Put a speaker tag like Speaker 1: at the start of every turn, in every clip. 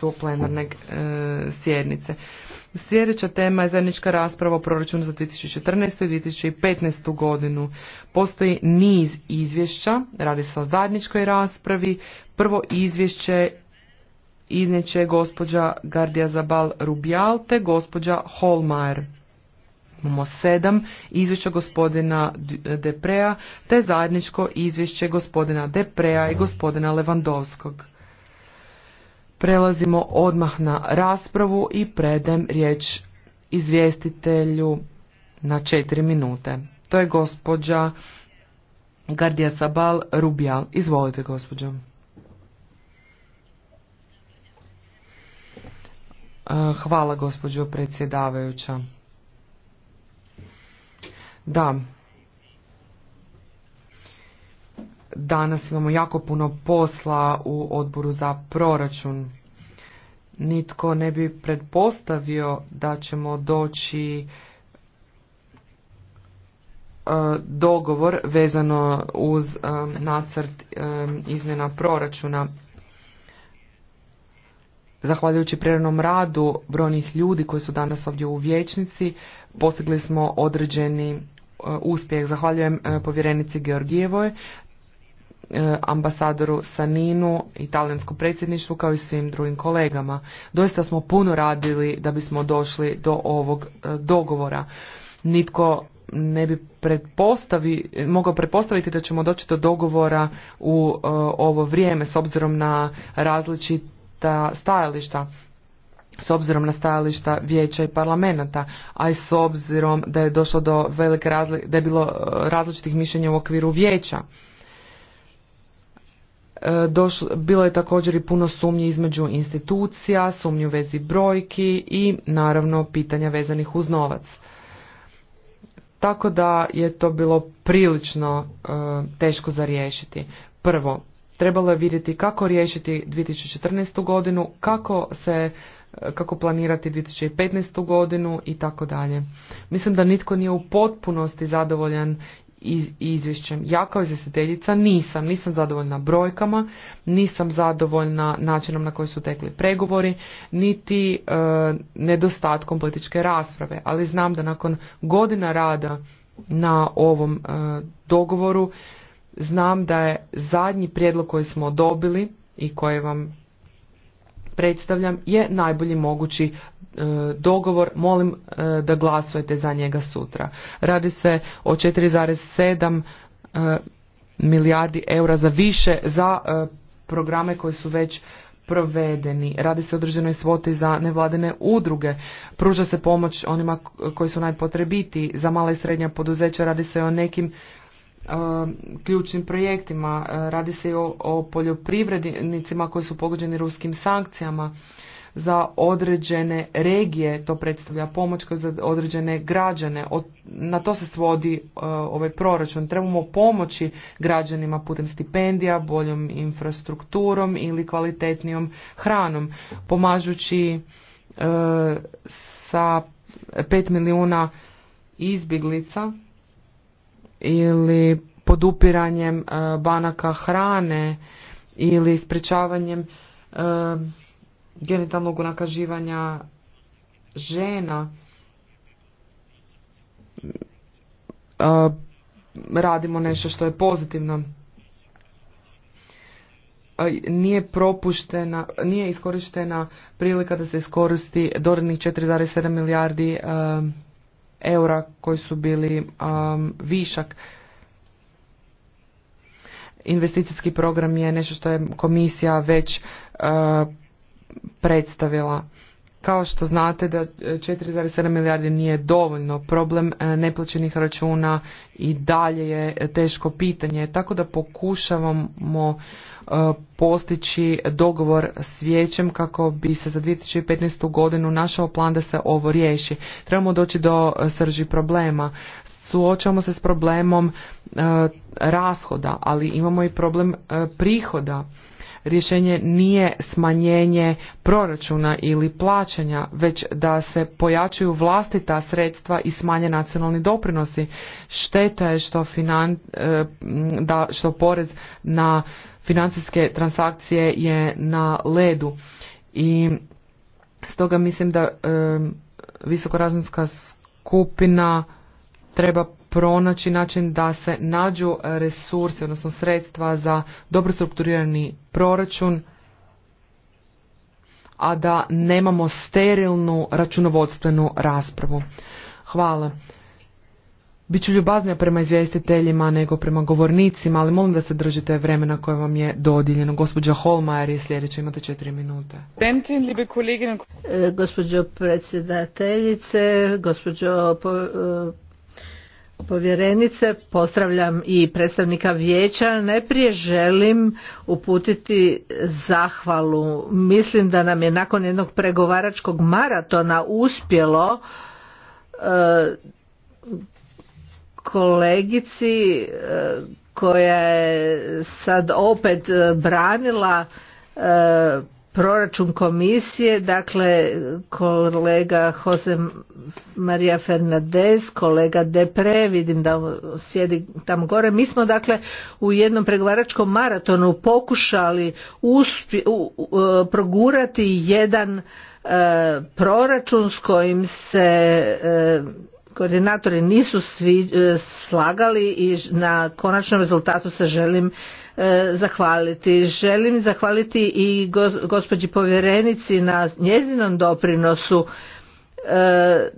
Speaker 1: su plenarne e, sjednice. Sljedeća tema je zajednička rasprava o proračunu za 2014. i 2015. godinu. Postoji niz izvješća, radi se o zajedničkoj raspravi. Prvo izvješće iznijeće gospođa Gardija Zabal Rubijal te gospođa Holmajer. Imamo sedam izvješća gospodina Deprea te zajedničko izvješće gospodina Deprea i gospodina Levandovskog. Prelazimo odmah na raspravu i predem riječ izvjestitelju na četiri minute. To je gospođa Gardija Sabal Rubijal. Izvolite gospođo. Eh, hvala gospođo predsjedavajuća. Da, Danas imamo jako puno posla u odboru za proračun. Nitko ne bi pretpostavio da ćemo doći e, dogovor vezano uz e, nacrt e, izmjena proračuna. Zahvaljujući prirodnom radu brojnih ljudi koji su danas ovdje u vječnici, postigli smo određeni uspjeh. Zahvaljujem povjerenici Georgijevoj E, ambasadoru Saninu i talijanskom predsjedništvu kao i svim drugim kolegama. Doista smo puno radili da bismo došli do ovog e, dogovora. Nitko ne bi pretpostavi, mogao pretpostaviti da ćemo doći do dogovora u e, ovo vrijeme s obzirom na različita stajališta s obzirom na stajališta vijeća i parlamenta, a i s obzirom da je došlo do velike razlike, da je bilo različitih mišljenja u okviru vijeća. E, bilo je također i puno sumnji između institucija, sumnju u vezi brojki i naravno pitanja vezanih uz novac. Tako da je to bilo prilično e, teško za riješiti. Prvo, trebalo je vidjeti kako riješiti 2014. godinu, kako se e, kako planirati 2015. godinu i tako dalje. Mislim da nitko nije u potpunosti zadovoljan iz, izvješćem. Ja kao izvjestiteljica nisam. Nisam zadovoljna brojkama, nisam zadovoljna načinom na koji su tekli pregovori, niti e, nedostatkom političke rasprave. Ali znam da nakon godina rada na ovom e, dogovoru znam da je zadnji prijedlog koji smo dobili i koji vam predstavljam je najbolji mogući E, dogovor, molim e, da glasujete za njega sutra. Radi se o 4,7 e, milijardi eura za više za programe koji su već provedeni. Radi se o određenoj svoti za nevladine udruge. Pruža se pomoć onima koji su najpotrebitiji. Za mala i srednja poduzeća radi se o nekim ključnim projektima. Radi se i o, o poljoprivrednicima koji su pogođeni ruskim sankcijama za određene regije, to predstavlja pomoć za određene građane. Na to se svodi e, ovaj proračun. Trebamo pomoći građanima putem stipendija, boljom infrastrukturom ili kvalitetnijom hranom, pomažući e, sa 5 milijuna izbjeglica ili podupiranjem e, banaka hrane ili sprečavanjem genitalnog unakaživanja žena. Radimo nešto što je pozitivno. Nije propuštena, nije iskorištena prilika da se iskoristi dodatnih 4,7 milijardi eura koji su bili višak investicijski program je nešto što je komisija već predstavila. Kao što znate da 4,7 e, milijardi nije dovoljno. Problem e, neplaćenih računa i dalje je e, teško pitanje. Tako da pokušavamo postići dogovor s vijećem kako bi se za 2015. godinu našao plan da se ovo riješi. Trebamo doći do srži problema. Suočavamo se s problemom rashoda, ali imamo i problem prihoda rješenje nije smanjenje proračuna ili plaćanja, već da se pojačaju vlastita sredstva i smanje nacionalni doprinosi. Šteta je što, e, da, što porez na financijske transakcije je na ledu. I stoga mislim da e, visokorazunska skupina treba pronaći način da se nađu resursi, odnosno sredstva za dobro strukturirani proračun, a da nemamo sterilnu računovodstvenu raspravu. Hvala. Biću ljubaznija prema izvjestiteljima nego prema govornicima, ali molim da se držite vremena koje vam je dodijeljeno. Gospođa Holmajer je sljedeća, imate četiri minute.
Speaker 2: E, gospođo predsjedateljice, gospođo povjerenice, pozdravljam i predstavnika vijeća. Najprije želim uputiti zahvalu. Mislim da nam je nakon jednog pregovaračkog maratona uspjelo e, kolegici e, koja je sad opet branila e, proračun komisije, dakle kolega Jose Maria Fernandez, kolega Depre, vidim da sjedi tamo gore. Mi smo dakle u jednom pregovaračkom maratonu pokušali uspje, progurati jedan e, proračun s kojim se e, koordinatori nisu svi e, slagali i na konačnom rezultatu se želim E, zahvaliti. Želim zahvaliti i gospođi povjerenici na njezinom doprinosu e,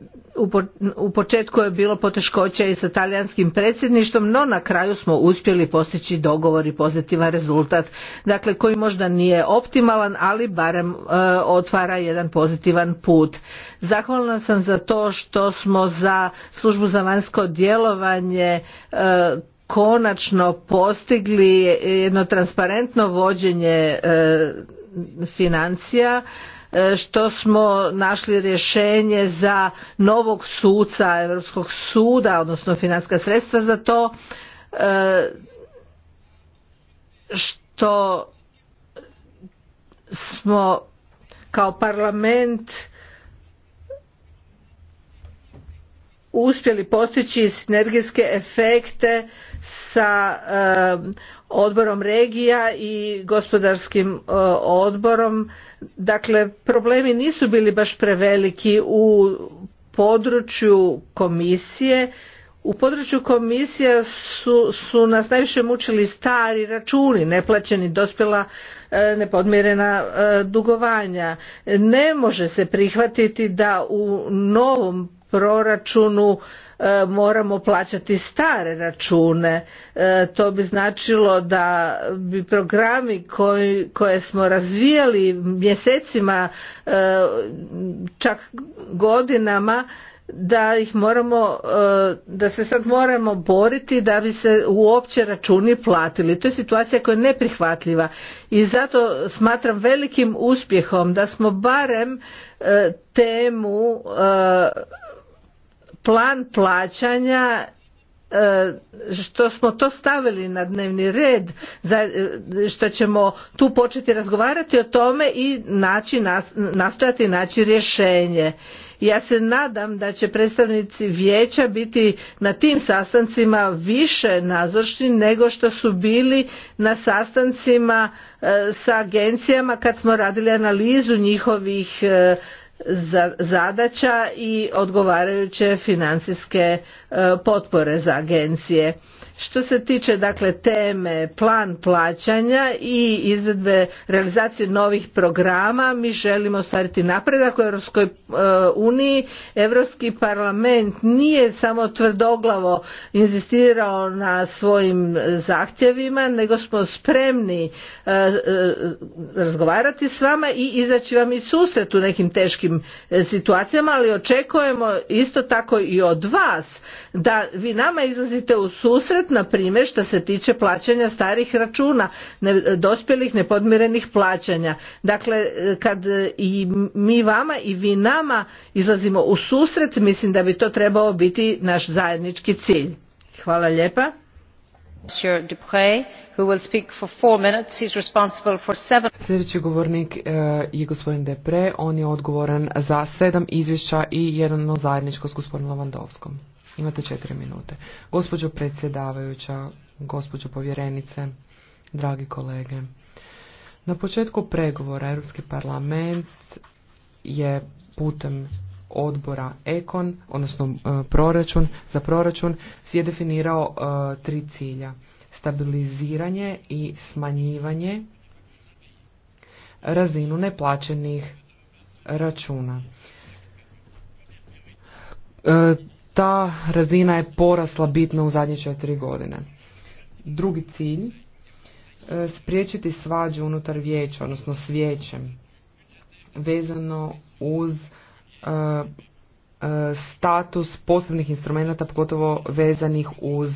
Speaker 2: u početku je bilo poteškoća i sa talijanskim predsjedništvom, no na kraju smo uspjeli postići dogovor i pozitivan rezultat, dakle koji možda nije optimalan, ali barem e, otvara jedan pozitivan put. Zahvalna sam za to što smo za službu za vanjsko djelovanje konačno postigli jedno transparentno vođenje e, financija e, što smo našli rješenje za novog suca Europskog suda, odnosno financijska sredstva za to, e, što smo kao parlament uspjeli postići sinergijske efekte sa odborom regija i gospodarskim e, odborom. Dakle, problemi nisu bili baš preveliki u području komisije. U području komisija su, su nas najviše mučili stari računi, neplaćeni dospjela e, nepodmjerena e, dugovanja. Ne može se prihvatiti da u novom proračunu E, moramo plaćati stare račune. E, to bi značilo da bi programi koje smo razvijali mjesecima, e, čak godinama, da ih moramo, da se sad moramo boriti da bi se uopće računi platili. To je situacija koja je neprihvatljiva i zato smatram velikim uspjehom da smo barem temu plan plaćanja e, što smo to stavili na dnevni red, e, što ćemo tu početi razgovarati o tome i naći, nastojati naći rješenje. Ja se nadam da će predstavnici vijeća biti na tim sastancima više nazočni nego što su bili na sastancima e, sa agencijama kad smo radili analizu njihovih zadaća i odgovarajuće financijske e, potpore za agencije što se tiče dakle teme plan plaćanja i izvedbe realizacije novih programa, mi želimo ostvariti napredak u Europskoj e, uniji. Europski parlament nije samo tvrdoglavo inzistirao na svojim zahtjevima, nego smo spremni e, e, razgovarati s vama i izaći vam i susret u nekim teškim situacijama, ali očekujemo isto tako i od vas da vi nama izlazite u susret rezultat na primjer što se tiče plaćanja starih računa ne, dospjelih nepodmirenih plaćanja dakle kad i mi vama i vi nama izlazimo u susret mislim da bi to trebao biti naš zajednički cilj hvala lijepa
Speaker 1: Sljedeći govornik e, je gospodin Depre, on je odgovoran za sedam izvješća i jedno zajedničko s gospodinom Lavandovskom. Imate četiri minute. Gospođo predsjedavajuća, gospođo povjerenice, dragi kolege. Na početku pregovora Europski parlament je putem odbora Ekon, odnosno e, proračun, za proračun, je definirao e, tri cilja. Stabiliziranje i smanjivanje razinu neplaćenih računa. E, ta razina je porasla bitno u zadnje četiri godine. Drugi cilj, e, spriječiti svađu unutar vijeća, odnosno s vijećem, vezano uz e, e, status posebnih instrumenata, pogotovo vezanih uz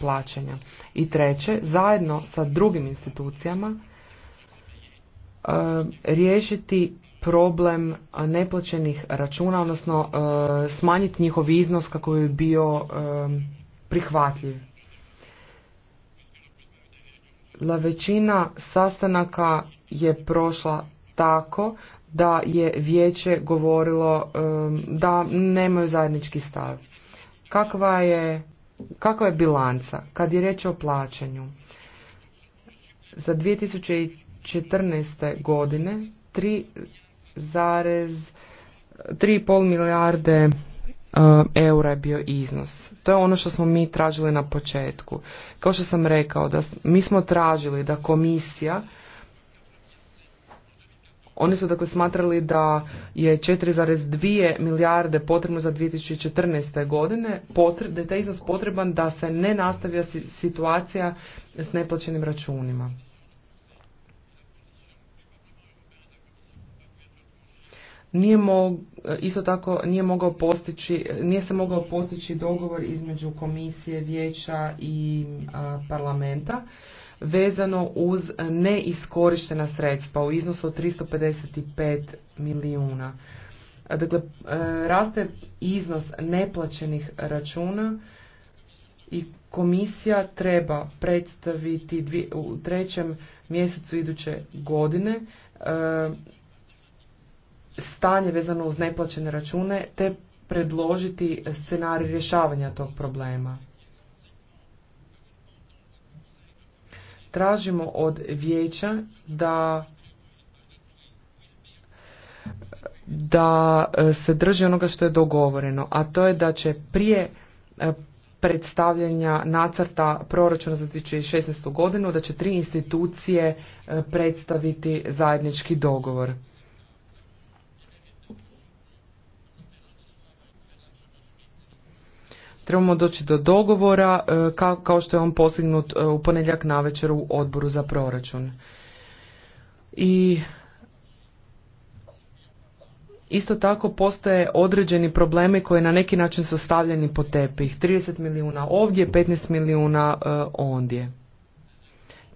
Speaker 1: plaćanja. I treće, zajedno sa drugim institucijama riješiti problem neplaćenih računa, odnosno e, smanjiti njihov iznos kako bi bio e, prihvatljiv. La većina sastanaka je prošla tako da je vijeće govorilo e, da nemaju zajednički stav. Kakva je, kakva je bilanca kad je riječ o plaćanju? Za 2014. godine tri zarez 3,5 milijarde e, eura je bio iznos. To je ono što smo mi tražili na početku. Kao što sam rekao, da mi smo tražili da komisija oni su dakle smatrali da je 4,2 milijarde potrebno za 2014. godine, da je taj iznos potreban da se ne nastavlja situacija s neplaćenim računima. nije mog, isto tako nije mogao postići, nije se mogao postići dogovor između komisije, vijeća i parlamenta vezano uz neiskorištena sredstva u iznosu od 355 milijuna. Dakle, e, raste iznos neplaćenih računa i komisija treba predstaviti u trećem mjesecu iduće godine e, stanje vezano uz neplaćene račune te predložiti scenarij rješavanja tog problema. Tražimo od vijeća da da se drži onoga što je dogovoreno, a to je da će prije e, predstavljanja nacrta proračuna za 2016. godinu da će tri institucije e, predstaviti zajednički dogovor. Trebamo doći do dogovora e, kao, što je on postignut e, u ponedjeljak navečer u odboru za proračun. I Isto tako postoje određeni problemi koji na neki način su stavljeni po tepih. 30 milijuna ovdje, 15 milijuna e, ondje.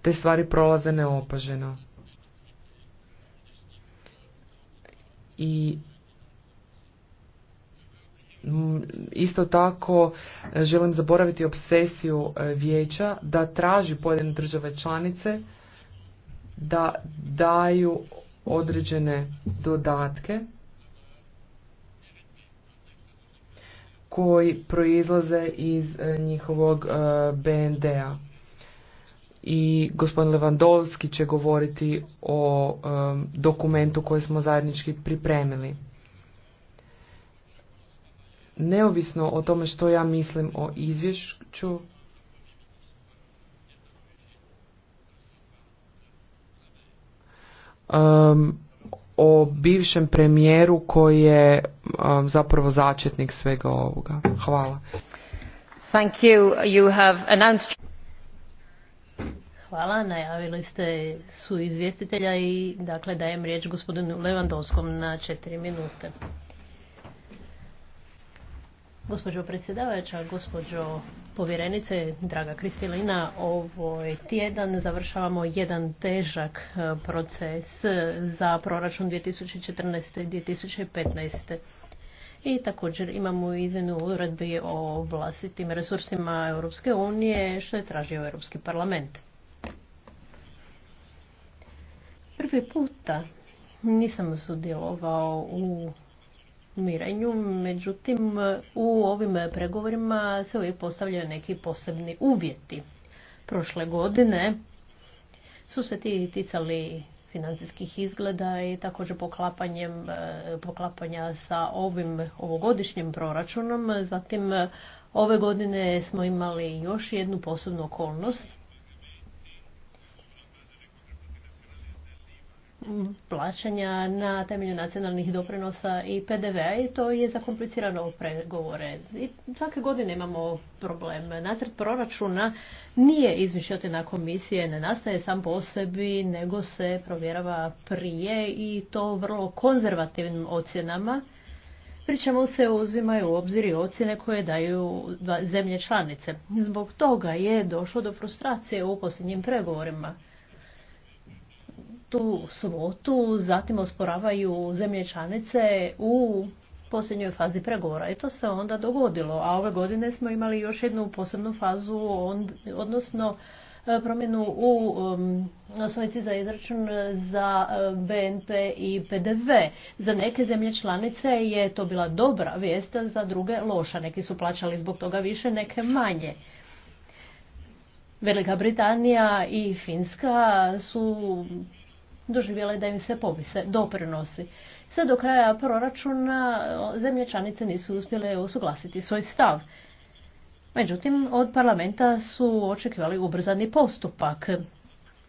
Speaker 1: Te stvari prolaze neopaženo. I Mm, isto tako e, želim zaboraviti obsesiju e, vijeća da traži pojedine države članice da daju određene dodatke koji proizlaze iz e, njihovog BND-a. I gospodin Levandovski će govoriti o dokumentu koji smo zajednički pripremili neovisno o tome što ja mislim o izvješću, um, o bivšem premijeru koji je um, zapravo začetnik svega ovoga. Hvala.
Speaker 3: Thank you. You have announced... Hvala, najavili ste su izvjestitelja i dakle dajem riječ gospodinu Levandovskom na četiri minute. Gospođo predsjedavajuća, gospođo povjerenice, draga Kristilina, ovoj tjedan završavamo jedan težak e, proces e, za proračun 2014. i 2015. I također imamo izmjenu uredbi o vlastitim resursima Europske unije što je tražio Europski parlament. Prvi puta nisam sudjelovao u miranju. međutim u ovim pregovorima se uvijek postavljaju neki posebni uvjeti. Prošle godine su se ti ticali financijskih izgleda i također poklapanjem, e, poklapanja sa ovim ovogodišnjim proračunom. Zatim ove godine smo imali još jednu posebnu okolnost plaćanja na temelju nacionalnih doprinosa i PDV-a i to je zakomplicirano u pregovore. I svake godine imamo problem. Nacrt proračuna nije izmišljotina komisije, ne nastaje sam po sebi, nego se provjerava prije i to vrlo konzervativnim ocjenama. Pričamo se uzimaju u obzir i ocjene koje daju zemlje članice. Zbog toga je došlo do frustracije u posljednjim pregovorima tu svotu zatim osporavaju zemlje članice u posljednjoj fazi pregovora. I to se onda dogodilo. A ove godine smo imali još jednu posebnu fazu, odnosno e, promjenu u osnovici za izračun za e, BNP i PDV. Za neke zemlje članice je to bila dobra vijest, za druge loša. Neki su plaćali zbog toga više, neke manje. Velika Britanija i Finska su je da im se povise doprinosi. Sve do kraja proračuna zemlje članice nisu uspjele usuglasiti svoj stav. Međutim, od parlamenta su očekivali ubrzani postupak.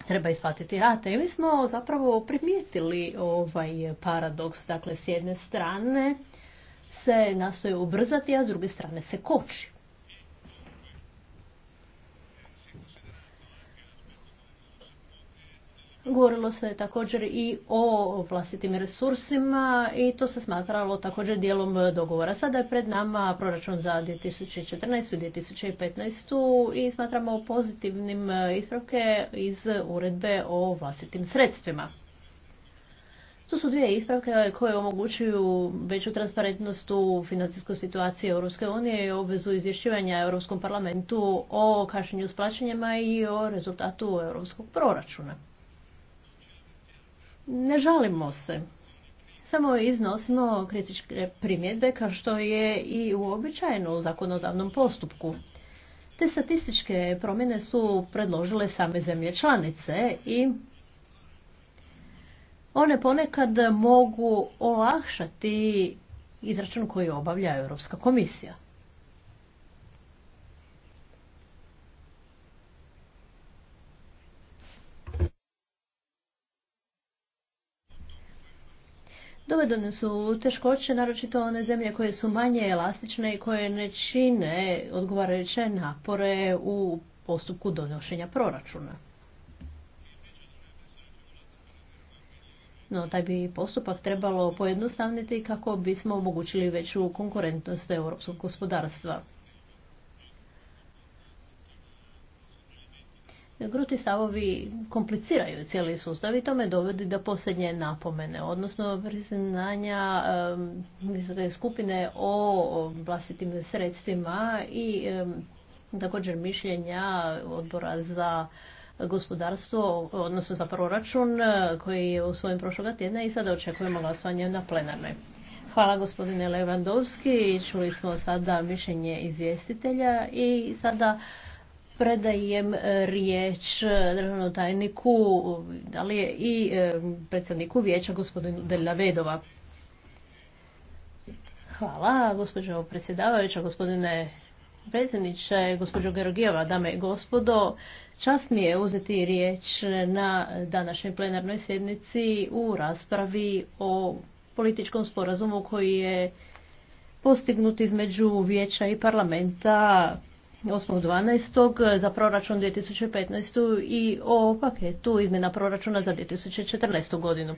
Speaker 3: Treba isplatiti rate. I mi smo zapravo primijetili ovaj paradoks. Dakle, s jedne strane se nastoje ubrzati, a s druge strane se koči. Govorilo se također i o vlastitim resursima i to se smatralo također dijelom dogovora. Sada je pred nama proračun za 2014. i 2015. i smatramo pozitivnim ispravke iz uredbe o vlastitim sredstvima. To su dvije ispravke koje omogućuju veću transparentnost u financijskoj situaciji Europske unije i obvezu izvješćivanja Europskom parlamentu o kašnjenju s plaćanjima i o rezultatu europskog proračuna. Ne žalimo se. Samo iznosimo kritičke primjedbe kao što je i uobičajeno u zakonodavnom postupku. Te statističke promjene su predložile same zemlje članice i one ponekad mogu olakšati izračun koji obavlja Europska komisija. Dovedene su teškoće, naročito one zemlje koje su manje elastične i koje ne čine odgovarajuće napore u postupku donošenja proračuna. No, taj bi postupak trebalo pojednostavniti kako bismo omogućili veću konkurentnost europskog gospodarstva. Gruti stavovi kompliciraju cijeli sustav i to me dovodi do posljednje napomene, odnosno priznanja skupine o vlastitim sredstvima i također mišljenja odbora za gospodarstvo, odnosno za proračun koji je u svojem prošloga tjedna i sada očekujemo glasovanje na plenarnoj. Hvala gospodine Levandovski, čuli smo sada mišljenje izvjestitelja i sada predajem e, riječ e, državnom tajniku ali je i e, predsjedniku vijeća gospodinu vedova Hvala gospođo predsjedavajuća, gospodine predsjedniče, gospođo Gerogijeva, dame i gospodo. Čast mi je uzeti riječ na današnjoj plenarnoj sjednici u raspravi o političkom sporazumu koji je postignut između vijeća i parlamenta 8.12. za proračun 2015. i o paketu izmjena proračuna za 2014. godinu.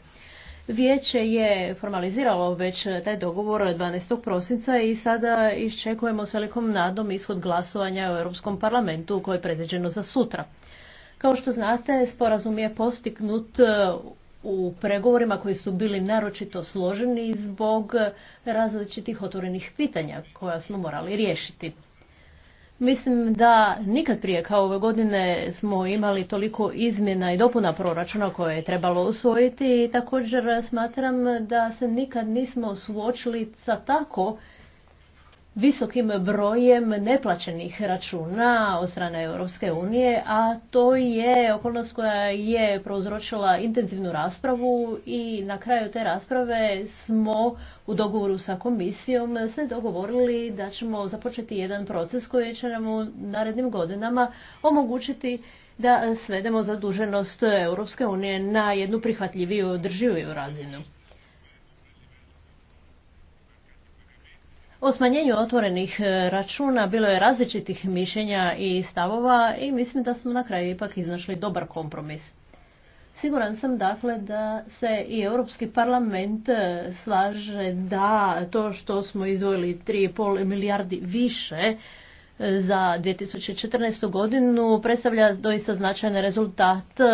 Speaker 3: Vijeće je formaliziralo već taj dogovor 12. prosinca i sada iščekujemo s velikom nadom ishod glasovanja u Europskom parlamentu koje je predviđeno za sutra. Kao što znate, sporazum je postignut u pregovorima koji su bili naročito složeni zbog različitih otvorenih pitanja koja smo morali riješiti. Mislim da nikad prije kao ove godine smo imali toliko izmjena i dopuna proračuna koje je trebalo usvojiti i također smatram da se nikad nismo suočili sa tako visokim brojem neplaćenih računa od strane Europske unije, a to je okolnost koja je prouzročila intenzivnu raspravu i na kraju te rasprave smo u dogovoru sa komisijom se dogovorili da ćemo započeti jedan proces koji će nam u narednim godinama omogućiti da svedemo zaduženost Europske unije na jednu prihvatljiviju održiviju razinu. O smanjenju otvorenih e, računa bilo je različitih mišljenja i stavova i mislim da smo na kraju ipak iznašli dobar kompromis. Siguran sam dakle da se i Europski parlament e, slaže da to što smo izdvojili 3,5 milijardi više za 2014. godinu predstavlja doista značajan rezultat e,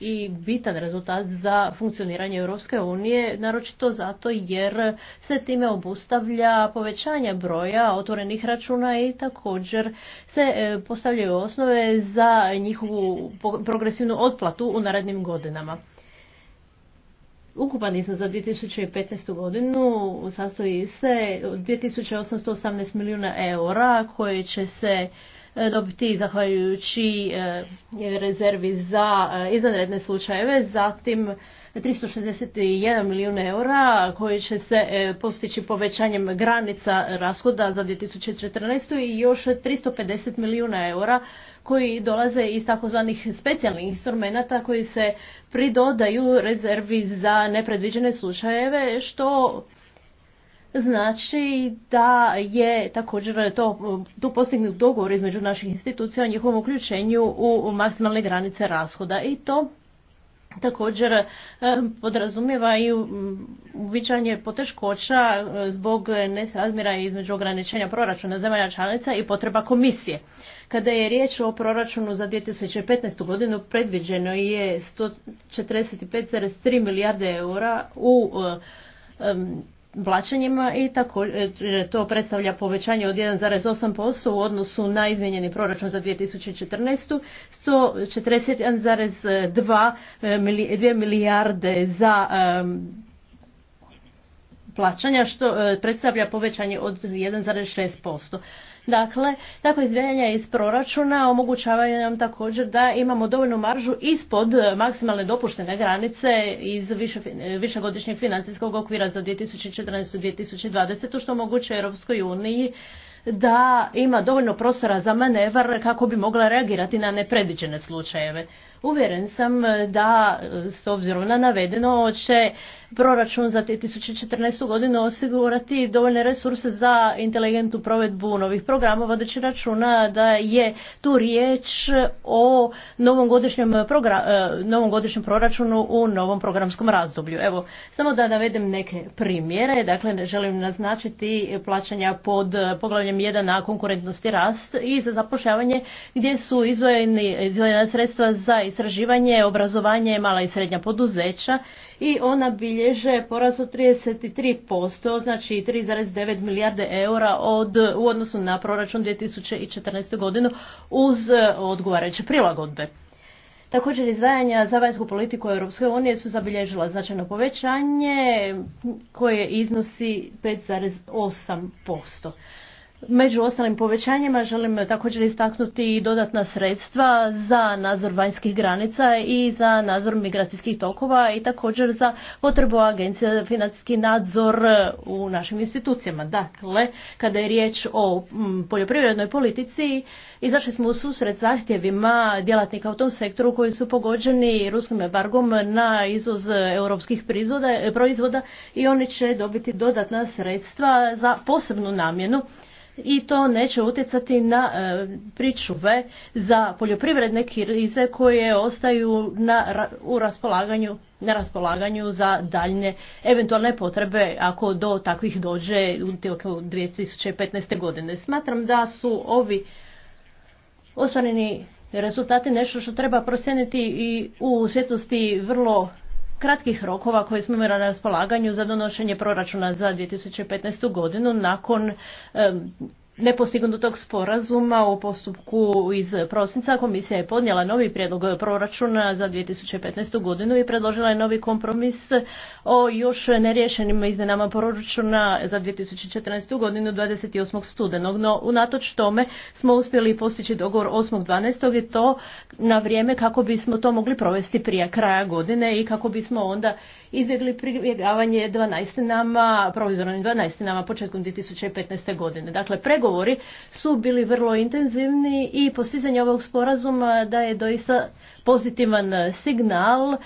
Speaker 3: i bitan rezultat za funkcioniranje Europske unije, naročito zato jer se time obustavlja povećanje broja otvorenih računa i također se e, postavljaju osnove za njihovu progresivnu otplatu u narednim godinama. Ukupan iznos za 2015. godinu sastoji se 2818 milijuna eura koje će se e, dobiti zahvaljujući e, rezervi za e, izvanredne slučajeve, zatim 361 milijun eura koji će se postići povećanjem granica rashoda za 2014. i još 350 milijuna eura koji dolaze iz takozvanih specijalnih instrumenata koji se pridodaju rezervi za nepredviđene slučajeve, što znači da je također to, tu postignut dogovor između naših institucija o njihovom uključenju u maksimalne granice rashoda i to također e, podrazumijeva i uviđanje poteškoća zbog nesrazmjera između ograničenja proračuna zemalja članica i potreba komisije. Kada je riječ o proračunu za 2015. godinu predviđeno je 145,3 milijarde eura u plaćanjima e, i to predstavlja povećanje od 1,8% u odnosu na izmijenjeni proračun za 2014. 141,2 milijarde za plaćanja što e, predstavlja povećanje od 1,6%. Dakle, tako izvijenja iz proračuna omogućavaju nam također da imamo dovoljnu maržu ispod maksimalne dopuštene granice iz višegodišnjeg financijskog okvira za 2014-2020, što omogućuje Europskoj uniji da ima dovoljno prostora za manevar kako bi mogla reagirati na nepredviđene slučajeve. Uvjeren sam e, da, e, s obzirom na navedeno, će proračun za 2014. godinu osigurati dovoljne resurse za inteligentnu provedbu novih programa, vodeći računa da je tu riječ o novom godišnjem, e, proračunu u novom programskom razdoblju. Evo, samo da navedem neke primjere. Dakle, ne želim naznačiti plaćanja pod poglavljem 1 na konkurentnosti rast i za zapošljavanje gdje su izvojena sredstva za istraživanje, obrazovanje, mala i srednja poduzeća i ona bilježe porast od 33%, znači 3,9 milijarde eura od, u odnosu na proračun 2014. godinu uz odgovarajuće prilagodbe. Također izdvajanja za vanjsku politiku Europske unije su zabilježila značajno povećanje koje iznosi 5,8%. Među ostalim povećanjima želim također istaknuti i dodatna sredstva za nadzor vanjskih granica i za nadzor migracijskih tokova i također za potrebu agencije za financijski nadzor u našim institucijama. Dakle, kada je riječ o mm, poljoprivrednoj politici, izašli smo u susret zahtjevima djelatnika u tom sektoru koji su pogođeni ruskim embargom na izvoz europskih e, proizvoda i oni će dobiti dodatna sredstva za posebnu namjenu i to neće utjecati na e, pričuve za poljoprivredne krize koje ostaju na, u raspolaganju, na raspolaganju za daljne eventualne potrebe ako do takvih dođe u 2015. godine. Smatram da su ovi ostvareni rezultati nešto što treba procijeniti i u svjetlosti vrlo kratkih rokova koje smo imali na raspolaganju za donošenje proračuna za 2015. godinu nakon nepostignutog sporazuma u postupku iz prosinca komisija je podnijela novi prijedlog proračuna za 2015. godinu i predložila je novi kompromis o još neriješenim izmenama proračuna za 2014. godinu 28. studenog. No, unatoč tome smo uspjeli postići dogovor 8.12. i to na vrijeme kako bismo to mogli provesti prije kraja godine i kako bismo onda izbjegli pribjegavanje 12 nama, provizornim 12 nama početkom 2015. godine. Dakle, pregovori su bili vrlo intenzivni i postizanje ovog sporazuma da je doista pozitivan signal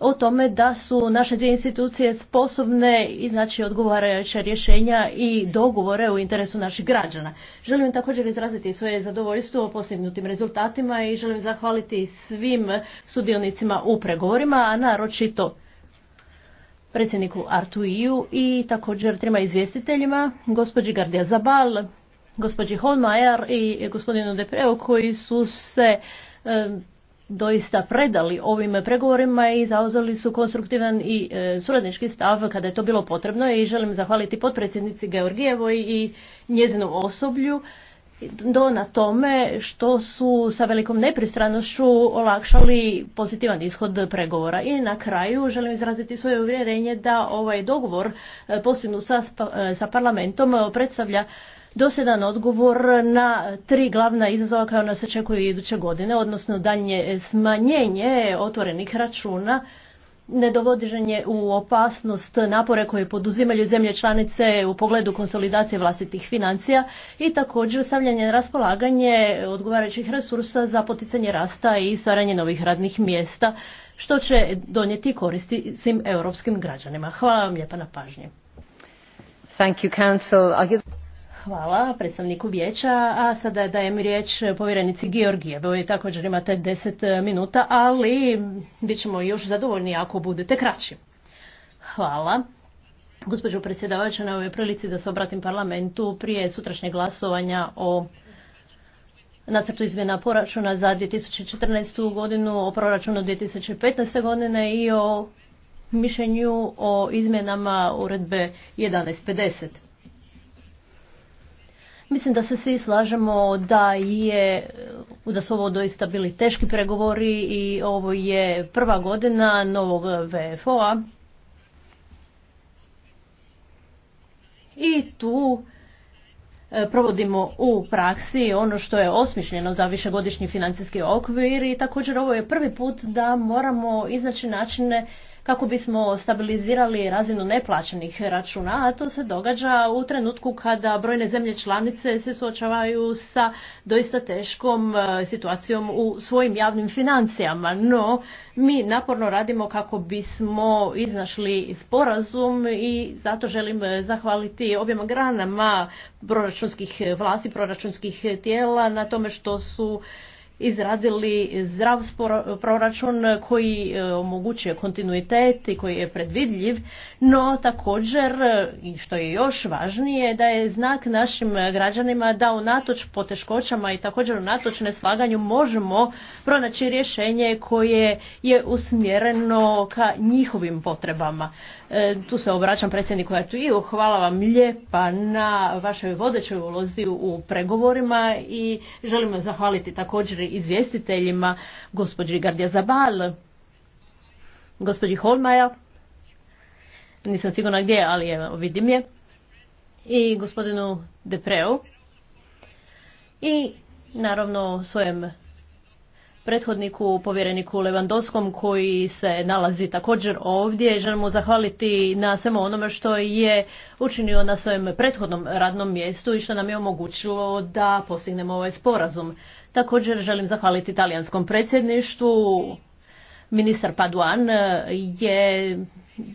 Speaker 3: o tome da su naše dvije institucije sposobne i znači odgovarajuća rješenja i dogovore u interesu naših građana. Želim također izraziti svoje zadovoljstvo o postignutim rezultatima i želim zahvaliti svim sudionicima u pregovorima, a naročito predsjedniku Artuiju i također trima izvjestiteljima, gospođi Gardija Zabal, gospođi Holmajer i gospodinu Depreo koji su se doista predali ovim pregovorima i zauzeli su konstruktivan i e, suradnički stav kada je to bilo potrebno i želim zahvaliti potpredsjednici Georgijevoj i njezinom osoblju do na tome što su sa velikom nepristranošću olakšali pozitivan ishod pregovora. I na kraju želim izraziti svoje uvjerenje da ovaj dogovor e, postignut sa, e, sa parlamentom predstavlja dosjedan odgovor na tri glavna izazova koja nas očekuju iduće godine, odnosno daljnje smanjenje otvorenih računa, ne u opasnost napore koje poduzimaju zemlje članice u pogledu konsolidacije vlastitih financija i također stavljanje na raspolaganje odgovarajućih resursa za poticanje rasta i stvaranje novih radnih mjesta, što će donijeti koristi svim europskim građanima. Hvala vam lijepa na pažnji. Hvala predstavniku vijeća, a sada dajem riječ povjerenici Georgijevoj, također imate deset minuta, ali bit ćemo još zadovoljni ako budete kraći. Hvala. Gospođo predsjedavajuća, na ovoj prilici da se obratim parlamentu prije sutrašnjeg glasovanja o nacrtu izmjena proračuna za 2014. godinu, o proračunu 2015. godine i o mišljenju o izmjenama uredbe 1150. Mislim da se svi slažemo da je da su ovo doista bili teški pregovori i ovo je prva godina novog VFO-a. I tu e, provodimo u praksi ono što je osmišljeno za višegodišnji financijski okvir i također ovo je prvi put da moramo iznaći načine kako bismo stabilizirali razinu neplaćenih računa, a to se događa u trenutku kada brojne zemlje članice se suočavaju sa doista teškom e, situacijom u svojim javnim financijama. No, mi naporno radimo kako bismo iznašli sporazum i zato želim zahvaliti objema granama proračunskih vlasti, proračunskih tijela na tome što su izradili zdrav proračun koji e, omogućuje kontinuitet i koji je predvidljiv, no također, e, što je još važnije, da je znak našim građanima da unatoč poteškoćama i također u unatoč neslaganju možemo pronaći rješenje koje je usmjereno ka njihovim potrebama. E, tu se obraćam predsjedniku i hvala vam lijepa na vašoj vodećoj ulozi u pregovorima i želimo zahvaliti također izvjestiteljima, gospođi Gardija Zabal, gospođi Holmaja, nisam sigurna gdje, ali evo, vidim je, i gospodinu Depreu. I naravno svojem prethodniku, povjereniku Levandoskom, koji se nalazi također ovdje. Želimo zahvaliti na svemu onome što je učinio na svojem prethodnom radnom mjestu i što nam je omogućilo da postignemo ovaj sporazum. Također želim zahvaliti italijanskom predsjedništvu. Ministar Paduan e, je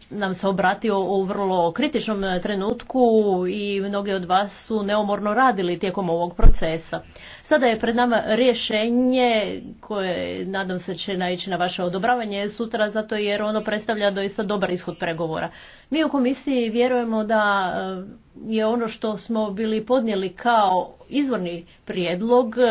Speaker 3: nam se obratio u vrlo kritičnom e, trenutku i mnogi od vas su neumorno radili tijekom ovog procesa. Sada je pred nama rješenje koje nadam se će naići na vaše odobravanje sutra zato jer ono predstavlja doista dobar ishod pregovora. Mi u komisiji vjerujemo da e, je ono što smo bili podnijeli kao izvorni prijedlog e,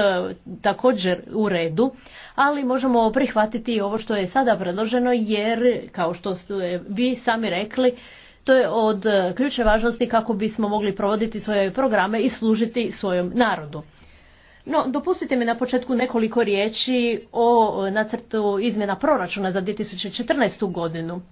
Speaker 3: također u redu, ali možemo prihvatiti ovo što je sada predloženo jer, kao što ste vi sami rekli, to je od ključne važnosti kako bismo mogli provoditi svoje programe i služiti svojom narodu. No, dopustite mi na početku nekoliko riječi o nacrtu izmjena proračuna za 2014. godinu.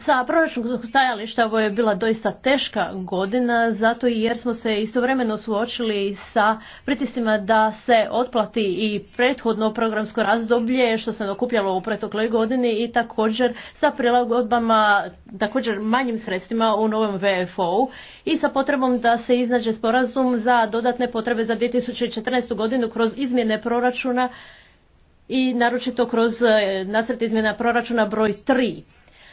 Speaker 3: Sa proračunskog stajališta ovo je bila doista teška godina, zato jer smo se istovremeno suočili sa pritiscima da se otplati i prethodno programsko razdoblje što se dokupljalo u pretokloj godini i također sa prilagodbama, također manjim sredstvima u novom VFO-u i sa potrebom da se iznađe sporazum za dodatne potrebe za 2014. godinu kroz izmjene proračuna i naročito kroz e, nacrt izmjena proračuna broj 3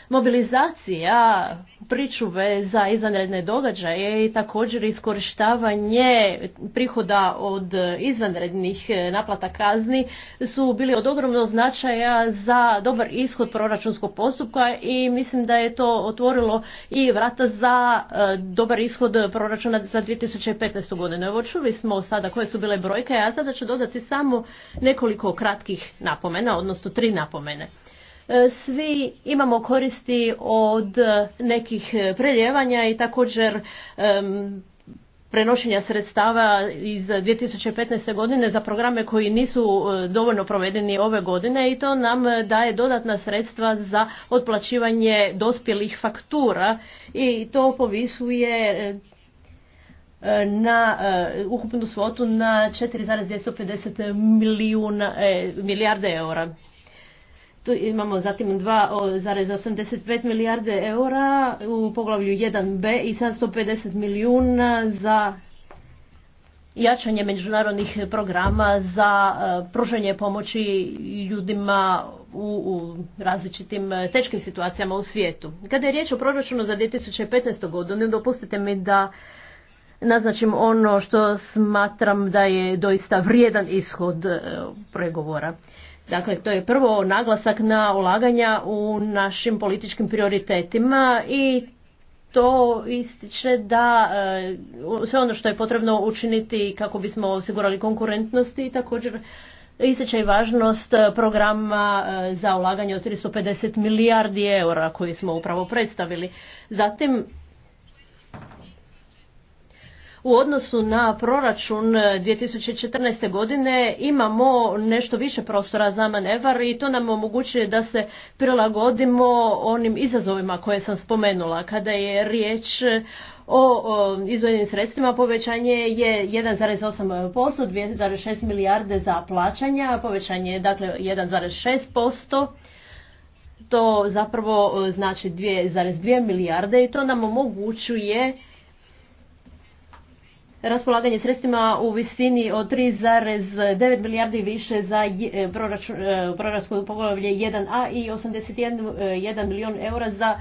Speaker 3: mobilizacija pričuve za izvanredne događaje i također iskorištavanje prihoda od izvanrednih naplata kazni su bili od ogromnog značaja za dobar ishod proračunskog postupka i mislim da je to otvorilo i vrata za e, dobar ishod proračuna za 2015. godinu. Evo čuli smo sada koje su bile brojke, a sada ću dodati samo nekoliko kratkih napomena, odnosno tri napomene. E, svi imamo koristi od nekih preljevanja i također prenošenja sredstava iz 2015. godine za programe koji nisu e, dovoljno provedeni ove godine i to nam daje dodatna sredstva za otplaćivanje dospjelih faktura i to povisuje e, na ukupnu svotu na 4,250 milijuna, milijarde eura. Tu imamo zatim 2,85 milijarde eura u poglavlju 1b i 750 milijuna za jačanje međunarodnih programa za e, pružanje pomoći ljudima u, različitim e, teškim situacijama u svijetu. Kada je riječ o proračunu za 2015. godinu, dopustite mi da naznačim ono što smatram da je doista vrijedan ishod e, pregovora. Dakle, to je prvo naglasak na ulaganja u našim političkim prioritetima i to ističe da e, sve ono što je potrebno učiniti kako bismo osigurali konkurentnost i također ističe i važnost programa e, za ulaganje od 350 milijardi eura koji smo upravo predstavili. Zatim, u odnosu na proračun 2014. Eh, godine imamo nešto više prostora za manevar i to nam omogućuje da se prilagodimo onim izazovima koje sam spomenula. Kada je riječ eh, o izvojenim sredstvima povećanje je 1,8%, 2,6 milijarde za plaćanja, povećanje je dakle 1,6%. To zapravo eh, znači 2,2 milijarde i to nam omogućuje raspolaganje sredstvima u visini od 3,9 milijardi više za e, e, proračunsko poglavlje 1a i 81 e, milijun eura za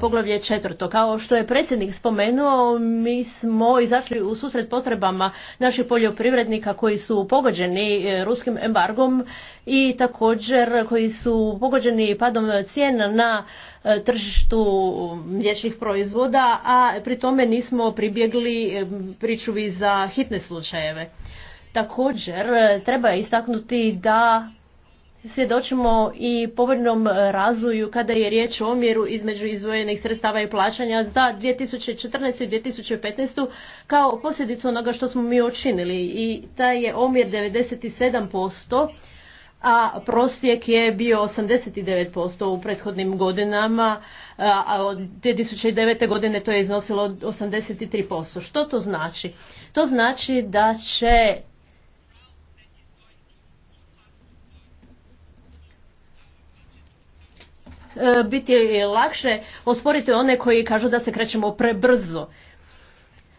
Speaker 3: poglavlje četvrto. Kao što je predsjednik spomenuo, mi smo izašli u susret potrebama naših poljoprivrednika koji su pogođeni ruskim embargom i također koji su pogođeni padom cijena na E, tržištu mliječnih proizvoda, a pri tome nismo pribjegli e, pričuvi za hitne slučajeve. Također, e, treba istaknuti da svjedočimo i povoljnom razvoju kada je riječ o omjeru između izvojenih sredstava i plaćanja za 2014. i 2015. kao posljedicu onoga što smo mi učinili i taj je omjer 97%, a prosjek je bio 89% u prethodnim godinama, a od 2009. godine to je iznosilo 83%. Što to znači? To znači da će e, biti lakše osporiti one koji kažu da se krećemo prebrzo.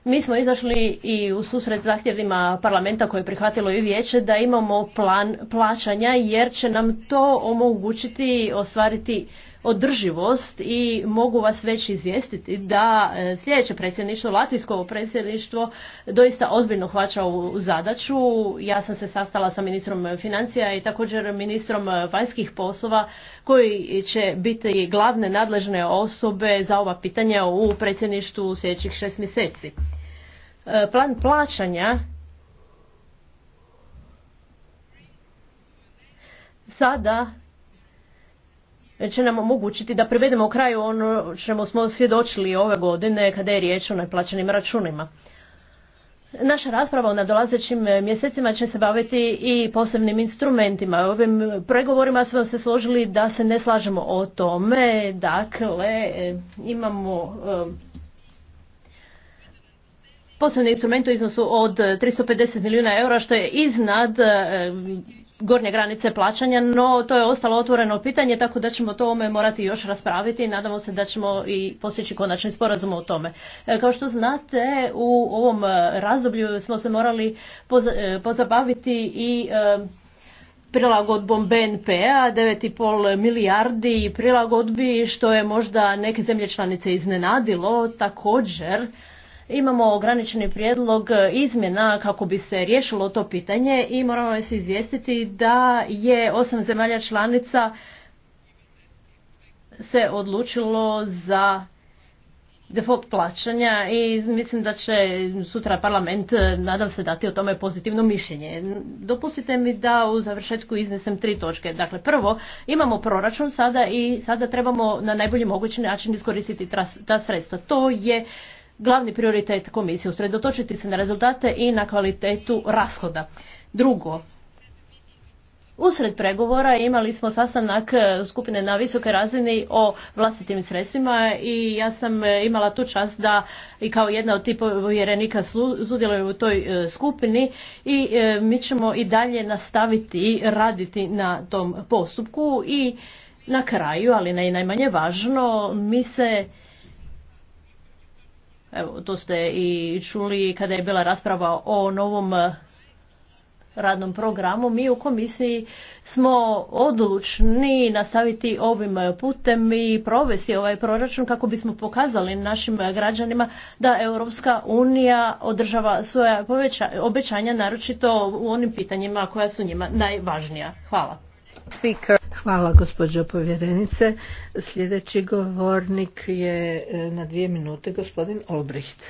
Speaker 3: Mi smo izašli i u susret zahtjevima parlamenta koje je prihvatilo i vijeće da imamo plan plaćanja jer će nam to omogućiti ostvariti održivost i mogu vas već izvijestiti da e, sljedeće predsjedništvo, latvijsko predsjedništvo, doista ozbiljno hvaća u zadaću. Ja sam se sastala sa ministrom financija i također ministrom vanjskih poslova koji će biti glavne nadležne osobe za ova pitanja u predsjedništvu sljedećih šest mjeseci. E, plan plaćanja sada će nam omogućiti da privedemo kraju ono čemu smo svjedočili ove godine kada je riječ o neplaćenim računima. Naša rasprava o nadolazećim mjesecima će se baviti i posebnim instrumentima. U ovim pregovorima smo se složili da se ne slažemo o tome. Dakle, imamo e, posebni instrument u iznosu od 350 milijuna eura, što je iznad e, gornje granice plaćanja, no to je ostalo otvoreno pitanje, tako da ćemo to ome morati još raspraviti i nadamo se da ćemo i postići konačni sporazum o tome. E, kao što znate, u ovom razdoblju smo se morali e, pozabaviti i e, prilagodbom BNP-a, 9,5 milijardi prilagodbi, što je možda neke zemlje članice iznenadilo. Također, imamo ograničeni prijedlog izmjena kako bi se riješilo to pitanje i moramo se izvijestiti da je osam zemalja članica se odlučilo za default plaćanja i mislim da će sutra parlament, nadam se, dati o tome pozitivno mišljenje. Dopustite mi da u završetku iznesem tri točke. Dakle, prvo, imamo proračun sada i sada trebamo na najbolji mogući način iskoristiti ta sredstva. To je glavni prioritet komisije, usredotočiti se na rezultate i na kvalitetu rashoda. Drugo, Usred pregovora imali smo sastanak e, skupine na visokoj razini o vlastitim sredstvima i ja sam e, imala tu čast da i kao jedna od tih povjerenika sudjelujem u toj e, skupini i mi ćemo i dalje nastaviti raditi na tom postupku i na kraju, ali ne i najmanje važno, mi se Evo, to ste i čuli kada je bila rasprava o novom eh, radnom programu. Mi u komisiji smo odlučni nastaviti ovim putem i provesti ovaj proračun kako bismo pokazali našim građanima da Europska unija održava svoja obećanja, naročito u onim pitanjima koja su njima najvažnija. Hvala.
Speaker 2: Speaker. Hvala gospođo povjerenice. Sljedeći govornik je e, na dvije minute gospodin Olbricht.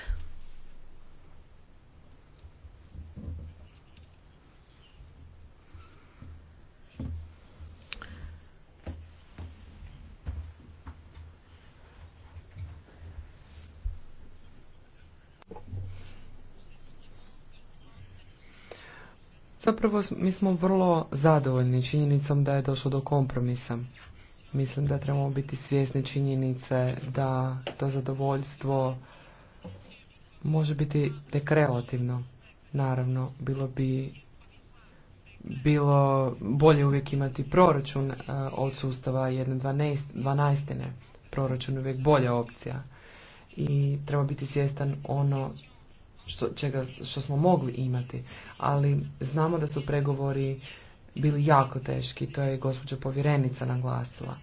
Speaker 1: Zapravo mi smo vrlo zadovoljni činjenicom da je došlo do kompromisa. Mislim da trebamo biti svjesni činjenice da to zadovoljstvo može biti tek relativno. Naravno, bilo bi bilo bolje uvijek imati proračun e, od sustava jedne dvanaestine. Proračun je uvijek bolja opcija. I treba biti svjestan ono što, čega, što smo mogli imati, ali znamo da su pregovori bili jako teški, to je gospođa povjerenica naglasila.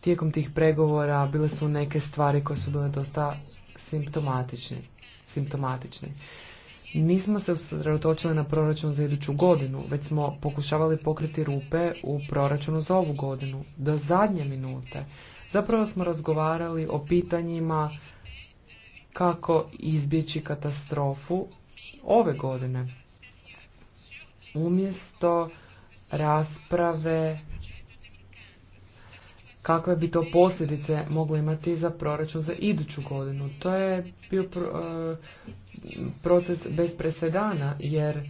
Speaker 1: Tijekom tih pregovora bile su neke stvari koje su bile dosta simptomatične. simptomatične. Nismo se usredotočili na proračun za iduću godinu, već smo pokušavali pokriti rupe u proračunu za ovu godinu, do zadnje minute. Zapravo smo razgovarali o pitanjima kako izbjeći katastrofu ove godine. Umjesto rasprave kakve bi to posljedice moglo imati za proračun za iduću godinu. To je bio e, proces bez presedana jer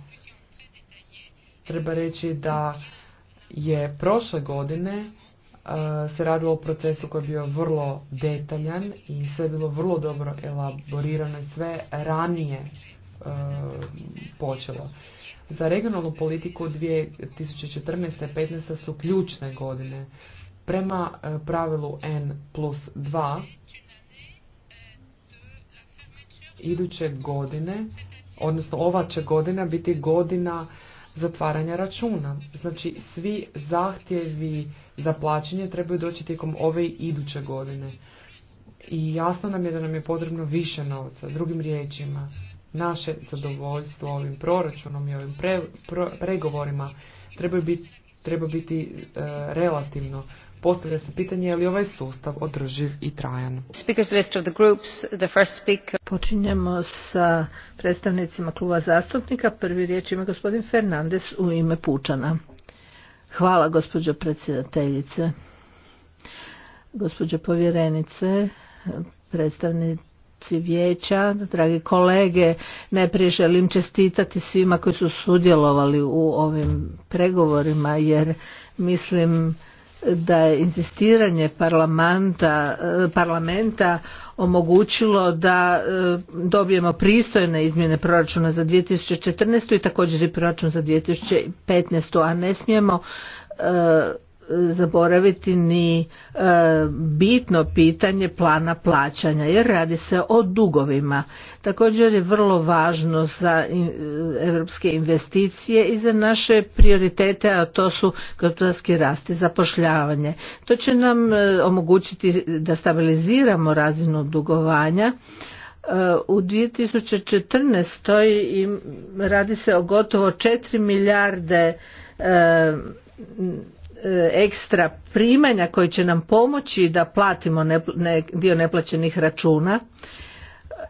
Speaker 1: treba reći da je prošle godine e, se radilo o procesu koji je bio vrlo detaljan i sve je bilo vrlo dobro elaborirano i sve ranije e, počelo. Za regionalnu politiku 2014. i 2015. su ključne godine. Prema e, pravilu N plus 2, iduće godine, odnosno ova će godina biti godina zatvaranja računa. Znači, svi zahtjevi za plaćanje trebaju doći tijekom ove iduće godine. I jasno nam je da nam je potrebno više novca. Drugim riječima, naše zadovoljstvo ovim proračunom i ovim pregovorima treba biti, treba biti relativno. Postavlja se pitanje je li ovaj sustav održiv i trajan.
Speaker 2: Počinjemo sa predstavnicima kluba zastupnika. Prvi riječ ima gospodin Fernandez u ime Pučana. Hvala gospođo predsjedateljice. Gospođo povjerenice, predstavnici vijeća, dragi kolege, najprije želim čestitati svima koji su sudjelovali u ovim pregovorima jer mislim da je inzistiranje parlamenta, eh, parlamenta omogućilo da eh, dobijemo pristojne izmjene proračuna za 2014. i također i proračun za 2015. a ne smijemo eh, zaboraviti ni e, bitno pitanje plana plaćanja jer radi se o dugovima. Također je vrlo važno za europske investicije i za naše prioritete, a to su gospodarski rast i zapošljavanje. To će nam e, omogućiti da stabiliziramo razinu dugovanja e, u 2014. radi se o gotovo 4 milijarde E, ekstra primanja koji će nam pomoći da platimo dio neplaćenih računa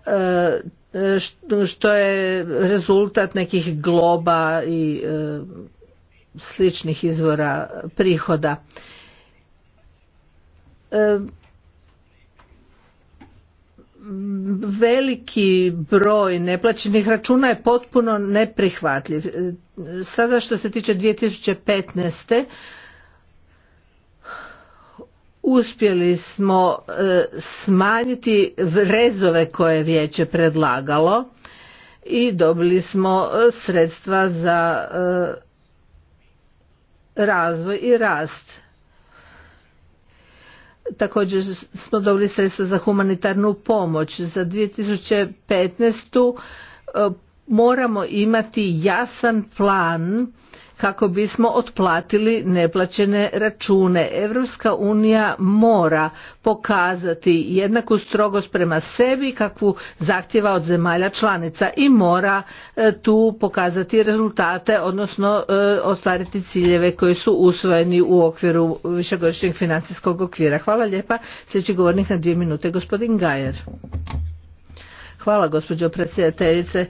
Speaker 2: e, što je rezultat nekih globa i e, sličnih izvora prihoda. Veliki broj neplaćenih računa je potpuno neprihvatljiv. Sada što se tiče 2015 uspjeli smo e, smanjiti rezove koje je vijeće predlagalo i dobili smo e, sredstva za e, razvoj i rast. Također smo dobili sredstva za humanitarnu pomoć. Za 2015. moramo imati jasan plan kako bismo otplatili neplaćene račune. Europska unija mora pokazati jednaku strogost prema sebi kakvu zahtjeva od zemalja članica i mora e, tu pokazati rezultate, odnosno e, ostvariti ciljeve koji su usvojeni u okviru višegodišnjeg financijskog okvira. Hvala lijepa. Sljedeći govornik na dvije minute, gospodin Gajer. Hvala gospođo predsjedateljice.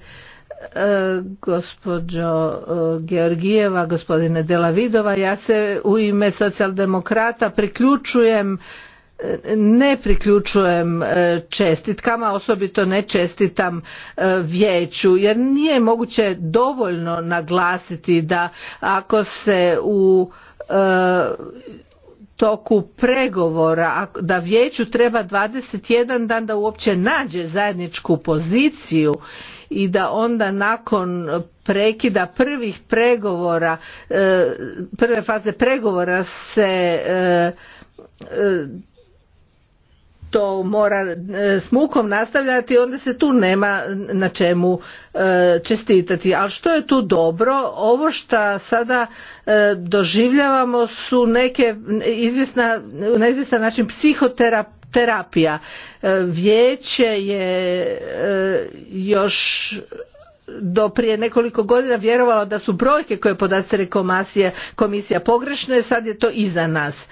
Speaker 2: E, gospođo e, Georgijeva, gospodine Delavidova, ja se u ime socijaldemokrata priključujem ne priključujem e, čestitkama, osobito ne čestitam vijeću, jer nije moguće dovoljno naglasiti da ako se u toku pregovora da vijeću treba 21 dan da uopće nađe zajedničku poziciju i da onda nakon prekida prvih pregovora, e, prve faze pregovora se e, e, to mora s mukom nastavljati onda se tu nema na čemu čestitati ali što je tu dobro ovo što sada doživljavamo su neke izvjesna, na izvjestan način psihoterapija terapija. E, vijeće je e, još do prije nekoliko godina vjerovalo da su brojke koje podastere komisija, komisija pogrešne, sad je to iza nas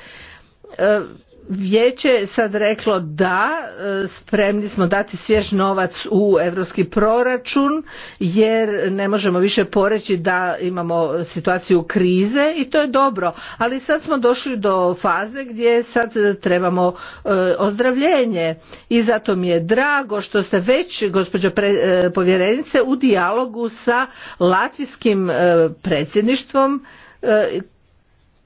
Speaker 2: e, Vijeće je sad reklo da e, spremni smo dati svjež novac u europski proračun jer ne možemo više poreći da imamo situaciju krize i to je dobro. Ali sad smo došli do faze gdje sad trebamo e, ozdravljenje i zato mi je drago što ste već gospođo e, povjerenice u dijalogu sa latvijskim predsjedništvom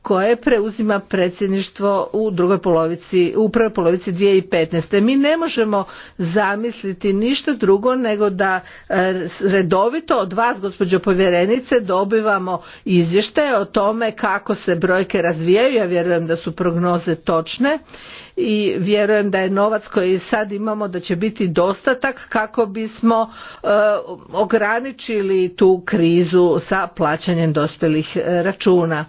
Speaker 2: koje preuzima predsjedništvo u drugoj polovici, u prvoj polovici 2015. Mi ne možemo zamisliti ništa drugo nego da e, redovito od vas, gospođo povjerenice, dobivamo izvještaje o tome kako se brojke razvijaju. Ja vjerujem da su prognoze točne i vjerujem da je novac koji sad imamo da će biti dostatak kako bismo e, ograničili tu krizu sa plaćanjem dospjelih e, računa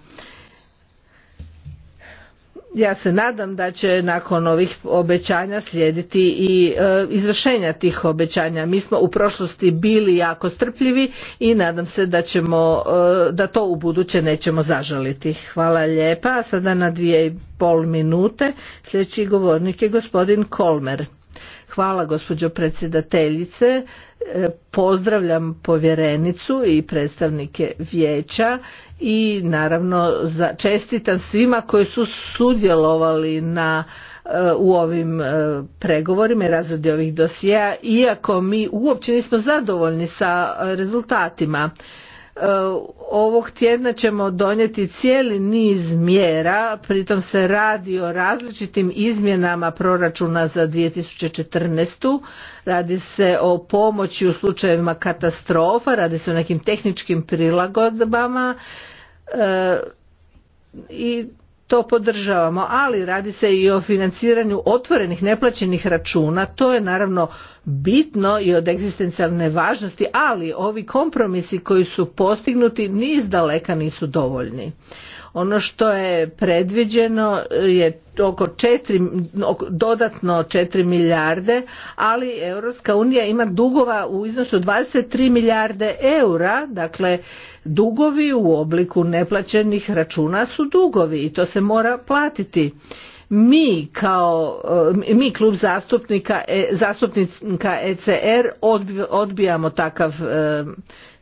Speaker 2: ja se nadam da će nakon ovih obećanja slijediti i e, izvršenja tih obećanja. Mi smo u prošlosti bili jako strpljivi i nadam se da ćemo e, da to u buduće nećemo zažaliti. Hvala lijepa. sada na dvije i pol minute sljedeći govornik je gospodin Kolmer. Hvala gospođo predsjedateljice. E, pozdravljam povjerenicu i predstavnike vijeća i naravno čestitam svima koji su sudjelovali na eh, u ovim eh, pregovorima i razredi ovih dosija iako mi uopće nismo zadovoljni sa eh, rezultatima E, ovog tjedna ćemo donijeti cijeli niz mjera, pritom se radi o različitim izmjenama proračuna za 2014. Radi se o pomoći u slučajevima katastrofa, radi se o nekim tehničkim prilagodbama e, i to podržavamo, ali radi se i o financiranju otvorenih neplaćenih računa, to je naravno bitno i od egzistencijalne važnosti, ali ovi kompromisi koji su postignuti niz daleka nisu dovoljni. Ono što je predviđeno je oko 4, dodatno 4 milijarde, ali Europska unija ima dugova u iznosu 23 milijarde eura, dakle dugovi u obliku neplaćenih računa su dugovi i to se mora platiti mi kao e, mi klub zastupnika e, zastupnika ECR odbijamo takav e,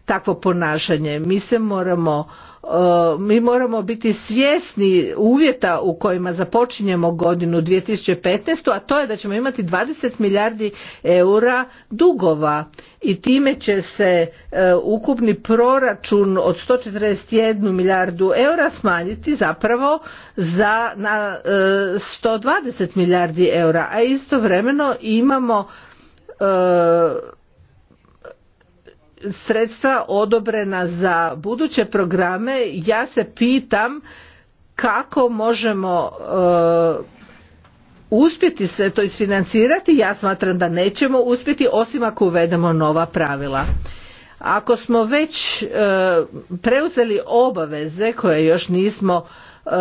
Speaker 2: takvo ponašanje mi se moramo E, mi moramo biti svjesni uvjeta u kojima započinjemo godinu 2015. a to je da ćemo imati 20 milijardi eura dugova i time će se e, ukupni proračun od 141 milijardu eura smanjiti zapravo za na 120 e, milijardi eura a istovremeno imamo sredstva odobrena za buduće programe ja se pitam kako možemo uh, uspjeti se to isfinancirati ja smatram da nećemo uspjeti osim ako uvedemo nova pravila ako smo već uh, preuzeli obaveze koje još nismo uh,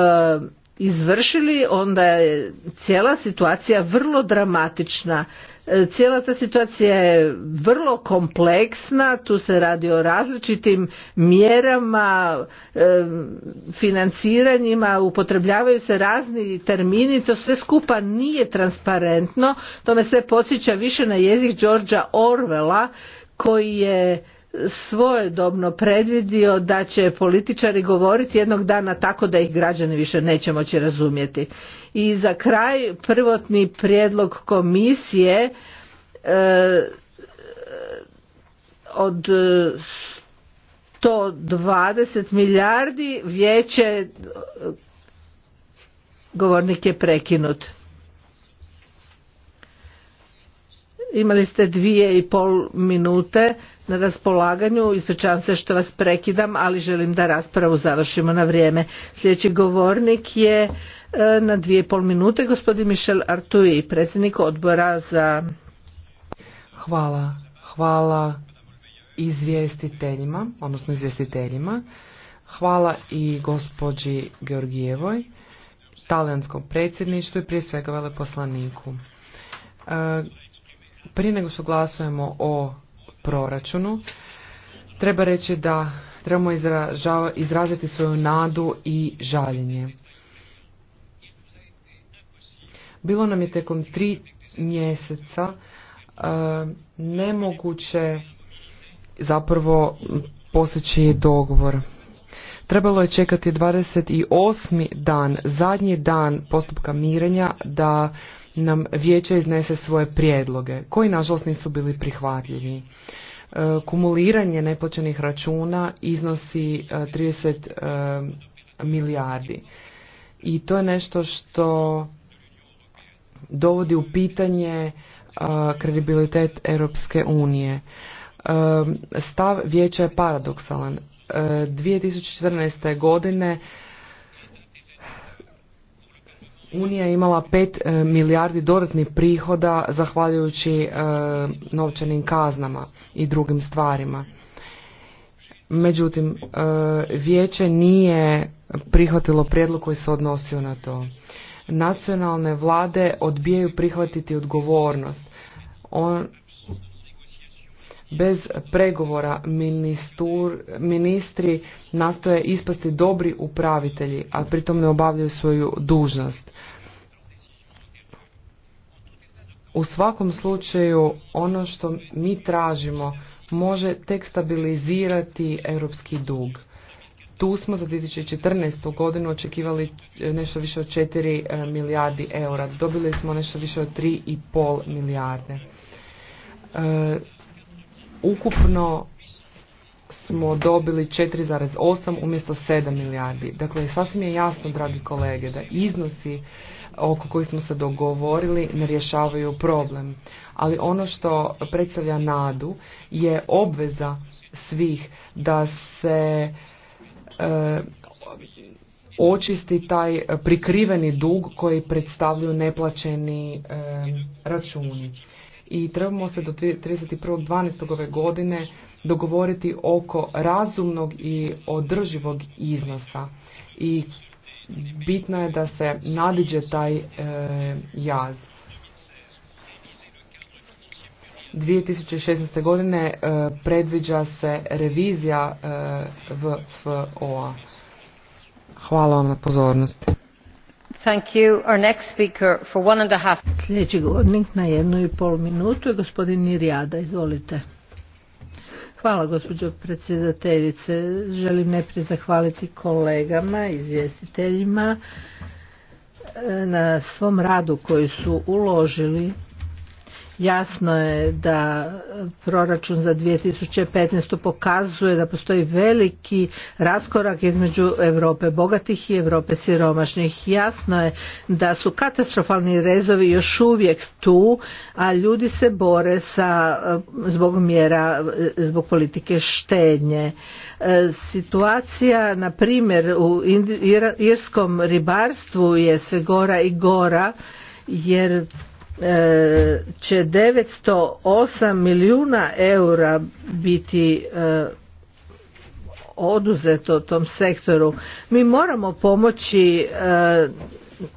Speaker 2: izvršili, onda je cijela situacija vrlo dramatična. E, cijela ta situacija je vrlo kompleksna, tu se radi o različitim mjerama, e, financiranjima, upotrebljavaju se razni termini, to sve skupa nije transparentno, to me sve podsjeća više na jezik Đorđa Orvela koji je svojedobno predvidio da će političari govoriti jednog dana tako da ih građani više neće moći razumjeti. I za kraj prvotni prijedlog komisije e, od e, od 120 milijardi vijeće e, govornik je prekinut. Imali ste dvije i pol minute na raspolaganju. Ispričavam se što vas prekidam, ali želim da raspravu završimo na vrijeme. Sljedeći govornik je e, na dvije i pol minute gospodin Michel Artui, predsjednik odbora za... Hvala. Hvala
Speaker 1: izvjestiteljima, odnosno izvjestiteljima. Hvala i gospođi Georgijevoj, talijanskom predsjedništvu i prije svega veleposlaniku. E, prije nego što glasujemo o proračunu, treba reći da trebamo izraziti svoju nadu i žaljenje. Bilo nam je tekom tri mjeseca e, nemoguće zapravo postići dogovor. Trebalo je čekati 28. dan, zadnji dan postupka mirenja da nam vijeće iznese svoje prijedloge, koji nažalost nisu bili prihvatljivi. E, kumuliranje neplaćenih računa iznosi 30 e, e, milijardi. I to je nešto što dovodi u pitanje kredibilitet Europske unije. Stav vijeća je paradoksalan. 2014. godine Unija je imala 5 e, milijardi dodatnih prihoda zahvaljujući e, novčanim kaznama i drugim stvarima. Međutim, e, vijeće nije prihvatilo prijedlog koji se odnosio na to. Nacionalne vlade odbijaju prihvatiti odgovornost. On, Bez pregovora ministur, ministri nastoje ispasti dobri upravitelji, a pritom ne obavljaju svoju dužnost. U svakom slučaju ono što mi tražimo može tek stabilizirati europski dug. Tu smo za 2014. godinu očekivali e, nešto više od 4 e, milijardi eura. Dobili smo nešto više od 3,5 milijarde. E, ukupno smo dobili 4,8 umjesto 7 milijardi. Dakle, sasvim je jasno, dragi kolege, da iznosi oko kojih smo se dogovorili ne rješavaju problem. Ali ono što predstavlja nadu je obveza svih da se e, očisti taj prikriveni dug koji predstavljaju neplaćeni e, računi i trebamo se do 31.12. ove godine dogovoriti oko razumnog i održivog iznosa i bitno je da se nadiđe taj e, jaz. 2016. godine e, predviđa se revizija e, vfo Hvala vam na pozornosti.
Speaker 2: Sljedeći govornik na jednu i pol minutu je gospodin Mirijada. Izvolite. Hvala gospođo predsjedateljice. Želim najprije zahvaliti kolegama, izvjestiteljima e, na svom radu koji su uložili Jasno je da proračun za 2015. pokazuje da postoji veliki raskorak između Europe bogatih i Europe siromašnih. Jasno je da su katastrofalni rezovi još uvijek tu, a ljudi se bore sa, eh, zbog mjera, eh, zbog politike štednje. Eh, situacija, na primjer, u irskom ribarstvu je sve gora i gora, jer E, će 908 milijuna eura biti e, oduzeto tom sektoru. Mi moramo pomoći e,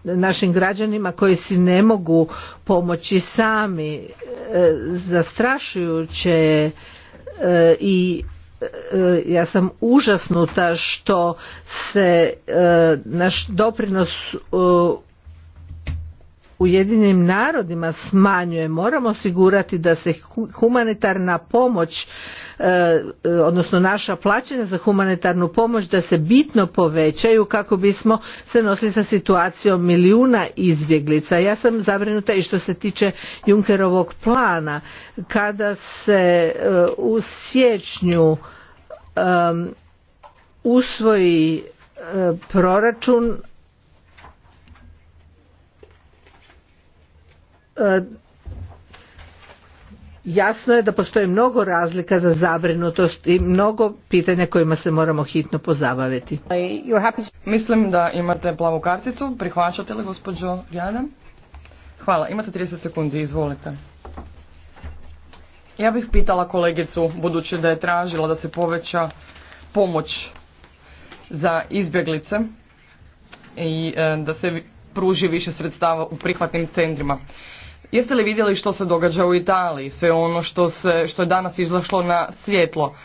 Speaker 2: našim građanima koji si ne mogu pomoći sami. Zastrašujuće i ja sam užasnuta što se naš doprinos Ujedinim narodima smanjuje, moramo osigurati da se humanitarna pomoć, e, e, odnosno naša plaćanja za humanitarnu pomoć, da se bitno povećaju kako bismo se nosili sa situacijom milijuna izbjeglica. Ja sam zabrinuta i što se tiče Junkerovog plana. Kada se e, u siječnju usvoji proračun E, jasno je da postoji mnogo razlika za zabrinutost i mnogo pitanja kojima se moramo hitno pozabaviti. Mislim
Speaker 4: da imate plavu karticu. Prihvaćate li gospođo Rijada? Hvala. Imate 30 sekundi. Izvolite. Ja bih pitala kolegicu, budući da je tražila da se poveća pomoć za izbjeglice i e, da se pruži više sredstava u prihvatnim centrima. Jeste li vidjeli što se događa u Italiji, sve ono što, se, što je danas izašlo na svjetlo?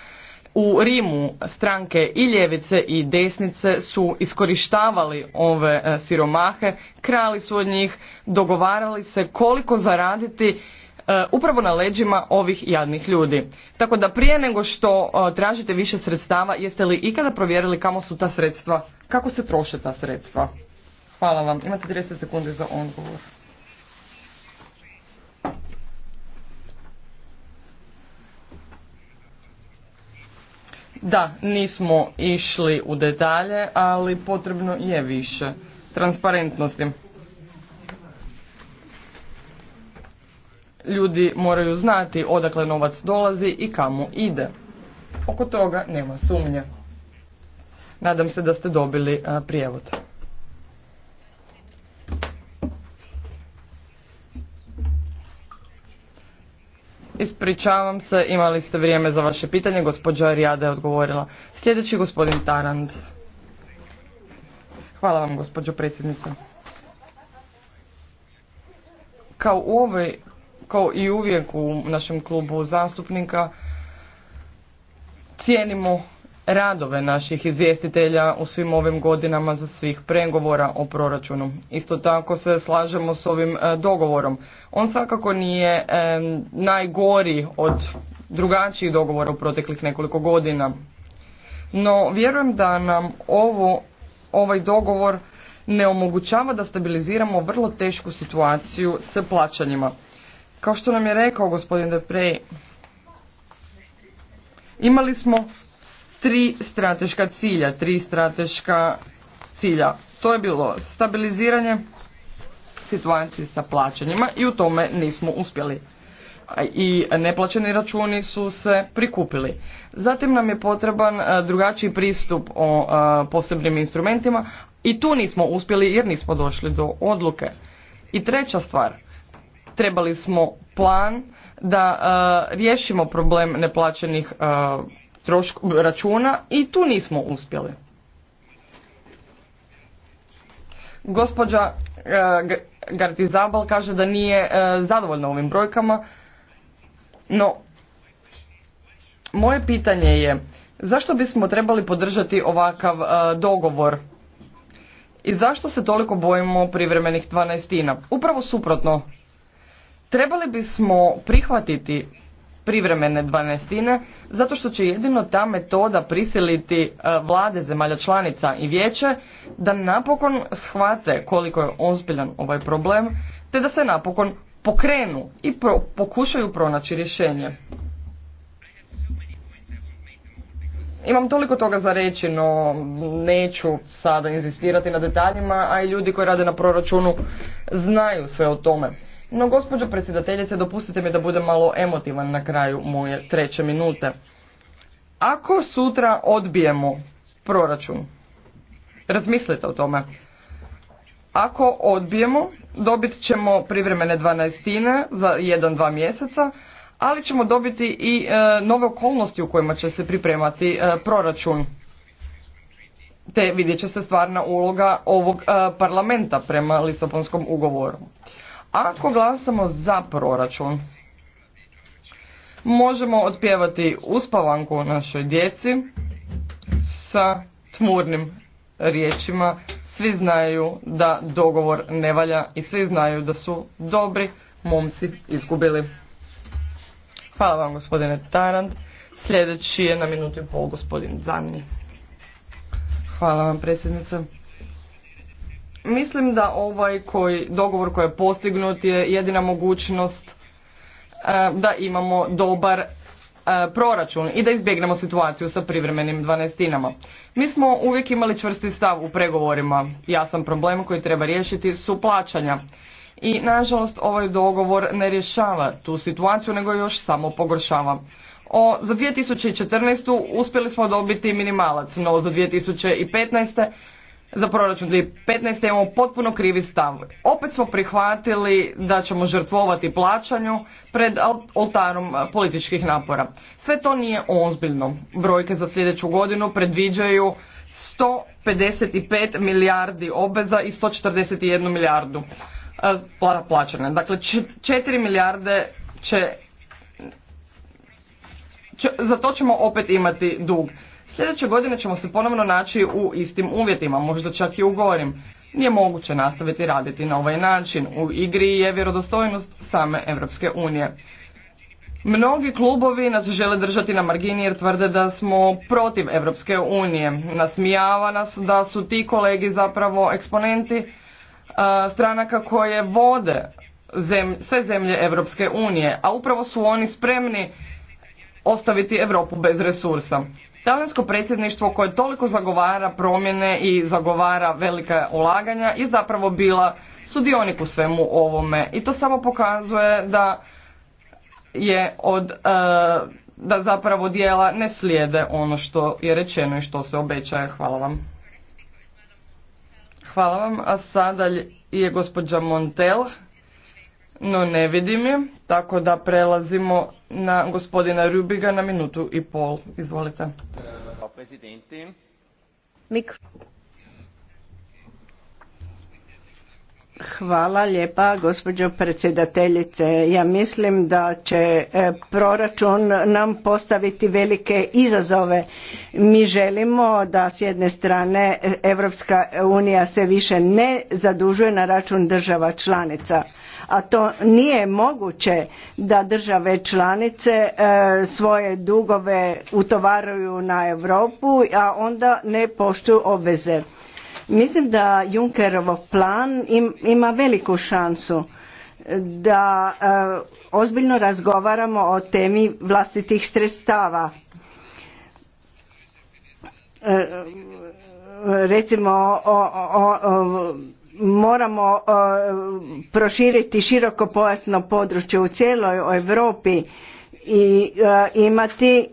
Speaker 4: U Rimu stranke i ljevice i desnice su iskorištavali ove e, siromahe, krali su od njih, dogovarali se koliko zaraditi e, upravo na leđima ovih jadnih ljudi. Tako da prije nego što e, tražite više sredstava, jeste li ikada provjerili kamo su ta sredstva, kako se troše ta sredstva? Hvala vam. Imate 30 sekundi za odgovor. Da, nismo išli u detalje, ali potrebno je više transparentnosti. Ljudi moraju znati odakle novac dolazi i kamo ide. Oko toga nema sumnje. Nadam se da ste dobili prijevod. Ispričavam se, imali ste vrijeme za vaše pitanje, gospođa Rijada je odgovorila. Sljedeći gospodin Tarand. Hvala vam, gospođo predsjednice. Kao, u kao i uvijek u našem klubu zastupnika cijenimo radove naših izvjestitelja u svim ovim godinama za svih pregovora o proračunu. Isto tako se slažemo s ovim e, dogovorom. On svakako nije e, najgori od drugačijih dogovora u proteklih nekoliko godina. No, vjerujem da nam ovaj dogovor ne omogućava da stabiliziramo vrlo tešku situaciju s plaćanjima. Kao što nam je rekao gospodin Deprej, imali smo tri strateška cilja, tri strateška cilja. To je bilo stabiliziranje situacije sa plaćanjima i u tome nismo uspjeli. I neplaćeni računi su se prikupili. Zatim nam je potreban drugačiji pristup o posebnim instrumentima i tu nismo uspjeli jer nismo došli do odluke. I treća stvar, trebali smo plan da riješimo problem neplaćenih trošku, računa i tu nismo uspjeli. Gospođa e, Gartizabal kaže da nije e, zadovoljna ovim brojkama, no moje pitanje je zašto bismo trebali podržati ovakav e, dogovor i zašto se toliko bojimo privremenih dvanaestina? Upravo suprotno, trebali bismo prihvatiti privremene dvanestine, zato što će jedino ta metoda prisiliti e, vlade zemalja članica i vijeće da napokon shvate koliko je ozbiljan ovaj problem, te da se napokon pokrenu i pokušaju pronaći rješenje. Imam toliko toga za reći, no neću sada inzistirati na detaljima, a i ljudi koji rade na proračunu znaju sve o tome. No, gospođo predsjedateljice, dopustite mi da budem malo emotivan na kraju moje treće minute. Ako sutra odbijemo proračun, razmislite o tome. Ako odbijemo, dobit ćemo privremene dvanaestine za jedan, dva mjeseca, ali ćemo dobiti i e, nove okolnosti u kojima će se pripremati e, proračun. Te vidjet će se stvarna uloga ovog e, parlamenta prema Lisabonskom ugovoru. Ako glasamo za proračun, možemo otpjevati uspavanku našoj djeci sa tmurnim riječima. Svi znaju da dogovor ne valja i svi znaju da su dobri momci izgubili. Hvala vam gospodine Tarant. Sljedeći je na minutu i pol gospodin Zani. Hvala vam predsjednice. Mislim da ovaj koji, dogovor koji je postignut je jedina mogućnost e, da imamo dobar e, proračun i da izbjegnemo situaciju sa privremenim dvanestinama. Mi smo uvijek imali čvrsti stav u pregovorima. Jasan problem koji treba riješiti su plaćanja. I nažalost ovaj dogovor ne rješava tu situaciju nego još samo pogoršava. O, za 2014. uspjeli smo dobiti minimalac, no za 2015 za proračun 2015. imamo potpuno krivi stav. Opet smo prihvatili da ćemo žrtvovati plaćanju pred oltarom političkih napora. Sve to nije ozbiljno. Brojke za sljedeću godinu predviđaju 155 milijardi obeza i 141 milijardu e, plaćanja. Dakle, 4 milijarde će, za to ćemo opet imati dug. Sljedeće godine ćemo se ponovno naći u istim uvjetima, možda čak i u gorim. Nije moguće nastaviti raditi na ovaj način. U igri je vjerodostojnost same Europske unije. Mnogi klubovi nas žele držati na margini jer tvrde da smo protiv Europske unije. Nasmijava nas da su ti kolegi zapravo eksponenti stranaka koje vode sve zemlje Europske unije, a upravo su oni spremni ostaviti Europu bez resursa. Talijansko predsjedništvo koje toliko zagovara promjene i zagovara velika ulaganja i zapravo bila sudionik u svemu ovome i to samo pokazuje da je od e, da zapravo dijela ne slijede ono što je rečeno i što se obećaje. Hvala vam. Hvala vam. A sada je gospođa Montel, no ne vidim je, tako da prelazimo na gospodina Rubiga na minutu i pol.
Speaker 5: Izvolite. Mikrofon. Hvala lijepa gospođo predsjedateljice. Ja mislim da će e, proračun nam postaviti velike izazove. Mi želimo da s jedne strane Europska unija se više ne zadužuje na račun država članica, a to nije moguće da države članice e, svoje dugove utovaraju na Europu, a onda ne poštuju obveze Mislim da Junckerov plan ima veliku šansu da e, ozbiljno razgovaramo o temi vlastitih sredstava. E, recimo o, moramo e, proširiti široko pojasno područje u cijeloj Europi i imati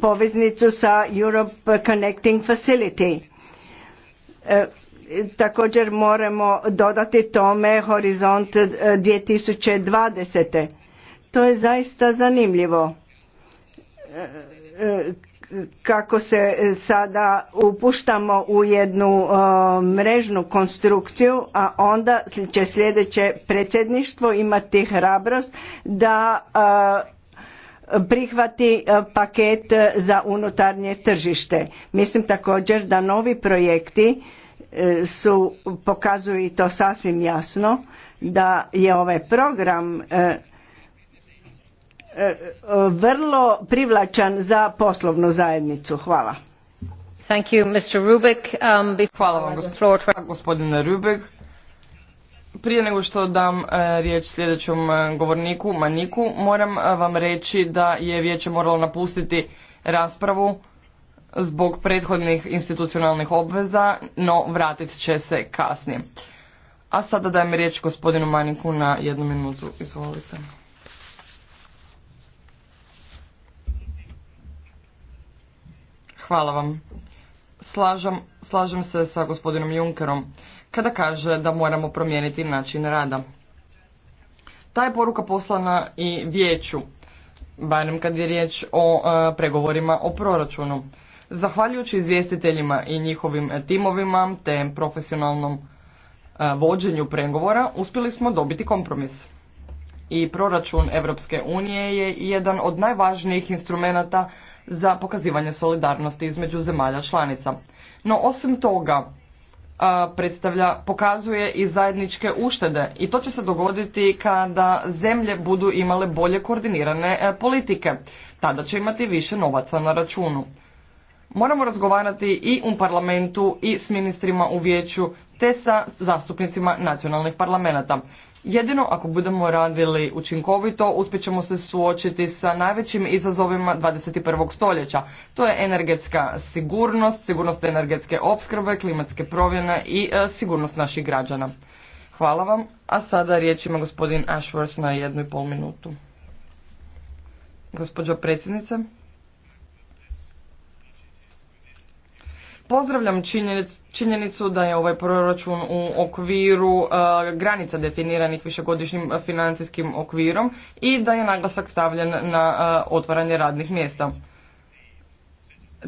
Speaker 5: poveznicu sa Europe Connecting Facility E, također moramo dodati tome horizont 2020. E, to je zaista zanimljivo e, kako se sada upuštamo u jednu mrežnu konstrukciju, a onda će sljedeće predsjedništvo imati hrabrost da prihvati e, paket e, za unutarnje tržište. Mislim također da novi projekti e, su, pokazuju i to sasvim jasno, da je ovaj program vrlo privlačan za poslovnu zajednicu. Hvala. Um, Hvala vam,
Speaker 4: gospodine Rubik. Prije nego što dam e, riječ sljedećom e, govorniku, Maniku, moram e, vam reći da je vijeće moralo napustiti raspravu zbog prethodnih institucionalnih obveza, no vratit će se kasnije. A sada dajem riječ gospodinu Maniku na jednu minutu. Izvolite. Hvala vam. Slažem, slažem se sa gospodinom Junkerom kada kaže da moramo promijeniti način rada. Ta je poruka poslana i vijeću, barem kad je riječ o e, pregovorima o proračunu. Zahvaljujući izvjestiteljima i njihovim e, timovima te profesionalnom e, vođenju pregovora uspjeli smo dobiti kompromis. I proračun Europske unije je jedan od najvažnijih instrumenata za pokazivanje solidarnosti između zemalja članica. No osim toga, predstavlja, pokazuje i zajedničke uštede. I to će se dogoditi kada zemlje budu imale bolje koordinirane e, politike. Tada će imati više novaca na računu. Moramo razgovarati i u parlamentu i s ministrima u vijeću te sa zastupnicima nacionalnih parlamenta. Jedino ako budemo radili učinkovito, uspjećemo se suočiti sa najvećim izazovima 21. stoljeća. To je energetska sigurnost, sigurnost energetske opskrbe, klimatske promjene i e, sigurnost naših građana. Hvala vam. A sada riječ ima gospodin Ashworth na jednu i pol minutu. Gospođo predsjednice, Pozdravljam činjenicu da je ovaj proračun u okviru uh, granica definiranih višegodišnjim financijskim okvirom i da je naglasak stavljen na uh, otvaranje radnih mjesta.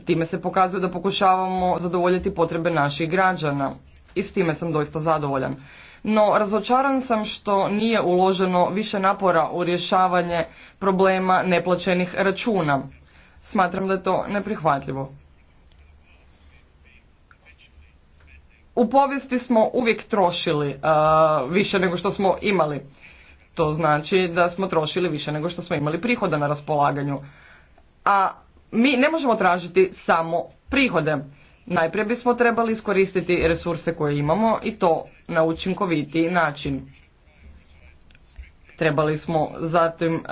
Speaker 4: Time se pokazuje da pokušavamo zadovoljiti potrebe naših građana i s time sam doista zadovoljan. No, razočaran sam što nije uloženo više napora u rješavanje problema neplaćenih računa. Smatram da je to neprihvatljivo. u povijesti smo uvijek trošili više nego što smo imali. To znači da smo trošili više nego što smo imali prihoda na raspolaganju. A mi ne možemo tražiti samo prihode. Najprije bismo trebali iskoristiti resurse koje imamo i to na učinkovitiji način. Trebali smo zatim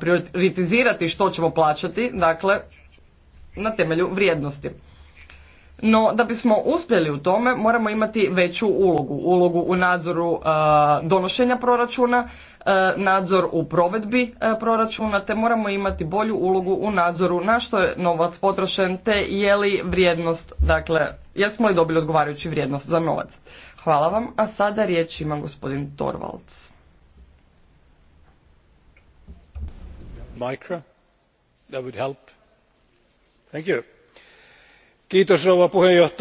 Speaker 4: prioritizirati što ćemo plaćati, dakle na temelju vrijednosti. No, da bismo uspjeli u tome, moramo imati veću ulogu. Ulogu u nadzoru e, donošenja proračuna, e, nadzor u provedbi e, proračuna, te moramo imati bolju ulogu u nadzoru na što je novac potrošen, te je li vrijednost, dakle, jesmo li dobili odgovarajuću vrijednost za novac. Hvala vam, a sada riječ ima gospodin Torvalds.
Speaker 6: Micro, arvoisa puhemies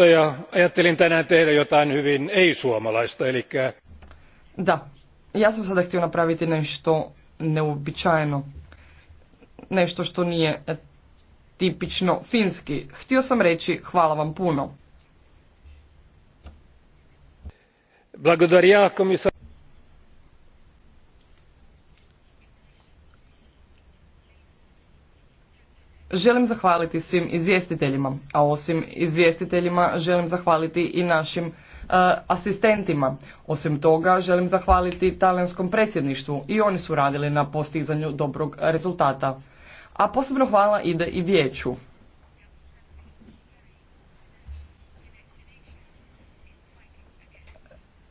Speaker 6: ajattelin tänään tehdä jotain hyvin ei suomalaista eli.
Speaker 4: da ja sam sada htio napraviti nešto neuobičajeno nešto što nije tipično finski. Htio sam reći hvala vam puno. Blagodaria komisar Želim zahvaliti svim izvjestiteljima, a osim izvjestiteljima želim zahvaliti i našim e, asistentima. Osim toga želim zahvaliti talijanskom predsjedništvu i oni su radili na postizanju dobrog rezultata. A posebno hvala ide i vijeću.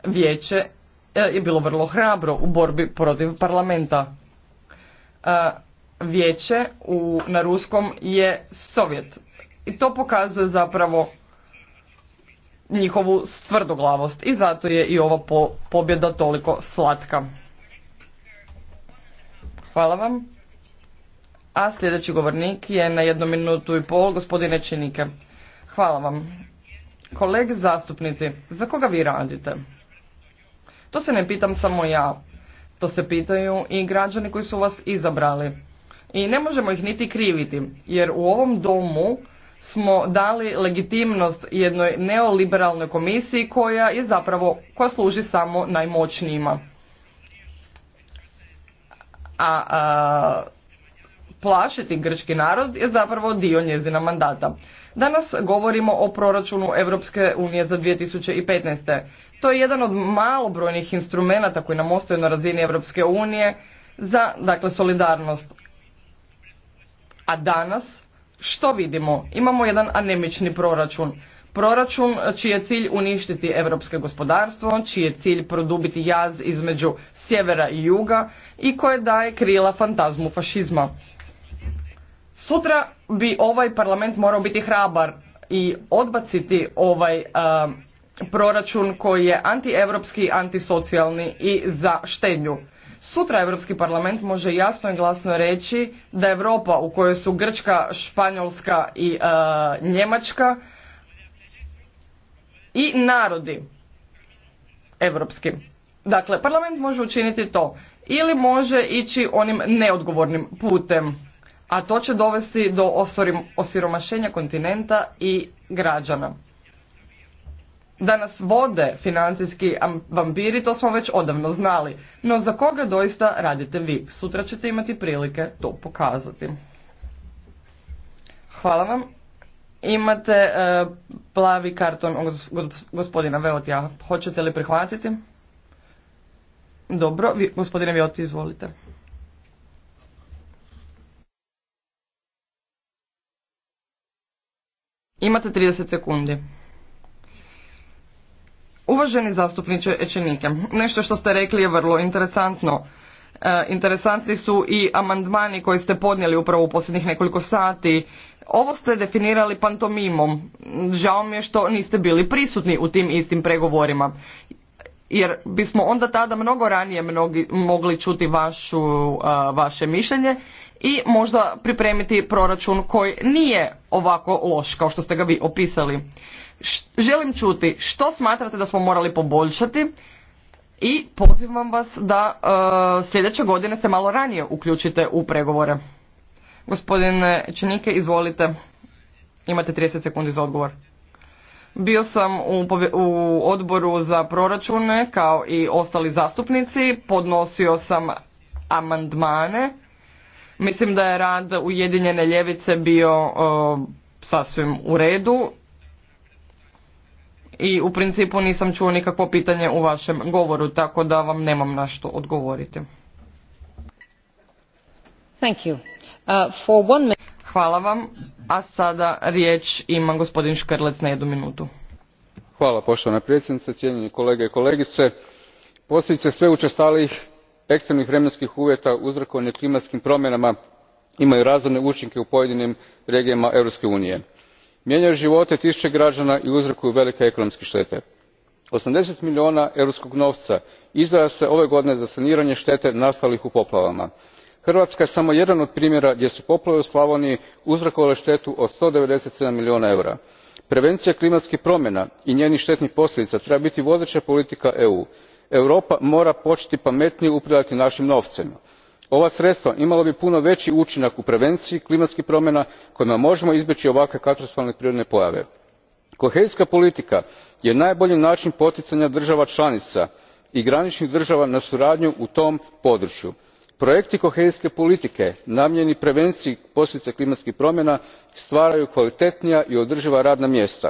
Speaker 4: Vijeće e, je bilo vrlo hrabro u borbi protiv parlamenta. E, vijeće u, na ruskom je Sovjet. I to pokazuje zapravo njihovu stvrdoglavost i zato je i ova pobjeda toliko slatka. Hvala vam. A sljedeći govornik je na jednu minutu i pol gospodine Činike. Hvala vam. Kolege zastupnici, za koga vi radite? To se ne pitam samo ja. To se pitaju i građani koji su vas izabrali i ne možemo ih niti kriviti jer u ovom domu smo dali legitimnost jednoj neoliberalnoj komisiji koja je zapravo koja služi samo najmoćnijima a, a plašiti grčki narod je zapravo dio njezina mandata danas govorimo o proračunu Europske unije za 2015. to je jedan od malobrojnih instrumenata koji nam ostaju na razini Europske unije za dakle solidarnost a danas što vidimo? Imamo jedan anemični proračun. Proračun čiji je cilj uništiti europsko gospodarstvo, čiji je cilj produbiti jaz između sjevera i juga i koje daje krila fantazmu fašizma. Sutra bi ovaj parlament morao biti hrabar i odbaciti ovaj proračun koji je antievropski, antisocijalni i za štednju. Sutra Europski parlament može jasno i glasno reći da Europa u kojoj su Grčka, Španjolska i e, Njemačka i narodi europski. Dakle, parlament može učiniti to ili može ići onim neodgovornim putem, a to će dovesti do osiromašenja kontinenta i građana da nas vode financijski vampiri, to smo već odavno znali. No za koga doista radite vi? Sutra ćete imati prilike to pokazati. Hvala vam. Imate e, plavi karton gospodina Veotija. Hoćete li prihvatiti? Dobro, vi, gospodine Veoti, izvolite. Imate 30 sekundi. Uvaženi zastupniče Ečenike, nešto što ste rekli je vrlo interesantno. E, interesantni su i amandmani koji ste podnijeli upravo u posljednjih nekoliko sati. Ovo ste definirali pantomimom. Žao mi je što niste bili prisutni u tim istim pregovorima. Jer bismo onda tada mnogo ranije mogli čuti vašu, e, vaše mišljenje i možda pripremiti proračun koji nije ovako loš kao što ste ga vi opisali. Želim čuti što smatrate da smo morali poboljšati i pozivam vas da e, sljedeće godine se malo ranije uključite u pregovore. Gospodine Čenike, izvolite. Imate 30 sekundi za odgovor. Bio sam u, odboru za proračune kao i ostali zastupnici. Podnosio sam amandmane. Mislim da je rad Ujedinjene ljevice bio e, sasvim u redu i u principu nisam čuo nikakvo pitanje u vašem govoru, tako da vam nemam na što odgovoriti. Uh, Hvala vam, a sada riječ ima gospodin Škrlec na jednu minutu.
Speaker 7: Hvala poštovana predsjednice, cijenjeni kolege i kolegice. Posljedice sve učestalijih ekstremnih vremenskih uvjeta uzrokovane klimatskim promjenama imaju razorne učinke u pojedinim regijama Europske unije mijenjaju živote tisuće građana i uzrokuju velike ekonomske štete. eighty milijuna europskog novca izdvaja se ove godine za saniranje štete nastalih u poplavama. hrvatska je samo jedan od primjera gdje su poplave u slavoniji uzrokovale štetu od one hundred and ninety milijuna eura. prevencija klimatskih promjena i njenih štetnih posljedica treba biti vodeća politika eu europa mora početi pametnije upravljati našim novcem ova sredstva imala bi puno veći učinak u prevenciji klimatskih promjena kojima možemo izbjeći ovakve katastrofalne prirodne pojave. kohezijska politika je najbolji način poticanja država članica i graničnih država na suradnju u tom području. projekti kohezijske politike namijenjeni prevenciji posljedica klimatskih promjena stvaraju kvalitetnija i održiva radna mjesta.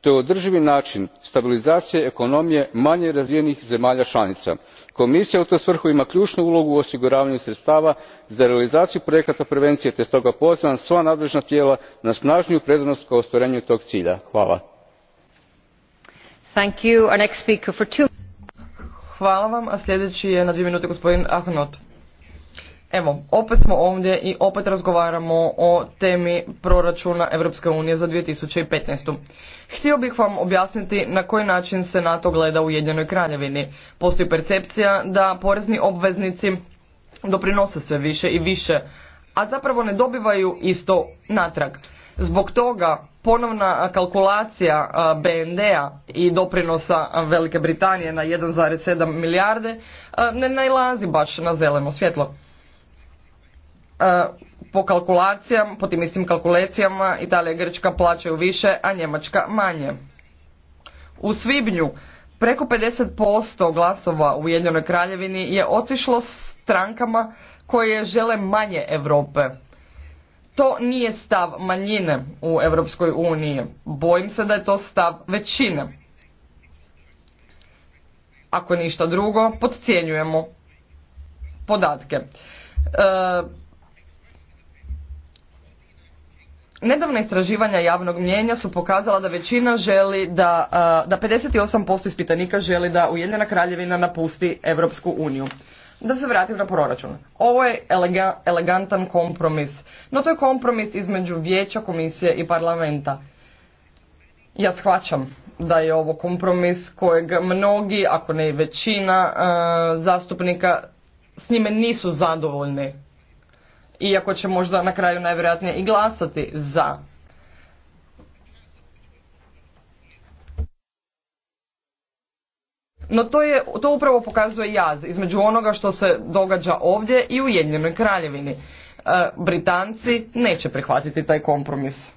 Speaker 7: to je održivi način stabilizacije ekonomije manje razvijenih zemalja članica komisija u tu svrhu ima ključnu ulogu u osiguravanju sredstava za realizaciju projekata prevencije te stoga pozivam sva nadležna tijela na snažniju predanost ka ostvarenju tog cilja. hvala.
Speaker 4: vam, a sljedeći je na dvije minute Evo, opet smo ovdje i opet razgovaramo o temi proračuna Europske unije za 2015. Htio bih vam objasniti na koji način se NATO gleda u Jedinoj kraljevini. Postoji percepcija da porezni obveznici doprinose sve više i više, a zapravo ne dobivaju isto natrag. Zbog toga ponovna kalkulacija BND-a i doprinosa Velike Britanije na 1,7 milijarde ne najlazi baš na zeleno svjetlo. E, po kalkulacijama, po tim istim kalkulacijama Italija i Grčka plaćaju više, a Njemačka manje. U svibnju preko 50% glasova u Ujedinjenoj Kraljevini je otišlo strankama koje žele manje Europe. To nije stav manjine u Europskoj uniji. Bojim se da je to stav većine. Ako ništa drugo, podcjenjujemo podatke. E, Nedavna istraživanja javnog mnjenja su pokazala da većina želi da, da 58% ispitanika želi da Ujedinjena kraljevina napusti Europsku uniju. Da se vratim na proračun. Ovo je elegantan kompromis, no to je kompromis između vijeća, komisije i parlamenta. Ja shvaćam da je ovo kompromis kojeg mnogi, ako ne i većina zastupnika, s njime nisu zadovoljni iako će možda na kraju najvjerojatnije i glasati za. No to, je, to upravo pokazuje jaz između onoga što se događa ovdje i u Jedinjenoj kraljevini. E, Britanci neće prihvatiti taj kompromis.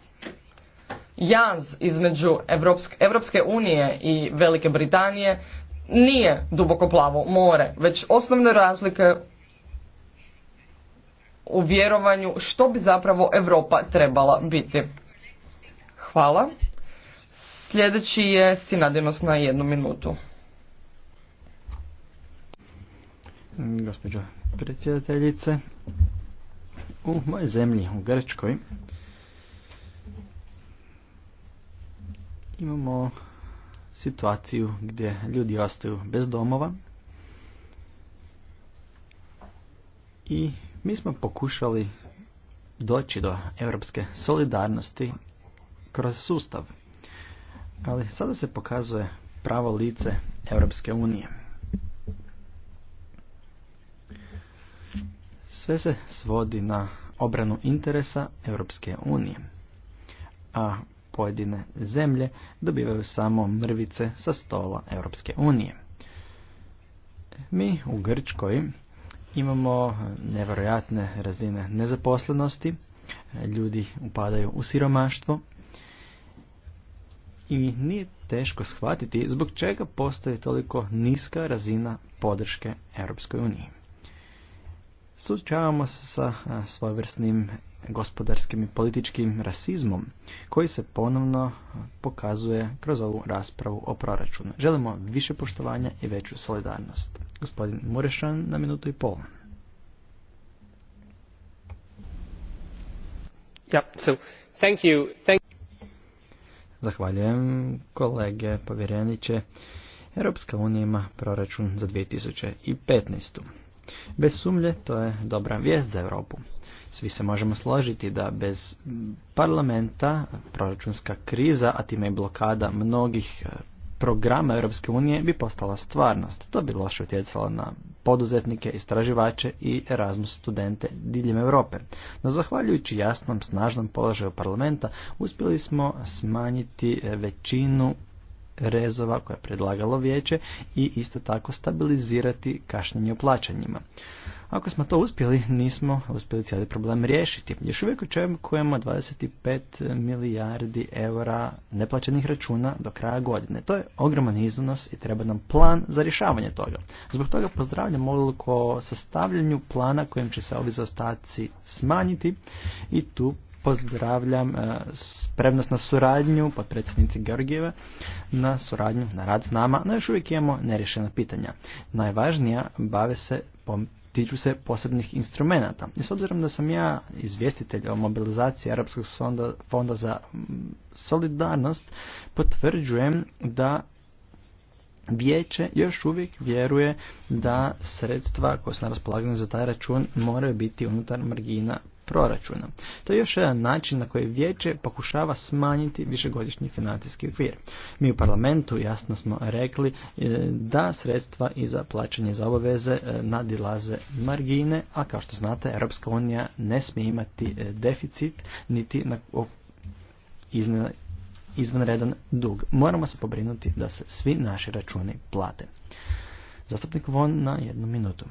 Speaker 4: Jaz između Evropske, unije i Velike Britanije nije duboko plavo more, već osnovne razlike u vjerovanju što bi zapravo Europa trebala biti. Hvala. Sljedeći je Sinadinos na jednu minutu.
Speaker 8: Gospođo predsjedateljice, u mojoj zemlji, u Grčkoj, imamo situaciju gdje ljudi ostaju bez domova i mi smo pokušali doći do europske solidarnosti kroz sustav. Ali sada se pokazuje pravo lice Europske unije. Sve se svodi na obranu interesa Europske unije, a pojedine zemlje dobivaju samo mrvice sa stola Europske unije. Mi u Grčkoj Imamo nevjerojatne razine nezaposlenosti, ljudi upadaju u siromaštvo i nije teško shvatiti zbog čega postoji toliko niska razina podrške Europskoj uniji. Sučavamo se sa svojevrsnim gospodarskim i političkim rasizmom koji se ponovno pokazuje kroz ovu raspravu o proračunu. Želimo više poštovanja i veću solidarnost. Gospodin Murešan na minutu i pol. Zahvaljujem kolege povjereniće. Europska unija ima proračun za 2015. Bez sumlje to je dobra vijest za Europu. Svi se možemo složiti da bez parlamenta proračunska kriza, a time i blokada mnogih e, programa Europske unije bi postala stvarnost. To bi loše utjecalo na poduzetnike, istraživače i Erasmus studente diljem Europe. No zahvaljujući jasnom, snažnom položaju parlamenta uspjeli smo smanjiti e, većinu rezova koje je predlagalo vijeće i isto tako stabilizirati kašnjenje u plaćanjima. Ako smo to uspjeli, nismo uspjeli cijeli problem riješiti. Još uvijek očekujemo 25 milijardi eura neplaćenih računa do kraja godine. To je ogroman iznos i treba nam plan za rješavanje toga. Zbog toga pozdravljam odluku o sastavljanju plana kojim će se ovi zaostaci smanjiti i tu pozdravljam e, spremnost na suradnju predsjednici Georgijeva na suradnju, na rad s nama, no još uvijek imamo nerješena pitanja. Najvažnija bave se tiču se posebnih instrumenata. I s obzirom da sam ja izvjestitelj o mobilizaciji Europskog fonda za solidarnost, potvrđujem da vijeće još uvijek vjeruje da sredstva koja su na raspolaganju za taj račun moraju biti unutar margina proračuna. To je još jedan način na koji vijeće pokušava smanjiti višegodišnji financijski okvir. Mi u parlamentu jasno smo rekli e, da sredstva i za plaćanje za obaveze e, nadilaze margine, a kao što znate Europska unija ne smije imati e, deficit niti na izvanredan dug. Moramo se pobrinuti da se svi naši računi plate. Zastupnik Von na jednu minutu.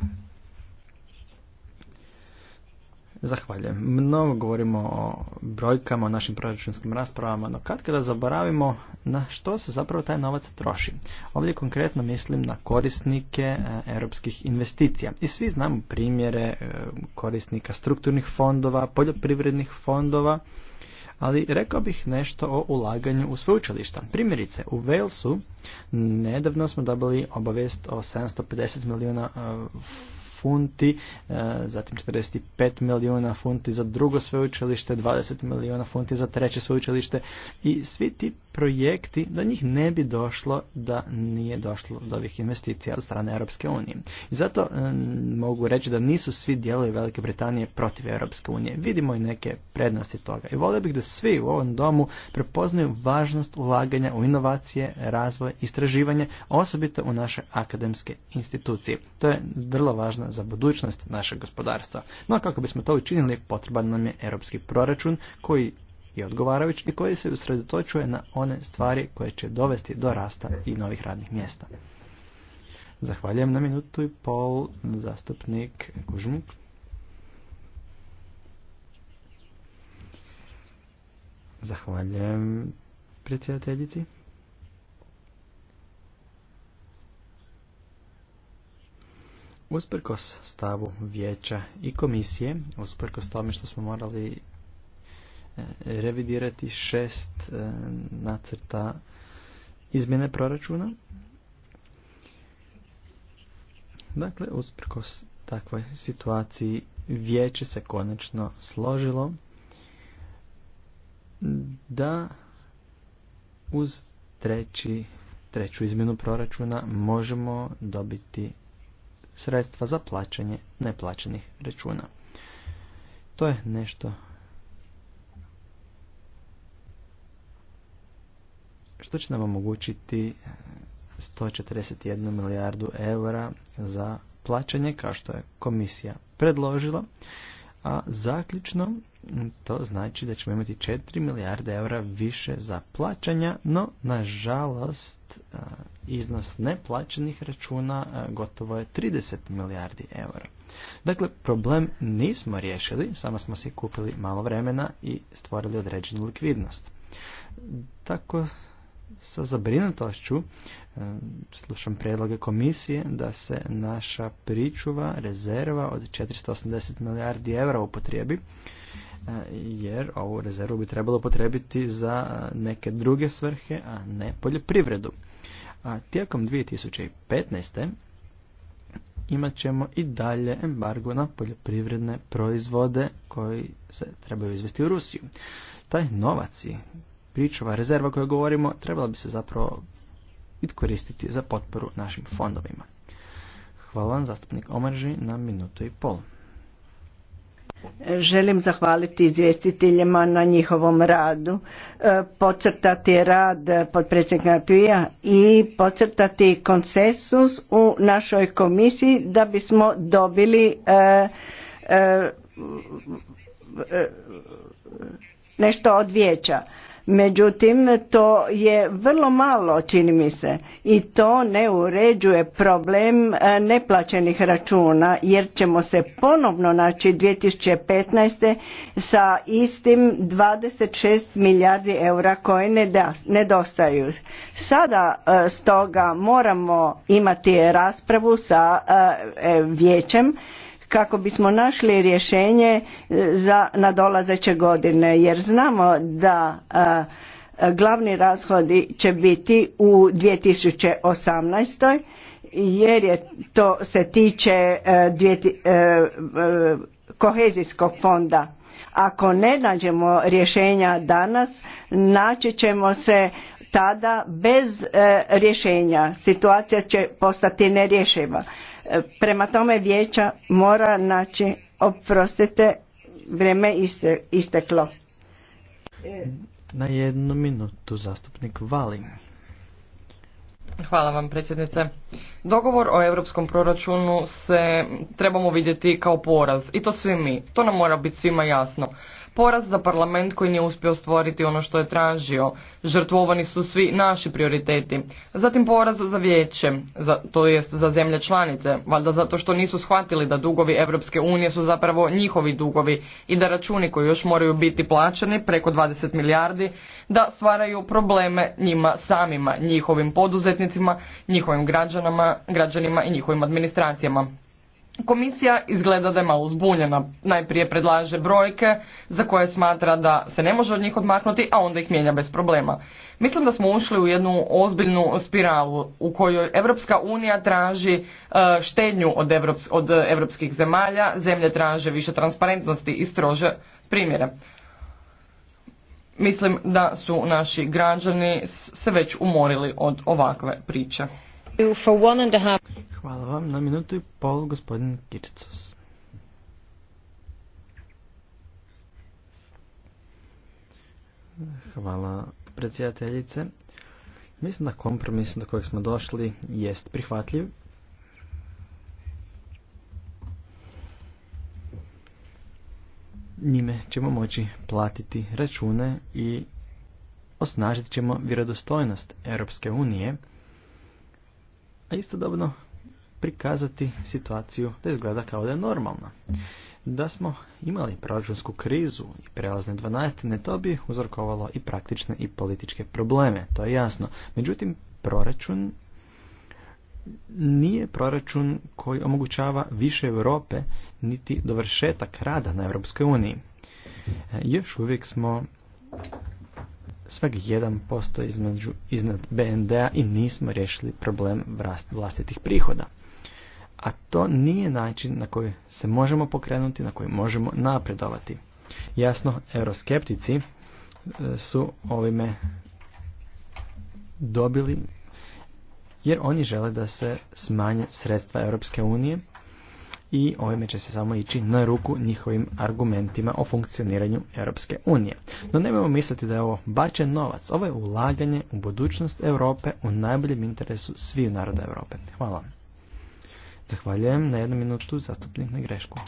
Speaker 8: Zahvaljujem. Mnogo govorimo o brojkama, o našim proračunskim raspravama, no kad kada zaboravimo na što se zapravo taj novac troši. Ovdje konkretno mislim na korisnike e, europskih investicija. I svi znamo primjere e, korisnika strukturnih fondova, poljoprivrednih fondova, ali rekao bih nešto o ulaganju u sveučilišta. Primjerice, u Walesu nedavno smo dobili obavijest o 750 milijuna e, funti, e, zatim 45 milijuna funti za drugo sveučilište, 20 milijuna funti za treće sveučilište i svi ti projekti, do njih ne bi došlo da nije došlo do ovih investicija od strane Europske unije. I zato e, mogu reći da nisu svi dijelovi Velike Britanije protiv Europske unije. Vidimo i neke prednosti toga. I volio bih da svi u ovom domu prepoznaju važnost ulaganja u inovacije, razvoj, istraživanje, osobito u naše akademske institucije. To je vrlo važno za budućnost našeg gospodarstva. No kako bismo to učinili, potreban nam je europski proračun koji i odgovarajući i koji se usredotočuje na one stvari koje će dovesti do rasta i novih radnih mjesta. Zahvaljujem na minutu i pol zastupnik Kužmuk. Zahvaljujem predsjedateljici. Usprkos stavu vijeća i komisije, usprkos tome što smo morali E, revidirati šest e, nacrta izmjene proračuna. Dakle, usprkos takvoj situaciji vijeće se konačno složilo da uz treći, treću izmjenu proračuna možemo dobiti sredstva za plaćanje neplaćenih računa. To je nešto što će nam omogućiti 141 e, milijardu eura za plaćanje kao što je komisija predložila, a zaključno to znači da ćemo imati 4 milijarde eura više za plaćanja, no nažalost e, iznos neplaćenih računa e, gotovo je 30 milijardi eura. Dakle, problem nismo riješili, samo smo si kupili malo vremena i stvorili određenu likvidnost. Tako sa zabrinutošću e, slušam predloge komisije da se naša pričuva, rezerva od 480 milijardi eura upotrijebi, e, jer ovu rezervu bi trebalo upotrijebiti za e, neke druge svrhe, a ne poljoprivredu. A tijekom 2015. imat ćemo i dalje embargo na poljoprivredne proizvode koji se trebaju izvesti u Rusiju. Taj novac i pričuva rezerva koju govorimo trebala bi se zapravo koristiti za potporu našim fondovima. Hvala vam, zastupnik Omerži, na minutu i pol.
Speaker 5: Želim zahvaliti izvjestiteljima na njihovom radu, e, podcrtati rad podpredsjednika Tuija i podcrtati konsensus u našoj komisiji da bismo dobili e, e, nešto od vijeća. Međutim, to je vrlo malo, čini mi se, i to ne uređuje problem e, neplaćenih računa, jer ćemo se ponovno naći 2015. sa istim 26 milijardi eura koje nedostaju. Sada e, stoga moramo imati raspravu sa e, vijećem kako bismo našli rješenje e, za nadolazeće godine jer znamo da e, glavni rashodi će biti u 2018. jer je to se tiče e, kohezijskog fonda. Ako ne nađemo rješenja danas, naći ćemo se tada bez rješenja. Situacija će postati nerješiva. E, prema tome vijeća mora naći, oprostite, vrijeme iste, isteklo.
Speaker 4: E,
Speaker 8: Na jednu minutu zastupnik Valin.
Speaker 4: Hvala vam predsjednice. Dogovor o europskom proračunu se trebamo vidjeti kao poraz i to svi mi. To nam mora biti svima jasno poraz za parlament koji nije uspio stvoriti ono što je tražio. Žrtvovani su svi naši prioriteti. Zatim poraz za vijeće, za, to jest za zemlje članice, valjda zato što nisu shvatili da dugovi Europske unije su zapravo njihovi dugovi i da računi koji još moraju biti plaćani, preko 20 milijardi, da stvaraju probleme njima samima, njihovim poduzetnicima, njihovim građanama, građanima i njihovim administracijama. Komisija izgleda da je malo zbunjena. Najprije predlaže brojke za koje smatra da se ne može od njih odmaknuti, a onda ih mijenja bez problema. Mislim da smo ušli u jednu ozbiljnu spiralu u kojoj Evropska unija traži e, štednju od, evrops od evropskih zemalja, zemlje traže više transparentnosti i strože primjere. Mislim da su naši građani se već umorili od ovakve priče. Hvala vam. Na
Speaker 8: minutu i pol gospodin Kircos. Hvala predsjedateljice. Mislim da kompromis do kojeg smo došli jest prihvatljiv. Njime ćemo moći platiti račune i osnažit ćemo vjerodostojnost Europske unije, a istodobno prikazati situaciju da izgleda kao da je normalna. Da smo imali proračunsku krizu i prelazne dvanaestine, to bi uzrokovalo i praktične i političke probleme, to je jasno. Međutim, proračun nije proračun koji omogućava više Europe, niti dovršetak rada na Europskoj uniji. E, još uvijek smo svak 1% posto iznad BND-a i nismo riješili problem vlastitih prihoda a to nije način na koji se možemo pokrenuti, na koji možemo napredovati. Jasno, euroskeptici e, su ovime dobili jer oni žele da se smanje sredstva Europske unije i ovime će se samo ići na ruku njihovim argumentima o funkcioniranju Europske unije. No nemojmo misliti da je ovo bačen novac, ovo je ulaganje u budućnost Europe u najboljem interesu svih naroda Europe. Hvala. Zahvaljujem na jednu minutu zastupnik na grešku.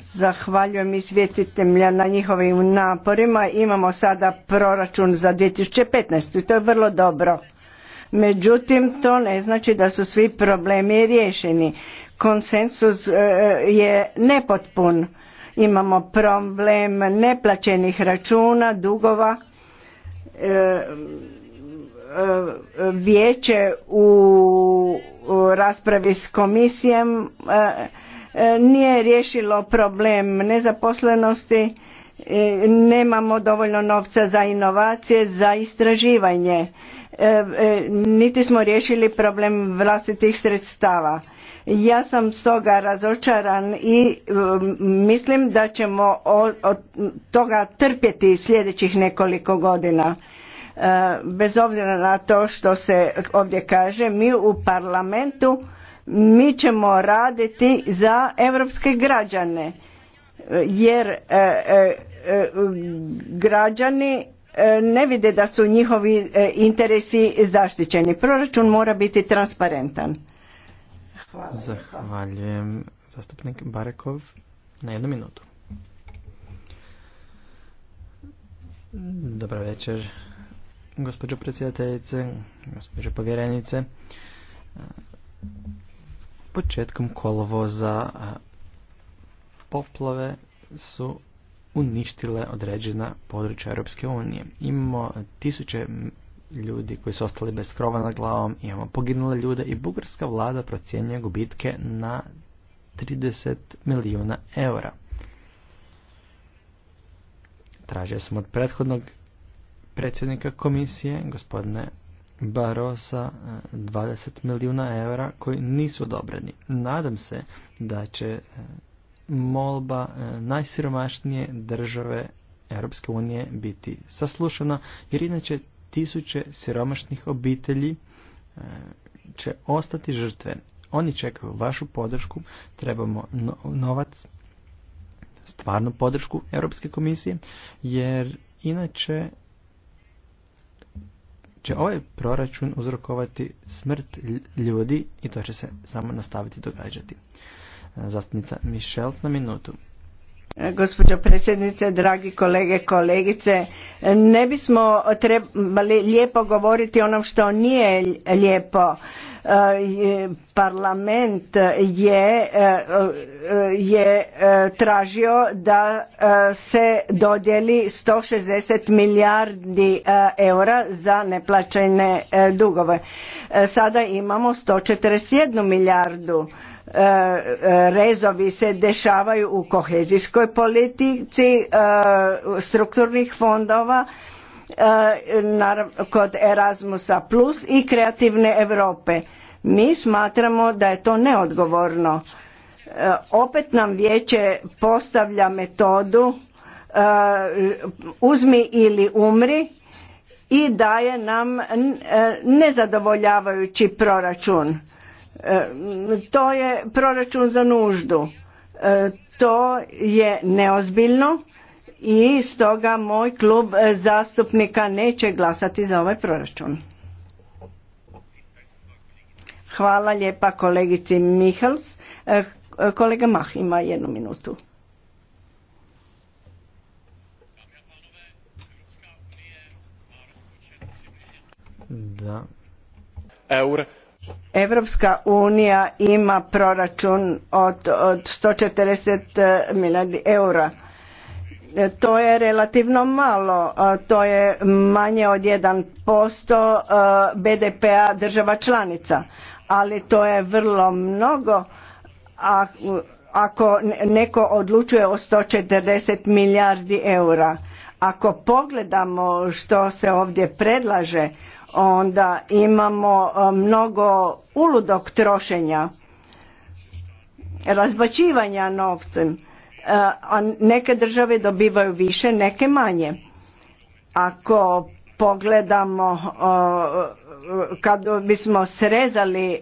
Speaker 5: Zahvaljujem izvjetiteljima na njihovim naporima. Imamo sada proračun za 2015. i to je vrlo dobro. Međutim, to ne znači da su svi problemi riješeni. Konsensus e, je nepotpun. Imamo problem neplaćenih računa, dugova E, e, vijeće u raspravi s komisijem e, nije riješilo problem nezaposlenosti, nemamo dovoljno novca za inovacije, za istraživanje, niti smo riješili problem vlastitih sredstava ja sam stoga razočaran i um, mislim da ćemo od toga trpjeti sljedećih nekoliko godina. E, bez obzira na to što se ovdje kaže, mi u parlamentu mi ćemo raditi za europske građane e, jer e, građani ne vide da su njihovi interesi zaštićeni. Proračun mora biti transparentan.
Speaker 8: Zahvaljujem zastupnik Barekov na jednu minutu. Dobar večer, gospođo predsjedateljice, gospođo povjerenice. Početkom kolovoza poplave su uništile određena područja Europske unije. Imamo tisuće ljudi koji su ostali bez krova nad glavom, imamo poginule ljude i bugarska vlada procjenjuje gubitke na 30 milijuna eura. Tražio sam od prethodnog predsjednika komisije, gospodine Barosa, 20 milijuna eura koji nisu odobreni. Nadam se da će e, molba e, najsiromašnije države Europske unije biti saslušana, jer inače tisuće siromašnih obitelji e, će ostati žrtve. Oni čekaju vašu podršku, trebamo novac, stvarnu podršku Europske komisije, jer inače će ovaj proračun uzrokovati smrt ljudi i to će se samo nastaviti događati. E, zastupnica Michels na minutu
Speaker 5: gospođo predsjednice, dragi kolege, kolegice. Ne bismo trebali lijepo govoriti onom što nije lijepo. E, parlament je, e, je e, tražio da se dodjeli 160 milijardi eura za neplaćene dugove. Sada imamo 141 milijardu E, e, rezovi se dešavaju u kohezijskoj politici e, strukturnih fondova kod Erasmusa Plus i kreativne Europe. Mi smatramo da je to neodgovorno. Opet nam vijeće postavlja metodu uzmi ili umri i daje nam nezadovoljavajući proračun E, to je proračun za nuždu. E, to je neozbiljno i stoga moj klub zastupnika neće glasati za ovaj proračun. Hvala lijepa kolegici Mihals. E, kolega Mah ima jednu minutu. Da. Europska unija ima proračun od, od 140 eh, milijardi eura. E, to je relativno malo, to je manje od 1% eh, BDP-a država članica, ali to je vrlo mnogo ako neko odlučuje o 140 milijardi eura. Ako pogledamo što se ovdje predlaže, onda imamo e, mnogo uludog trošenja, razbačivanja novcem, a neke države dobivaju više, neke manje. Ako pogledamo e, kad bismo srezali e,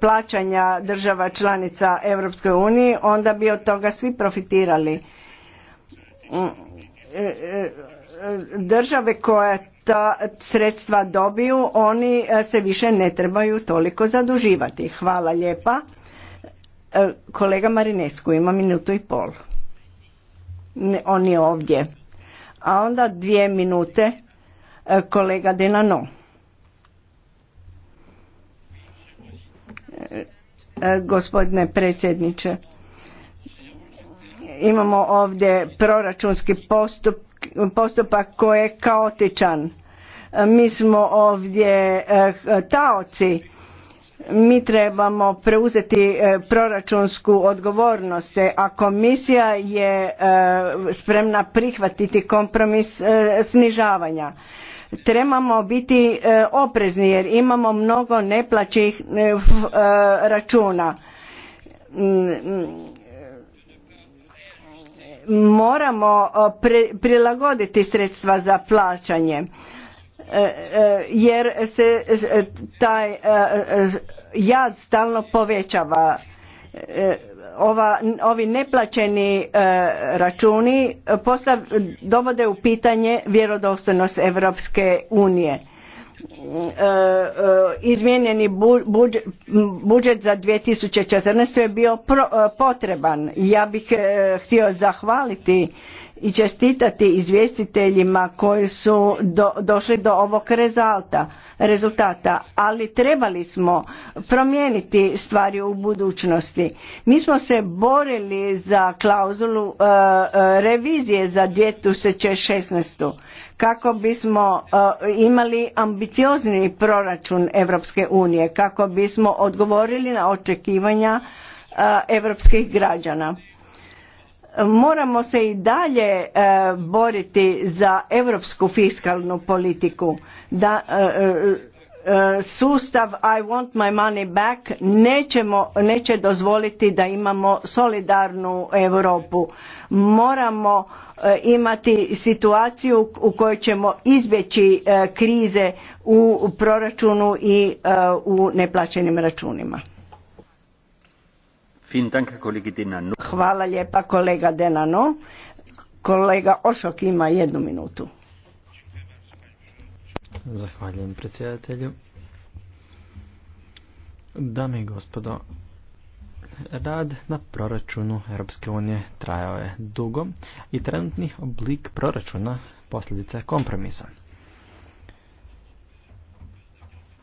Speaker 5: plaćanja država članica Europskoj uniji, onda bi od toga svi profitirali. Mm, države koje ta sredstva dobiju oni e, se više ne trebaju toliko zaduživati. Hvala lijepa. E, kolega Marinesku ima minutu i pol. On je ovdje. A onda dvije minute e, kolega Denano. Gospodine predsjedniče, imamo ovdje proračunski postup postupak koji je kaotičan. Mi smo ovdje eh, taoci, mi trebamo preuzeti eh, proračunsku odgovornost, a komisija je eh, spremna prihvatiti kompromis snižavanja. Trebamo biti oprezni jer imamo mnogo neplaćih računa mm, mm moramo prilagoditi sredstva za plaćanje e, e, jer se e, taj jaz stalno povećava ova, ovi neplaćeni računi dovode u pitanje vjerodostojnost Europske unije. E, e, izmijenjeni budžet za 2014. je bio e, potreban. Ja bih htio zahvaliti i čestitati izvjestiteljima koji su došli do ovog rezultata, rezultata, ali trebali smo promijeniti stvari u budućnosti. Mi smo se borili za klauzulu revizije za 2016 kako bismo eh, imali ambiciozni proračun Europske unije, kako bismo odgovorili na očekivanja europskih eh, građana. Moramo se i dalje eh, boriti za europsku fiskalnu politiku. Da sustav I want my money back neće dozvoliti da imamo solidarnu Europu moramo e, imati situaciju u kojoj ćemo izbjeći e, krize u proračunu i e, u neplaćenim računima. Hvala lijepa kolega Denano. Kolega Ošok ima jednu minutu.
Speaker 8: Zahvaljujem predsjedatelju. Dame i gospodo, Rad na proračunu Europske unije trajao je dugo i trenutni oblik proračuna posljedica je kompromisa.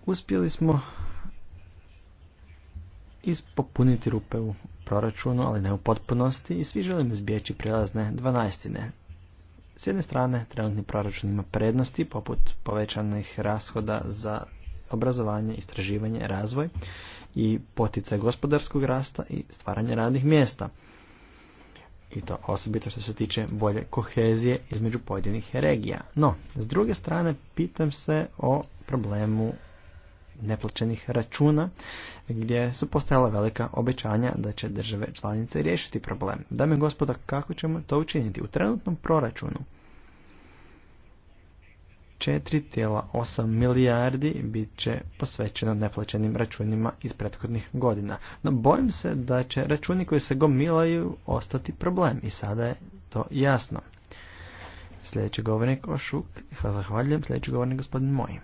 Speaker 8: Uspjeli smo ispopuniti rupe u proračunu, ali ne u potpunosti i svi želimo izbjeći prijelazne dvanaestine. S jedne strane, trenutni proračun ima prednosti, poput povećanih rashoda za obrazovanje, istraživanje, razvoj, i poticaj gospodarskog rasta i stvaranje radnih mjesta. I to osobito što se tiče bolje kohezije između pojedinih regija. No, s druge strane, pitam se o problemu neplaćenih računa gdje su postojala velika obećanja da će države članice riješiti problem. Dame gospoda, kako ćemo to učiniti u trenutnom proračunu? 4,8 milijardi bit će posvećeno neplaćenim računima iz prethodnih godina. No bojim se da će računi koji se gomilaju ostati problem i sada je to jasno. Sljedeći govornik Ošuk, hvala zahvaljujem, sljedeći govornik gospodin Moj.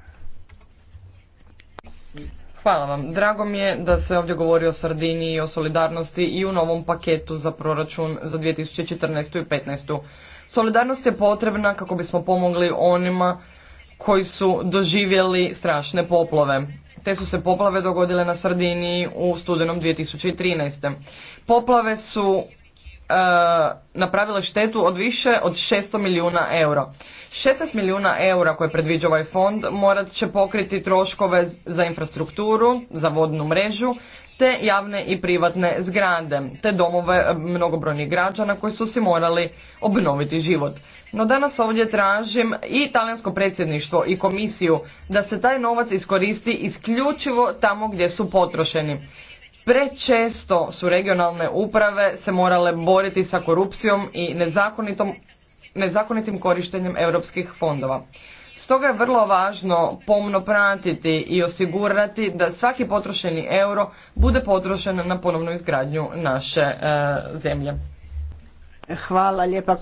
Speaker 4: Hvala vam. Drago mi je da se ovdje govori o Sardini i o solidarnosti i u novom paketu za proračun za 2014. i 2015. Solidarnost je potrebna kako bismo pomogli onima koji su doživjeli strašne poplave. Te su se poplave dogodile na Sardiniji u studenom 2013. Poplave su e, napravile štetu od više od 600 milijuna eura. 16 milijuna eura koje predviđa ovaj fond morat će pokriti troškove za infrastrukturu, za vodnu mrežu, te javne i privatne zgrade, te domove mnogobrojnih građana koji su si morali obnoviti život. No danas ovdje tražim i talijansko predsjedništvo i komisiju da se taj novac iskoristi isključivo tamo gdje su potrošeni. Prečesto su regionalne uprave se morale boriti sa korupcijom i nezakonitim korištenjem europskih fondova. Stoga je vrlo važno pomno pratiti i osigurati da svaki potrošeni euro bude potrošen na ponovnu izgradnju naše e, zemlje.
Speaker 5: Hvala lijepa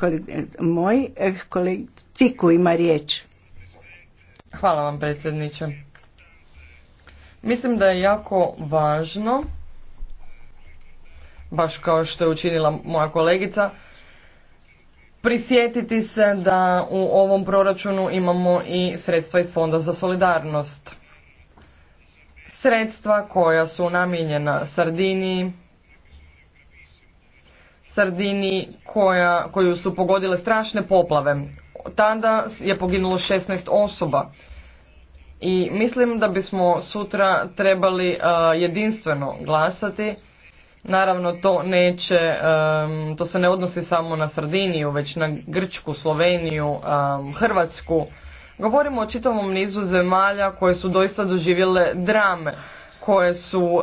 Speaker 5: moj eh, koleg Ciku ima riječ.
Speaker 4: Hvala vam predsjedniče. Mislim da je jako važno, baš kao što je učinila moja kolegica, prisjetiti se da u ovom proračunu imamo i sredstva iz Fonda za solidarnost. Sredstva koja su namijenjena Sardiniji, Sardini koja, koju su pogodile strašne poplave. Tada je poginulo 16 osoba. I mislim da bismo sutra trebali e, jedinstveno glasati. Naravno to neće, e, to se ne odnosi samo na Sardiniju, već na Grčku, Sloveniju, e, Hrvatsku. Govorimo o čitavom nizu zemalja koje su doista doživjele drame, koje su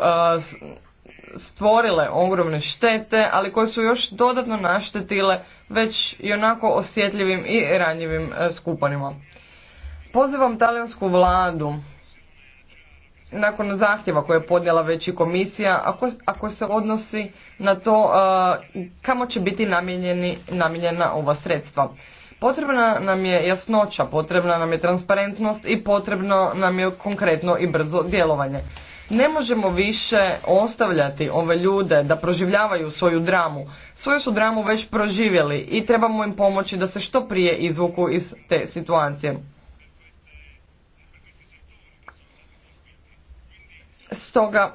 Speaker 4: stvorile ogromne štete, ali koje su još dodatno naštetile već i onako osjetljivim i ranjivim e, skupanima. Pozivam talijansku vladu nakon zahtjeva koje je podnijela već i komisija, ako, se odnosi na to e, kamo će biti namijenjena ova sredstva. Potrebna nam je jasnoća, potrebna nam je transparentnost i potrebno nam je konkretno i brzo djelovanje. Ne možemo više ostavljati ove ljude da proživljavaju svoju dramu. Svoju su dramu već proživjeli i trebamo im pomoći da se što prije izvuku iz te situacije. Stoga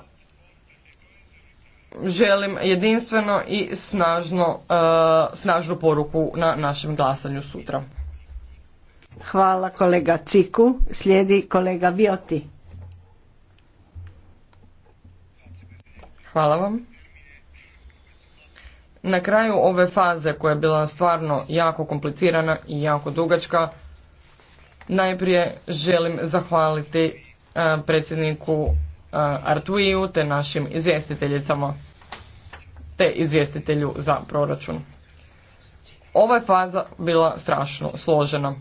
Speaker 4: želim jedinstveno i snažno, e, snažnu poruku na našem glasanju sutra.
Speaker 5: Hvala kolega Ciku. Slijedi kolega Vioti.
Speaker 4: Hvala vam. Na kraju ove faze koja je bila stvarno jako komplicirana i jako dugačka, najprije želim zahvaliti e, predsjedniku e, Artuiju te našim izvjestiteljicama te izvjestitelju za proračun. Ova je faza bila strašno složena.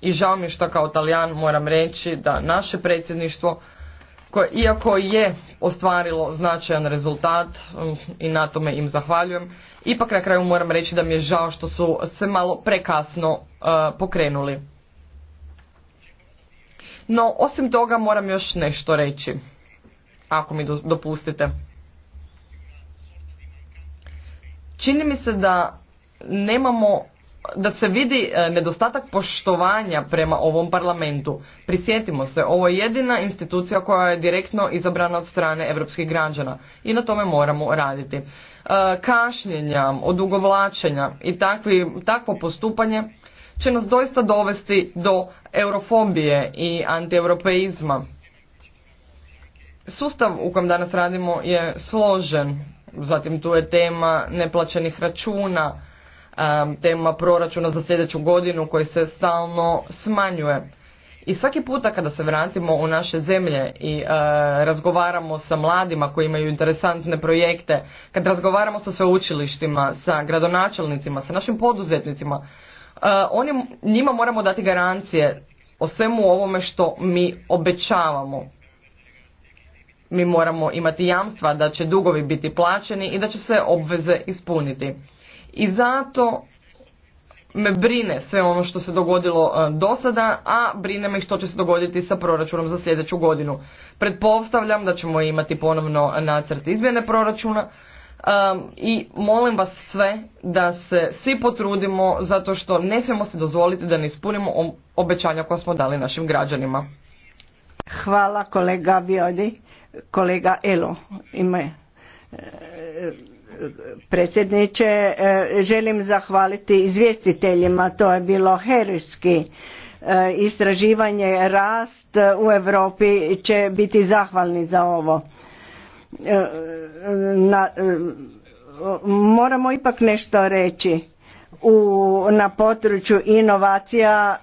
Speaker 4: I žao mi što kao Talijan moram reći da naše predsjedništvo koje iako je ostvarilo značajan rezultat um, i na tome im zahvaljujem, ipak na kraju moram reći da mi je žao što su se malo prekasno uh, pokrenuli. No, osim toga moram još nešto reći, ako mi dopustite. Čini mi se da nemamo da se vidi e, nedostatak poštovanja prema ovom parlamentu. Prisjetimo se, ovo je jedina institucija koja je direktno izabrana od strane europskih građana i na tome moramo raditi. E, kašnjenja, odugovlačenja i takvi, takvo postupanje će nas doista dovesti do eurofobije i antieuropeizma. Sustav u kojem danas radimo je složen, zatim tu je tema neplaćenih računa, tema proračuna za sljedeću godinu koji se stalno smanjuje. I svaki puta kada se vratimo u naše zemlje i e, razgovaramo sa mladima koji imaju interesantne projekte, kad razgovaramo sa sveučilištima, sa gradonačelnicima, sa našim poduzetnicima, e, oni, njima moramo dati garancije o svemu ovome što mi obećavamo. Mi moramo imati jamstva da će dugovi biti plaćeni i da će se obveze ispuniti. I zato me brine sve ono što se dogodilo e, do sada, a brine me što će se dogoditi sa proračunom za sljedeću godinu. Pretpostavljam da ćemo imati ponovno nacrt izmjene proračuna e, i molim vas sve da se svi potrudimo zato što ne smijemo se dozvoliti da ne ispunimo obećanja koja smo dali našim građanima.
Speaker 5: Hvala kolega Viodi. Kolega Elo, ima e, predsjedniče. E, želim zahvaliti izvjestiteljima, to je bilo herijski e, istraživanje, rast u Europi će biti zahvalni za ovo. E, moramo ipak nešto reći. na području inovacija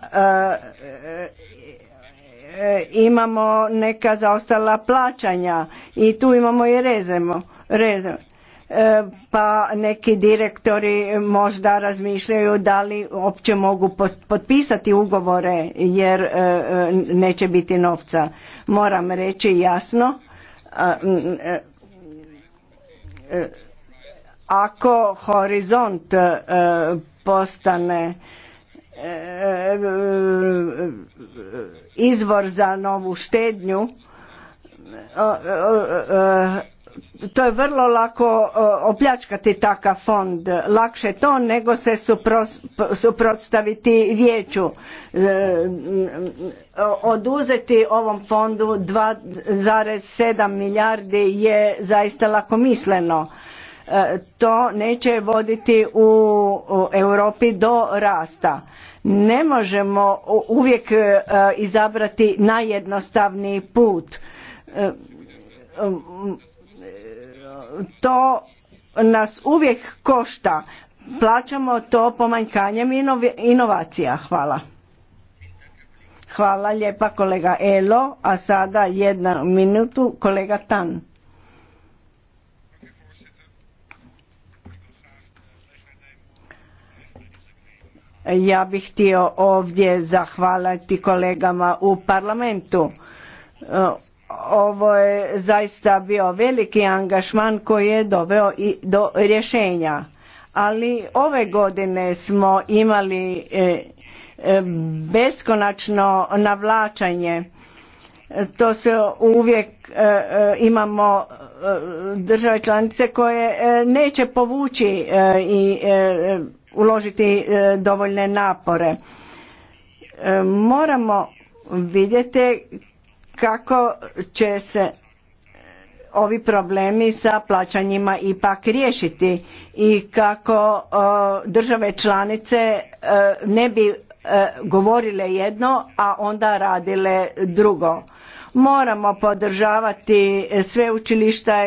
Speaker 5: imamo neka zaostala plaćanja i tu imamo i rezemo. rezemo. E, pa neki direktori možda razmišljaju da li uopće mogu potpisati ugovore jer e, e, neće biti novca. Moram reći jasno, ako horizont postane izvor za novu štednju, to je vrlo lako e, opljačkati takav fond. Lakše to nego se suprotstaviti vijeću. E, oduzeti ovom fondu 2,7 milijardi je zaista lakomisleno. E, to neće voditi u Europi do rasta. Ne možemo uvijek izabrati najjednostavniji put to nas uvijek košta. Plaćamo to pomanjkanjem inovacija. Hvala. Hvala lijepa kolega Elo, a sada jedna minutu kolega Tan. Ja bih htio ovdje zahvaliti kolegama u parlamentu ovo je zaista bio veliki angažman koji je doveo i do rješenja. Ali ove godine smo imali e, e, beskonačno navlačanje. To se uvijek e, imamo države članice koje neće povući i uložiti dovoljne napore. Moramo vidjeti kako će se e, ovi problemi sa plaćanjima ipak riješiti i kako e, države članice e, ne bi govorile jedno, a onda radile drugo. Moramo podržavati sve učilišta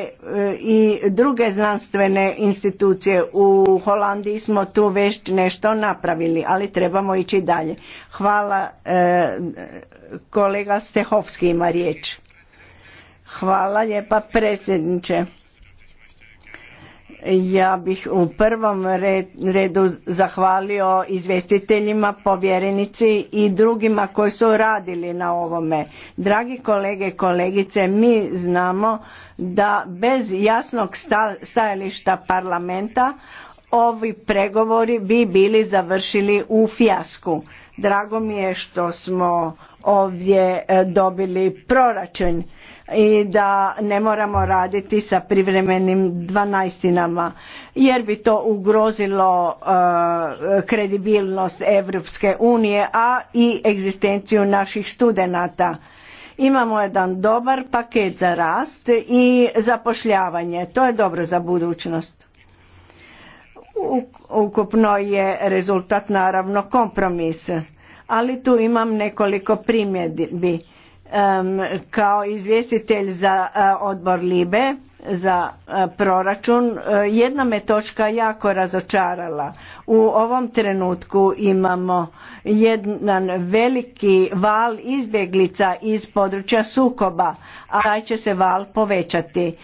Speaker 5: i druge znanstvene institucije. U Holandiji smo tu već nešto napravili, ali trebamo ići dalje. Hvala Kolega Stehovski ima riječ. Hvala lijepa predsjedniče. Ja bih u prvom redu zahvalio izvjestiteljima, povjerenici i drugima koji su radili na ovome. Dragi kolege i kolegice, mi znamo da bez jasnog stajališta parlamenta ovi pregovori bi bili završili u fijasku. Drago mi je što smo ovdje e, dobili proračun i da ne moramo raditi sa privremenim dvanaestinama jer bi to ugrozilo e, kredibilnost Europske unije a i egzistenciju naših studenata. Imamo jedan dobar paket za rast i zapošljavanje. To je dobro za budućnost. Ukupno je rezultat naravno kompromis ali tu imam nekoliko primjedbi. Kao izvjestitelj za e, odbor Libe, za e, proračun, e, jedna me točka jako razočarala. U ovom trenutku imamo jedan veliki val izbjeglica iz područja sukoba, a taj će se val povećati.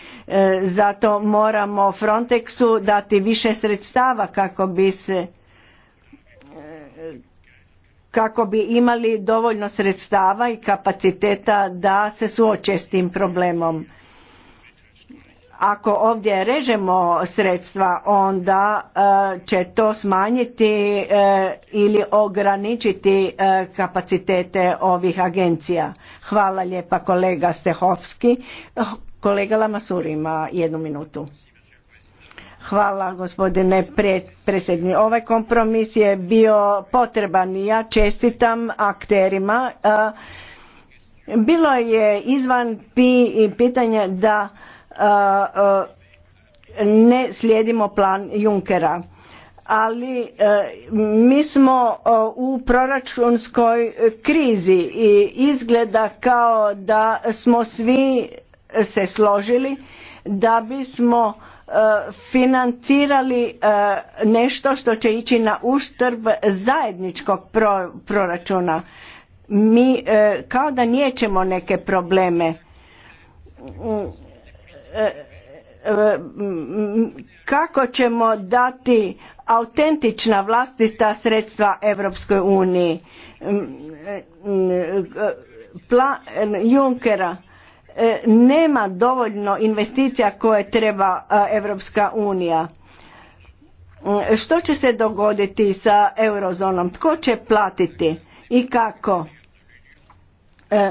Speaker 5: Zato moramo Frontexu dati više sredstava kako bi se kako bi imali dovoljno sredstava i kapaciteta da se suoče s tim problemom. Ako ovdje režemo sredstva onda e, će to smanjiti e, ili ograničiti e, kapacitete ovih agencija. Hvala lijepa kolega Stehovski. Kolega Lamasur ima jednu minutu. Hvala gospodine predsjedni. Ovaj kompromis je bio potreban i ja čestitam akterima. Bilo je izvan pi pitanja da ne slijedimo plan Junkera. Ali e, mi smo e, u proračunskoj krizi i izgleda kao da smo svi se složili da bismo E, financirali e, nešto što će ići na uštrb zajedničkog proračuna. Mi e, kao da niječemo neke probleme. Kako ćemo dati autentična vlastita sredstva Europskoj uniji? Plan Junkera E, nema dovoljno investicija koje treba Europska unija. Mm, što će se dogoditi sa eurozonom? Tko će platiti i kako? E,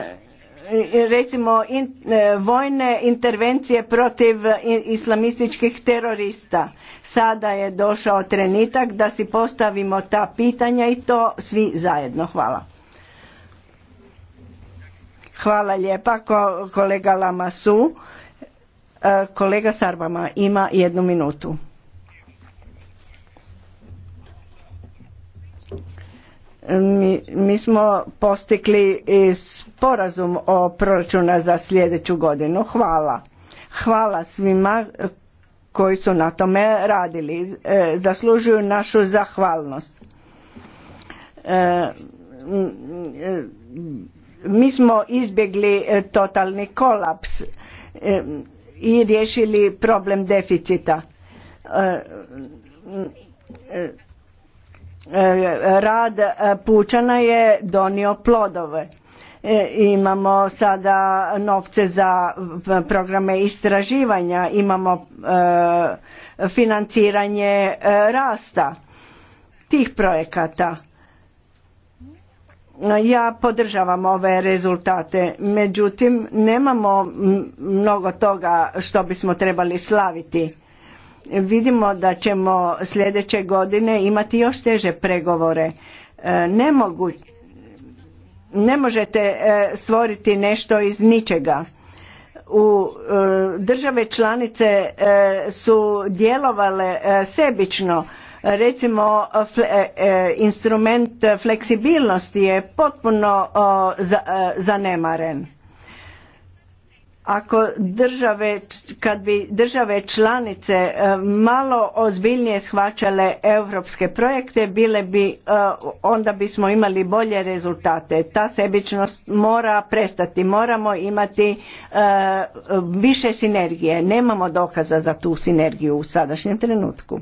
Speaker 5: recimo e, vojne intervencije protiv islamističkih terorista. Sada je došao trenutak da si postavimo ta pitanja i to svi zajedno. Hvala. Hvala lijepa kolega su e, Kolega Sarbama, ima jednu minutu. Mi, smo postigli sporazum o proračuna za sljedeću godinu. Hvala. Hvala svima koji su na tome radili. E, zaslužuju našu zahvalnost. E, mi smo izbjegli e, totalni kolaps e, i riješili problem deficita. E, rad Pučana je donio plodove. Imamo sada novce za programe istraživanja, imamo financiranje rasta tih projekata ja podržavam ove rezultate, međutim nemamo mnogo toga što bismo trebali slaviti. Vidimo da ćemo sljedeće godine imati još teže pregovore. E, ne, ne možete e, stvoriti nešto iz ničega. U e, države članice su djelovale sebično Recimo, e, e, instrument fleksibilnosti je potpuno e, zanemaren. Ako države, kad bi države članice malo ozbiljnije shvaćale europske projekte, bile bi, onda bismo imali bolje rezultate. Ta sebičnost mora prestati, moramo imati više sinergije. Nemamo dokaza za tu sinergiju u sadašnjem trenutku.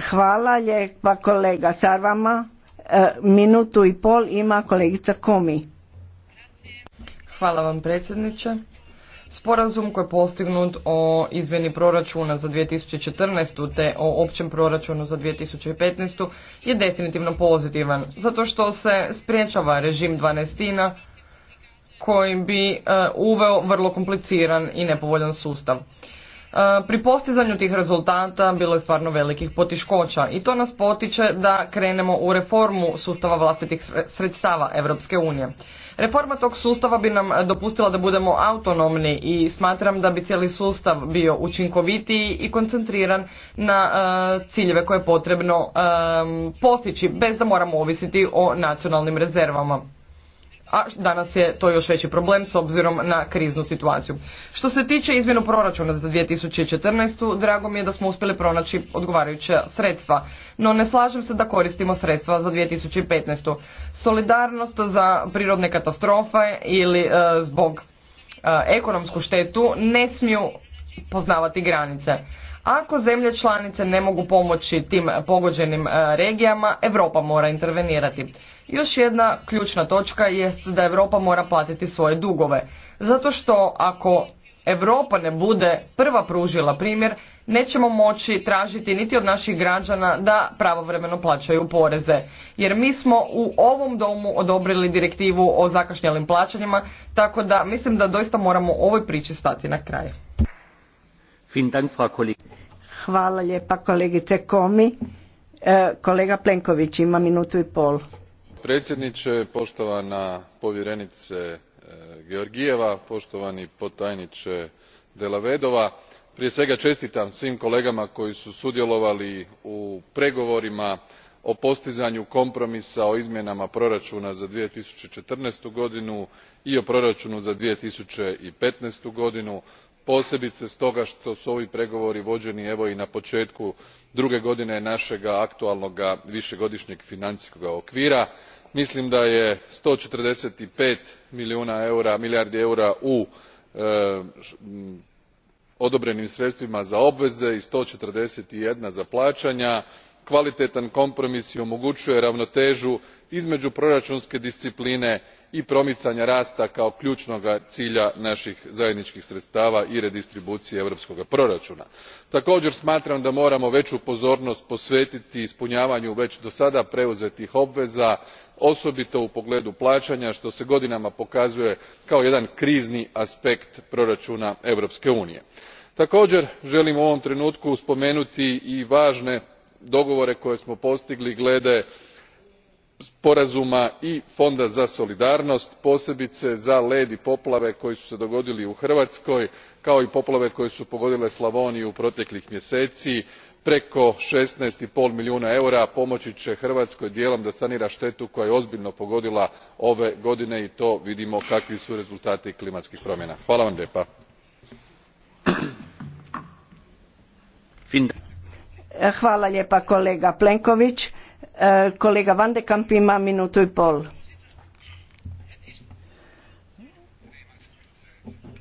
Speaker 5: Hvala lijepa kolega Sarvama. E, minutu i pol ima kolegica Komi. Hvala vam predsjedniče.
Speaker 4: Sporazum koji je postignut o izmjeni proračuna za 2014. te o općem proračunu za 2015. je definitivno pozitivan, zato što se spriječava režim 12-ina koji bi e, uveo vrlo kompliciran i nepovoljan sustav. Pri postizanju tih rezultata bilo je stvarno velikih potiškoća i to nas potiče da krenemo u reformu sustava vlastitih sredstava Europske unije. Reforma tog sustava bi nam dopustila da budemo autonomni i smatram da bi cijeli sustav bio učinkovitiji i koncentriran na ciljeve koje je potrebno postići bez da moramo ovisiti o nacionalnim rezervama a danas je to još veći problem s obzirom na kriznu situaciju. Što se tiče izmjenu proračuna za 2014. drago mi je da smo uspjeli pronaći odgovarajuća sredstva, no ne slažem se da koristimo sredstva za 2015. Solidarnost za prirodne katastrofe ili e, zbog e, ekonomsku štetu ne smiju poznavati granice. Ako zemlje članice ne mogu pomoći tim pogođenim e, regijama, Europa mora intervenirati. Još jedna ključna točka jest da Europa mora platiti svoje dugove. Zato što ako Europa ne bude prva pružila primjer, nećemo moći tražiti niti od naših građana da pravovremeno plaćaju poreze. Jer mi smo u ovom domu odobrili direktivu o zakašnjelim plaćanjima, tako da mislim da doista moramo ovoj priči stati na kraj.
Speaker 5: Hvala lijepa kolegice Komi. E, kolega Plenković ima minutu i pol
Speaker 6: predsjedniče, potovana povjerenice e, georgieva potovani potajniče delavedova prije svega estitam svim kolegama koji su sudjelovali u pregovorima o postizanju kompromisa o izmjenama prorauna za. two thousand and godinu i o proraunu za. two thousand and fifteen godinu posebice stoga što su ovi pregovori voeni evo i na početku druge godine našega aktualnog viegodinjeg financijskog okvira mislim da je one hundred and forty five milijardi eura u e, odobrenim sredstvima za obveze i one hundred and za plaanja kvalitetan kompromis i omoguuje ravnoteu izmeu proraunske discipline i promicanja rasta kao kljunoga cilja naih zajednikih sredstava i redistribucije europskoga prorauna. takoer smatram da moramo veu pozornost posvetiti ispunjavanju ve do sada preuzetih obveza osobito u pogledu plaanja što se godinama pokazuje kao jedan krizni aspekt prorauna europske unije. takoer elim u ovom trenutku spomenuti i vane dogovore koje smo postigli glede sporazuma i fonda za solidarnost posebice za led i poplave koji su se dogodili u hrvatskoj kao i poplave koje su pogodile slavoniju proteklih mjeseci preko sixteen milijuna eura pomoi e hrvatskoj dijelom da sanira štetu koja je ozbiljno pogodila ove godine i to vidimo kakvi su rezultati klimatskih promjena. hvala vam lijepa.
Speaker 5: E, hvala kolega Plenković. E, kolega van ima minutu i pol.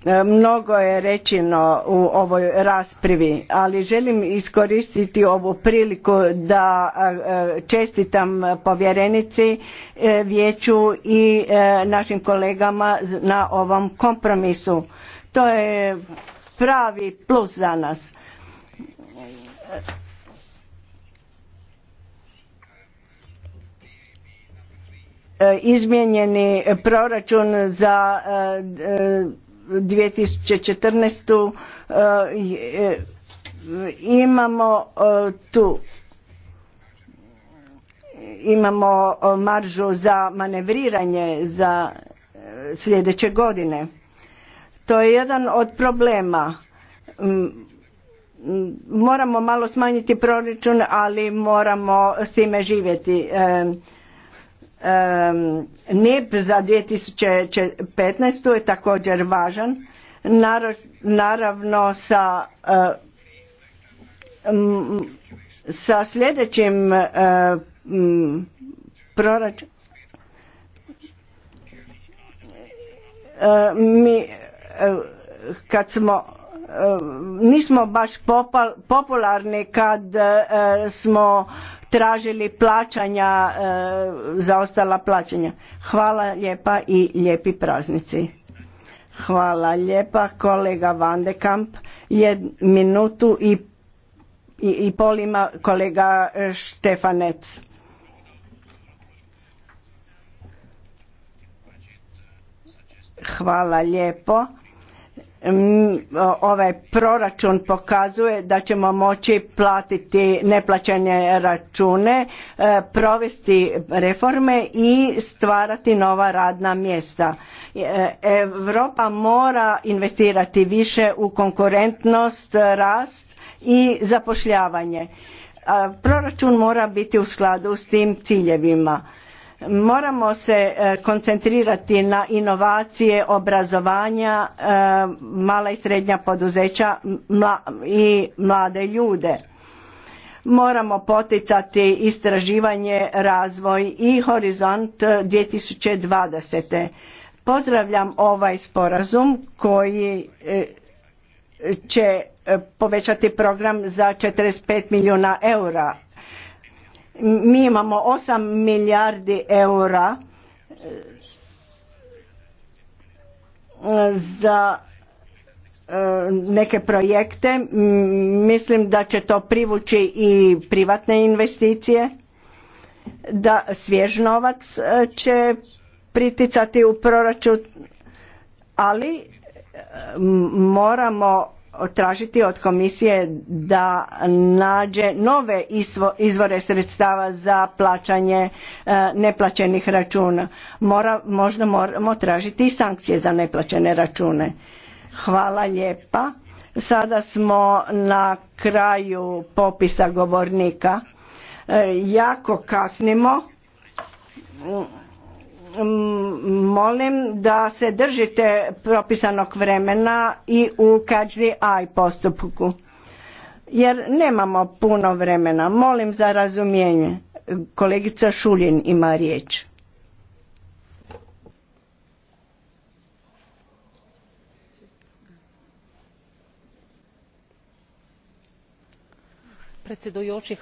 Speaker 5: E, mnogo je rečeno u ovoj raspravi, ali želim iskoristiti ovu priliku da e, čestitam povjerenici e, vijeću i našim kolegama na ovom kompromisu. To je pravi plus za nas. Izmijenjeni proračun za 2014. Eh, imamo eh, tu imamo eh, maržu za manevriranje za sljedeće godine. To je jedan od problema. Mm, mm, moramo malo smanjiti proračun, ali moramo s time živjeti. NIP e za 2015. je također važan, naravno sa, eh, sa sljedećim eh, proračunom. Eh, mi kad smo nismo baš popularni kad smo tražili plaćanja, e, zaostala plaćanja. Hvala lijepa i lijepi praznici. Hvala lijepa kolega Van de Kamp. minutu i, polima i pol ima kolega Štefanec. Hvala lijepo ovaj proračun pokazuje da ćemo moći platiti neplaćene račune, e, provesti reforme i stvarati nova radna mjesta. E, Europa mora investirati više u konkurentnost, rast i zapošljavanje. Proračun mora biti u skladu s tim ciljevima moramo se e, koncentrirati na inovacije obrazovanja e, mala i srednja poduzeća i mlade ljude moramo poticati istraživanje razvoj i horizont 2020. Pozdravljam ovaj sporazum koji e, će povećati program za 45 milijuna eura mi imamo 8 milijardi eura eh, za eh, neke projekte. Mislim da će to privući i privatne investicije. Da svjež novac eh, će priticati u proračun, ali moramo tražiti od komisije da nađe nove izvore sredstava za plaćanje e, neplaćenih računa. možda moramo tražiti i sankcije za neplaćene račune. Hvala lijepa. Sada smo na kraju popisa govornika. E, jako kasnimo. Mm, molim da se držite propisanog vremena i u kađi aj postupku jer nemamo puno vremena molim za razumijenje kolegica Šuljin ima riječ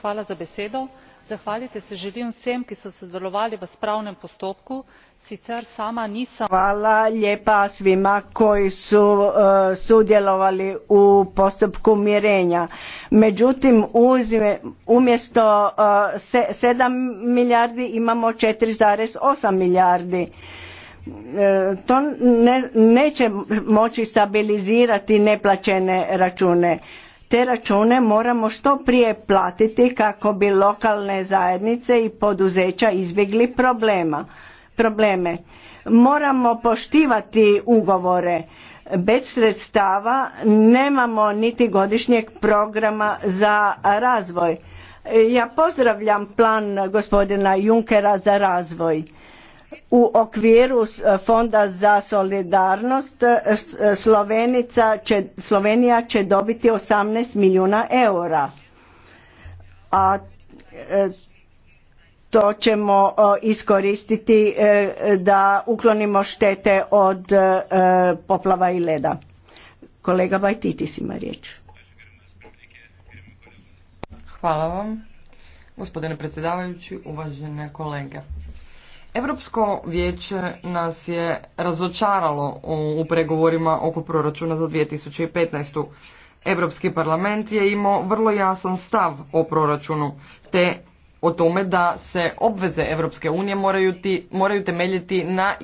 Speaker 2: hvala za besedo zahvaliti se želim vsem ki so sodelovali v spravnem postopku
Speaker 5: sicer sama nisam. hvala lijepa svima koji su eh, sudjelovali u postupku mirenja međutim umjesto eh, sedam milijardi imamo četiri osam milijardi eh, to ne, neće moći stabilizirati neplaćene račune te račune moramo što prije platiti kako bi lokalne zajednice i poduzeća izbjegli problema, probleme. Moramo poštivati ugovore. Bez sredstava nemamo niti godišnjeg programa za razvoj. Ja pozdravljam plan gospodina Junkera za razvoj u okviru e, Fonda za solidarnost e, e, Slovenica će, Slovenija će dobiti 18 milijuna eura. A to ćemo iskoristiti da uklonimo štete od poplava i leda. Kolega Bajtitis ima riječ.
Speaker 7: Hvala
Speaker 4: vam. Gospodine predsjedavajući, uvažene kolege. Europsko vijeće nas je razočaralo u pregovorima oko proračuna za 2015. Europski parlament je imao vrlo jasan stav o proračunu te o tome da se obveze Europske unije moraju temeljiti na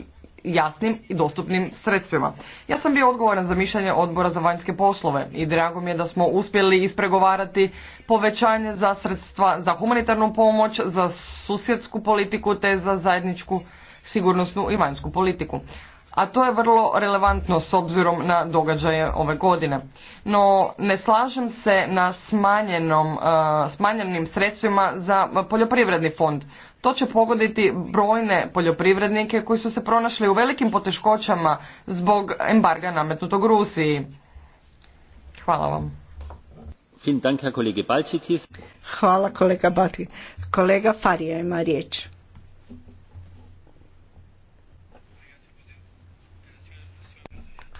Speaker 4: jasnim i dostupnim sredstvima. Ja sam bio odgovoran za mišljenje odbora za vanjske poslove i drago mi je da smo uspjeli ispregovarati povećanje za sredstva za humanitarnu pomoć, za susjedsku politiku te za zajedničku sigurnosnu i vanjsku politiku a to je vrlo relevantno s obzirom na događaje ove godine. No, ne slažem se na smanjenom, eh, smanjenim sredstvima za poljoprivredni fond. To će pogoditi brojne poljoprivrednike koji su se pronašli u velikim poteškoćama zbog embarga nametnutog Rusiji.
Speaker 5: Hvala vam. Hvala kolega bati Kolega Farija ima riječ.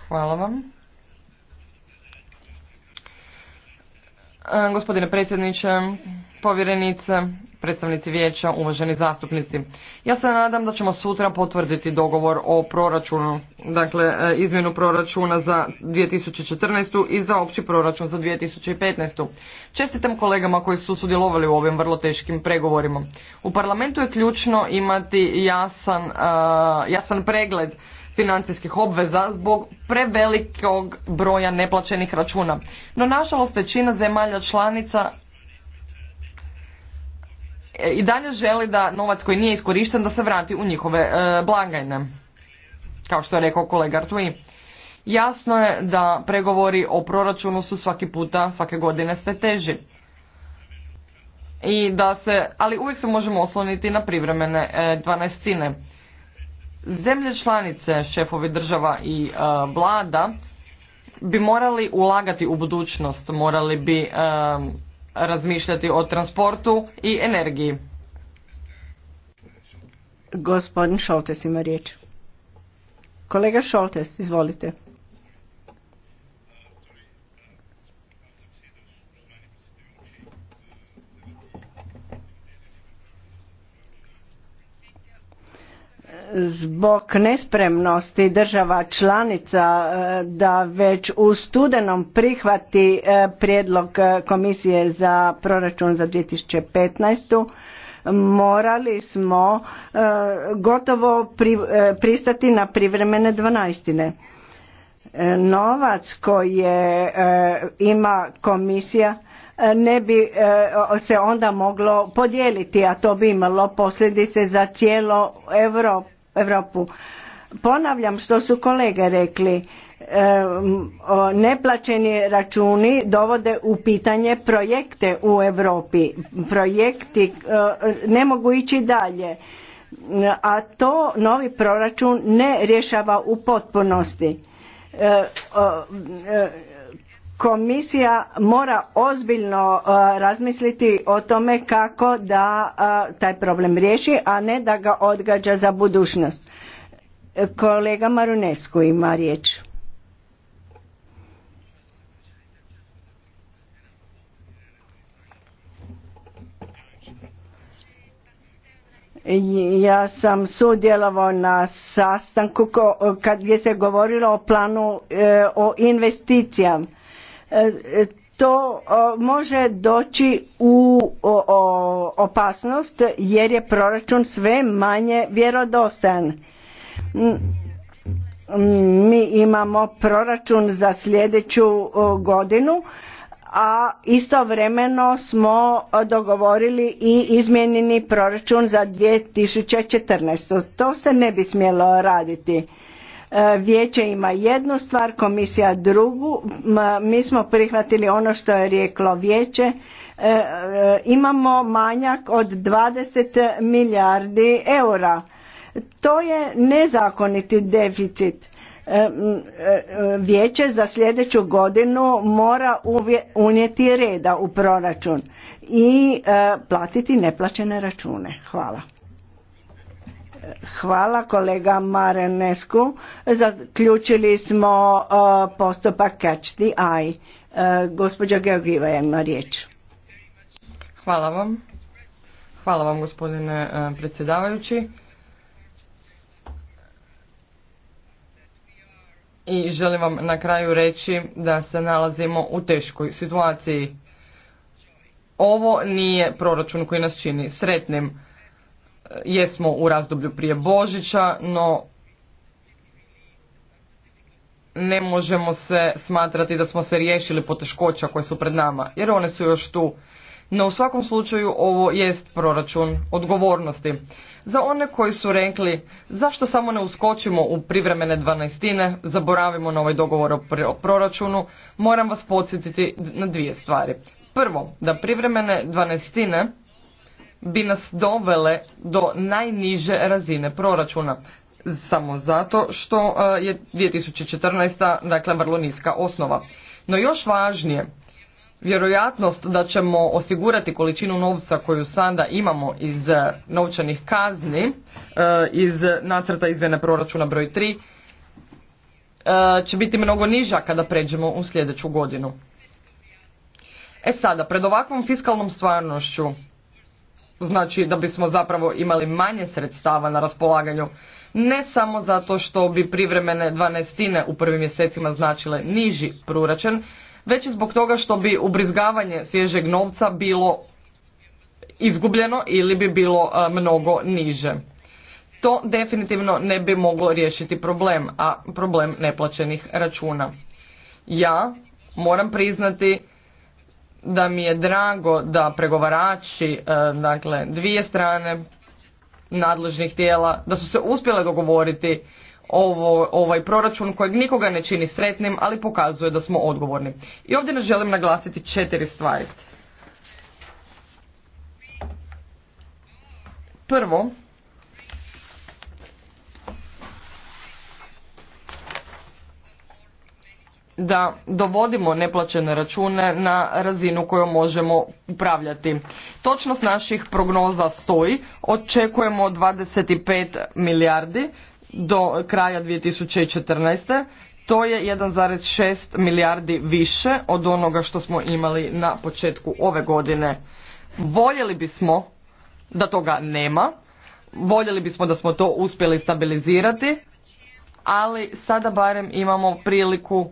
Speaker 5: Hvala vam.
Speaker 4: E, gospodine predsjedniče, povjerenice, predstavnici vijeća, uvaženi zastupnici. Ja se nadam da ćemo sutra potvrditi dogovor o proračunu, dakle e, izmjenu proračuna za 2014. i za opći proračun za 2015. Čestitam kolegama koji su sudjelovali u ovim vrlo teškim pregovorima. U parlamentu je ključno imati jasan, e, jasan pregled financijskih obveza zbog prevelikog broja neplaćenih računa. No, nažalost, većina zemalja članica E, i dalje želi da novac koji nije iskorišten da se vrati u njihove e, blagajne. Kao što je rekao kolega Artui. Jasno je da pregovori o proračunu su svaki puta, svake godine sve teži. I da se, ali uvijek se možemo osloniti na privremene e, dvanaestine. Zemlje članice, šefovi država i e, vlada bi morali ulagati u budućnost, morali bi e, razmišljati o
Speaker 5: transportu i energiji. Gospodin Šoltes ima riječ. Kolega Šoltes, izvolite. zbog nespremnosti država članica e, da već u studenom prihvati e, prijedlog e, komisije za proračun za 2015. morali smo gotovo pristati na privremene dvanaestine. Novac koji je, ima komisija ne bi se onda moglo podijeliti, a to bi imalo posljedice za cijelo Europu Europu. Ponavljam što su kolege rekli, neplaćeni računi dovode u pitanje projekte u Europi. Projekti e, ne mogu ići dalje, a to novi proračun ne rješava u potpunosti e, e, komisija mora ozbiljno e, razmisliti o tome kako da e, taj problem riješi, a ne da ga odgađa za budućnost. E, kolega Marunesku ima riječ. Ja sam sudjelovao na sastanku je se govorilo o planu o investicijama E, to može doći u opasnost jer je proračun sve manje vjerodostan. Mi imamo proračun za sljedeću godinu, a istovremeno smo dogovorili i izmijenjeni proračun za 2014. To se ne bi smjelo raditi E, vijeće ima jednu stvar, komisija drugu. Mi smo prihvatili ono što je rijeklo vijeće. E, e, imamo manjak od 20 milijardi eura. To je nezakoniti deficit. Vijeće za sljedeću godinu mora unijeti reda u proračun i platiti neplaćene račune. Hvala. Hvala kolega Marenesku. Zaključili smo e, postupak Catch the Eye. E, gospođa Georgiva na riječ. Hvala vam. Hvala vam gospodine e, predsjedavajući.
Speaker 4: I želim vam na kraju reći da se nalazimo u teškoj situaciji. Ovo nije proračun koji nas čini sretnim E, jesmo u razdoblju prije Božića, no ne možemo se smatrati da smo se riješili poteškoća koje su pred nama, jer one su još tu. No u svakom slučaju ovo jest proračun odgovornosti. Za one koji su rekli zašto samo ne uskočimo u privremene dvanaestine, zaboravimo na ovaj dogovor o proračunu, moram vas podsjetiti na dvije stvari. Prvo, da privremene dvanaestine bi nas dovele do najniže razine proračuna samo zato što e, je 2014. dakle vrlo niska osnova. No još važnije, vjerojatnost da ćemo osigurati količinu novca koju sada imamo iz e, novčanih kazni, e, iz nacrta izmjene proračuna broj 3, će biti mnogo niža kada pređemo u sljedeću godinu. E sada, pred ovakvom fiskalnom stvarnošću znači da bismo zapravo imali manje sredstava na raspolaganju ne samo zato što bi privremene dvanaestine u prvim mjesecima značile niži proračun, već i zbog toga što bi ubrizgavanje svježeg novca bilo izgubljeno ili bi bilo e, mnogo niže. To definitivno ne bi moglo riješiti problem, a problem neplaćenih računa. Ja moram priznati da mi je drago da pregovarači, e, dakle dvije strane nadležnih tijela, da su se uspjele dogovoriti ovo, ovaj proračun kojeg nikoga ne čini sretnim, ali pokazuje da smo odgovorni. I ovdje ne želim naglasiti četiri stvari. Prvo, da dovodimo neplaćene račune na razinu koju možemo upravljati. Točnost naših prognoza stoji, očekujemo 25 milijardi do kraja 2014. To je 1,6 milijardi više od onoga što smo imali na početku ove godine. Voljeli bismo da toga nema, voljeli bismo da smo to uspjeli stabilizirati, ali sada barem imamo priliku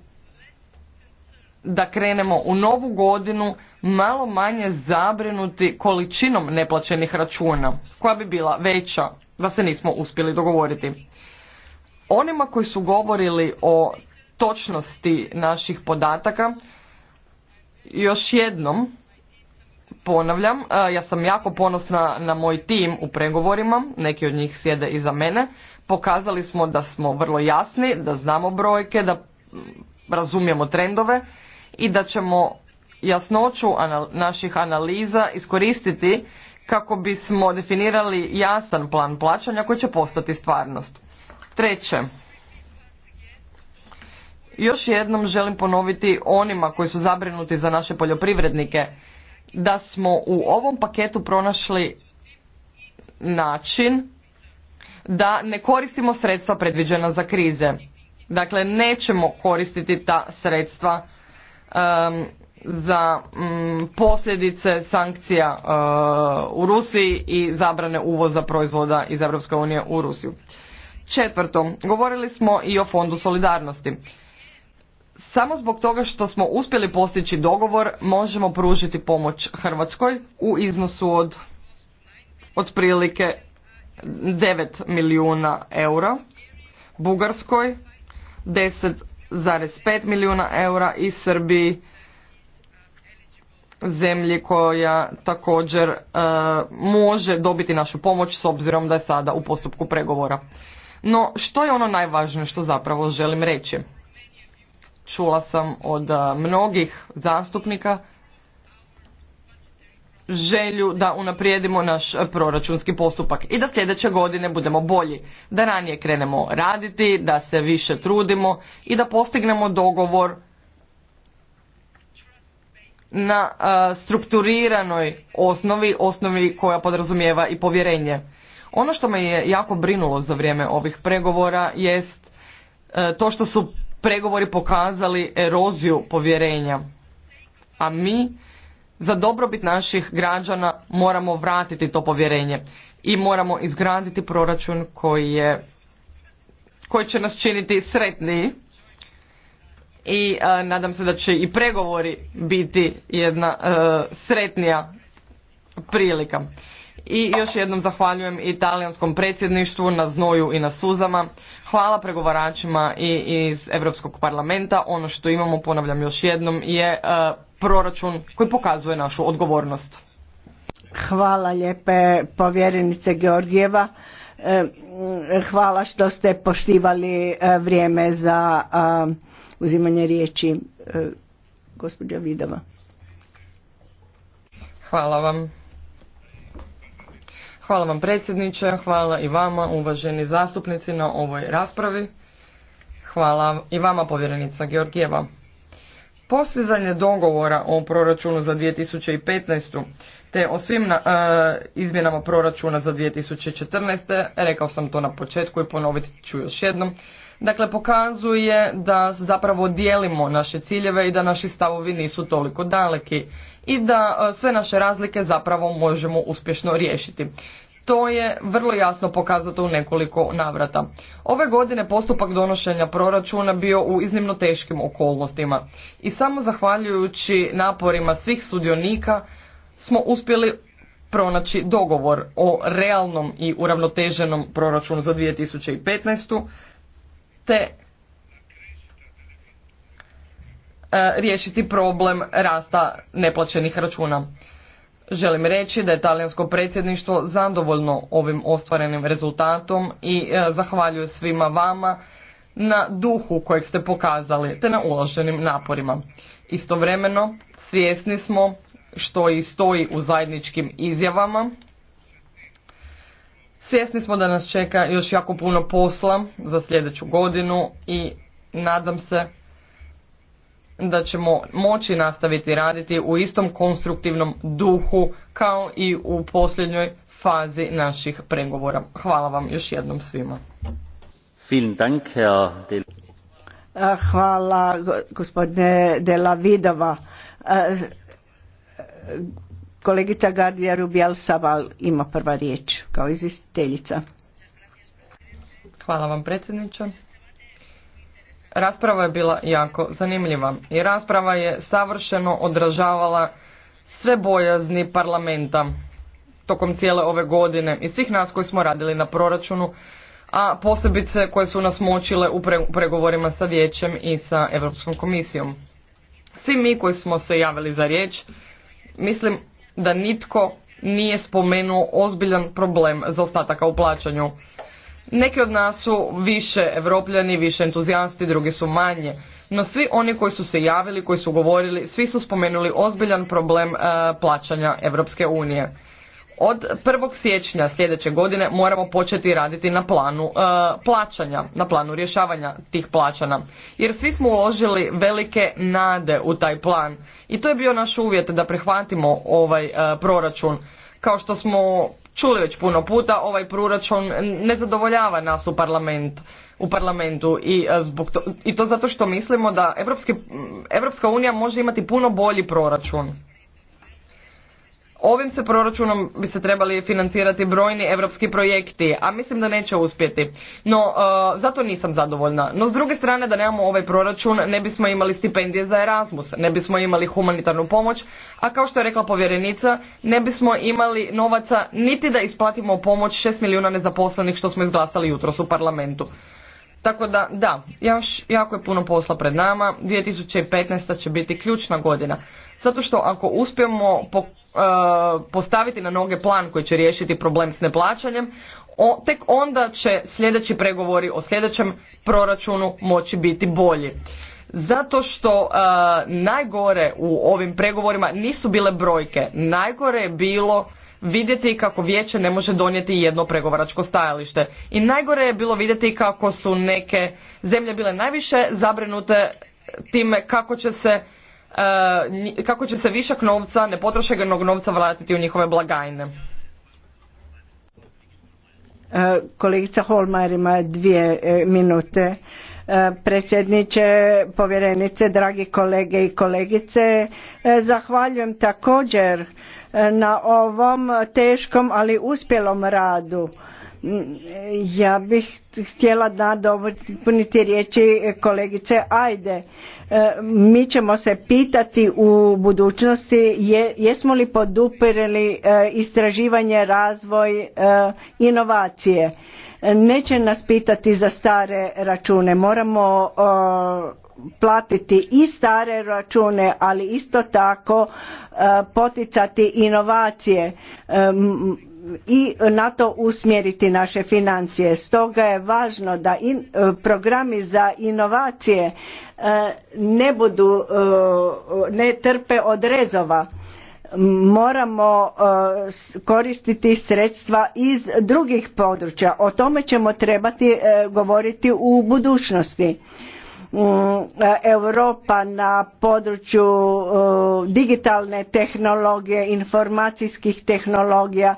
Speaker 4: da krenemo u novu godinu malo manje zabrinuti količinom neplaćenih računa, koja bi bila veća da se nismo uspjeli dogovoriti. Onima koji su govorili o točnosti naših podataka, još jednom ponavljam, ja sam jako ponosna na moj tim u pregovorima, neki od njih sjede iza mene, pokazali smo da smo vrlo jasni, da znamo brojke, da razumijemo trendove i da ćemo jasnoću naših analiza iskoristiti kako bismo definirali jasan plan plaćanja koji će postati stvarnost. Treće, još jednom želim ponoviti onima koji su zabrinuti za naše poljoprivrednike da smo u ovom paketu pronašli način da ne koristimo sredstva predviđena za krize. Dakle, nećemo koristiti ta sredstva Um, za mm, posljedice sankcija uh, u Rusiji i zabrane uvoza proizvoda iz Europske unije u Rusiju. Četvrto, govorili smo i o fondu solidarnosti. Samo zbog toga što smo uspjeli postići dogovor, možemo pružiti pomoć Hrvatskoj u iznosu od otprilike 9 milijuna eura, Bugarskoj 10 1,5 milijuna eura i Srbiji zemlji koja također e, može dobiti našu pomoć s obzirom da je sada u postupku pregovora. No, što je ono najvažnije što zapravo želim reći? Čula sam od e, mnogih zastupnika želju da unaprijedimo naš e, proračunski postupak i da sljedeće godine budemo bolji, da ranije krenemo raditi, da se više trudimo i da postignemo dogovor na e, strukturiranoj osnovi, osnovi koja podrazumijeva i povjerenje. Ono što me je jako brinulo za vrijeme ovih pregovora jest e, to što su pregovori pokazali eroziju povjerenja. A mi za dobrobit naših građana moramo vratiti to povjerenje i moramo izgraditi proračun koji je koji će nas činiti sretniji i e, nadam se da će i pregovori biti jedna e, sretnija prilika. I još jednom zahvaljujem italijanskom predsjedništvu na znoju i na suzama. Hvala pregovaračima i iz Europskog parlamenta. Ono što imamo, ponavljam još jednom, je e, proračun koji pokazuje našu odgovornost.
Speaker 5: Hvala lijepe povjerenice Georgijeva. E, hvala što ste poštivali e, vrijeme za uzimanje riječi e, gospođa Vidova.
Speaker 4: Hvala vam. Hvala vam predsjedniče, hvala i vama uvaženi zastupnici na ovoj raspravi. Hvala i vama povjerenica Georgijeva. Postizanje dogovora o proračunu za 2015. te o svim e, izmjenama proračuna za 2014. rekao sam to na početku i ponoviti ću još jednom. Dakle, pokazuje da zapravo dijelimo naše ciljeve i da naši stavovi nisu toliko daleki i da e, sve naše razlike zapravo možemo uspješno riješiti. To je vrlo jasno pokazato u nekoliko navrata. Ove godine postupak donošenja proračuna bio u iznimno teškim okolnostima i samo zahvaljujući naporima svih sudionika smo uspjeli pronaći dogovor o realnom i uravnoteženom proračunu za 2015. te e, riješiti problem rasta neplaćenih računa. Želim reći da je talijansko predsjedništvo zadovoljno ovim ostvarenim rezultatom i e, zahvaljujem svima vama na duhu kojeg ste pokazali te na uloženim naporima. Istovremeno svjesni smo što i stoji u zajedničkim izjavama. Svjesni smo da nas čeka još jako puno posla za sljedeću godinu i nadam se da ćemo moći nastaviti raditi u istom konstruktivnom duhu kao i u posljednjoj fazi naših pregovora. Hvala vam još jednom svima.
Speaker 5: Hvala gospodine Dela Vidova. Kolegica Gardija Rubijal Saval ima prva riječ kao izvjestiteljica.
Speaker 4: Hvala vam predsjedniče. Rasprava je bila jako zanimljiva i rasprava je savršeno odražavala sve bojazni parlamenta tokom cijele ove godine i svih nas koji smo radili na proračunu, a posebice koje su nas močile u pregovorima sa vijećem i sa Europskom komisijom. Svi mi koji smo se javili za riječ, mislim da nitko nije spomenuo ozbiljan problem ostataka u plaćanju. Neki od nas su više evropljani, više entuzijasti, drugi su manje. No svi oni koji su se javili, koji su govorili, svi su spomenuli ozbiljan problem e, plaćanja Europske unije. Od 1. siječnja sljedeće godine moramo početi raditi na planu e, plaćanja, na planu rješavanja tih plaćana. Jer svi smo uložili velike nade u taj plan i to je bio naš uvjet da prihvatimo ovaj e, proračun. Kao što smo čuli već puno puta, ovaj proračun ne zadovoljava nas u parlament u parlamentu i, e, zbog to, i to zato što mislimo da Evropski, Evropska unija može imati puno bolji proračun. Ovim se proračunom bi se trebali financirati brojni europski projekti, a mislim da neće uspjeti. No, e, zato nisam zadovoljna. No, s druge strane, da nemamo ovaj proračun, ne bismo imali stipendije za Erasmus, ne bismo imali humanitarnu pomoć, a kao što je rekla povjerenica, ne bismo imali novaca niti da isplatimo pomoć 6 milijuna nezaposlenih što smo izglasali jutros u parlamentu. Tako da, da, još jako je puno posla pred nama, 2015. će biti ključna godina. Zato što ako uspijemo e, postaviti na noge plan koji će riješiti problem s neplaćanjem, o, tek onda će sljedeći pregovori o sljedećem proračunu moći biti bolji. Zato što e, najgore u ovim pregovorima nisu bile brojke. Najgore je bilo vidjeti kako vijeće ne može donijeti jedno pregovaračko stajalište. I najgore je bilo vidjeti kako su neke zemlje bile najviše zabrinute time kako će se Eh, kako će se višak novca, nepotrošenog novca vratiti u njihove blagajne.
Speaker 5: Eh, kolegica Holmajer ima dvije eh, minute. Predsjedniče, povjerenice, dragi kolege i kolegice, zahvaljujem također na ovom teškom ali uspjelom radu. Mm, ja bih htjela da puniti riječi kolegice Ajde E, mi ćemo se pitati u budućnosti jesmo li podupirali e, istraživanje, razvoj, e, inovacije. Neće nas pitati za stare račune. Moramo platiti i stare račune, ali isto tako poticati inovacije i na to usmjeriti naše financije. Stoga je važno da programi za inovacije E, ne budu, e, ne trpe od rezova. Moramo e, koristiti sredstva iz drugih područja. O tome ćemo trebati govoriti u budućnosti. Mm, Europa na području digitalne tehnologije, informacijskih tehnologija,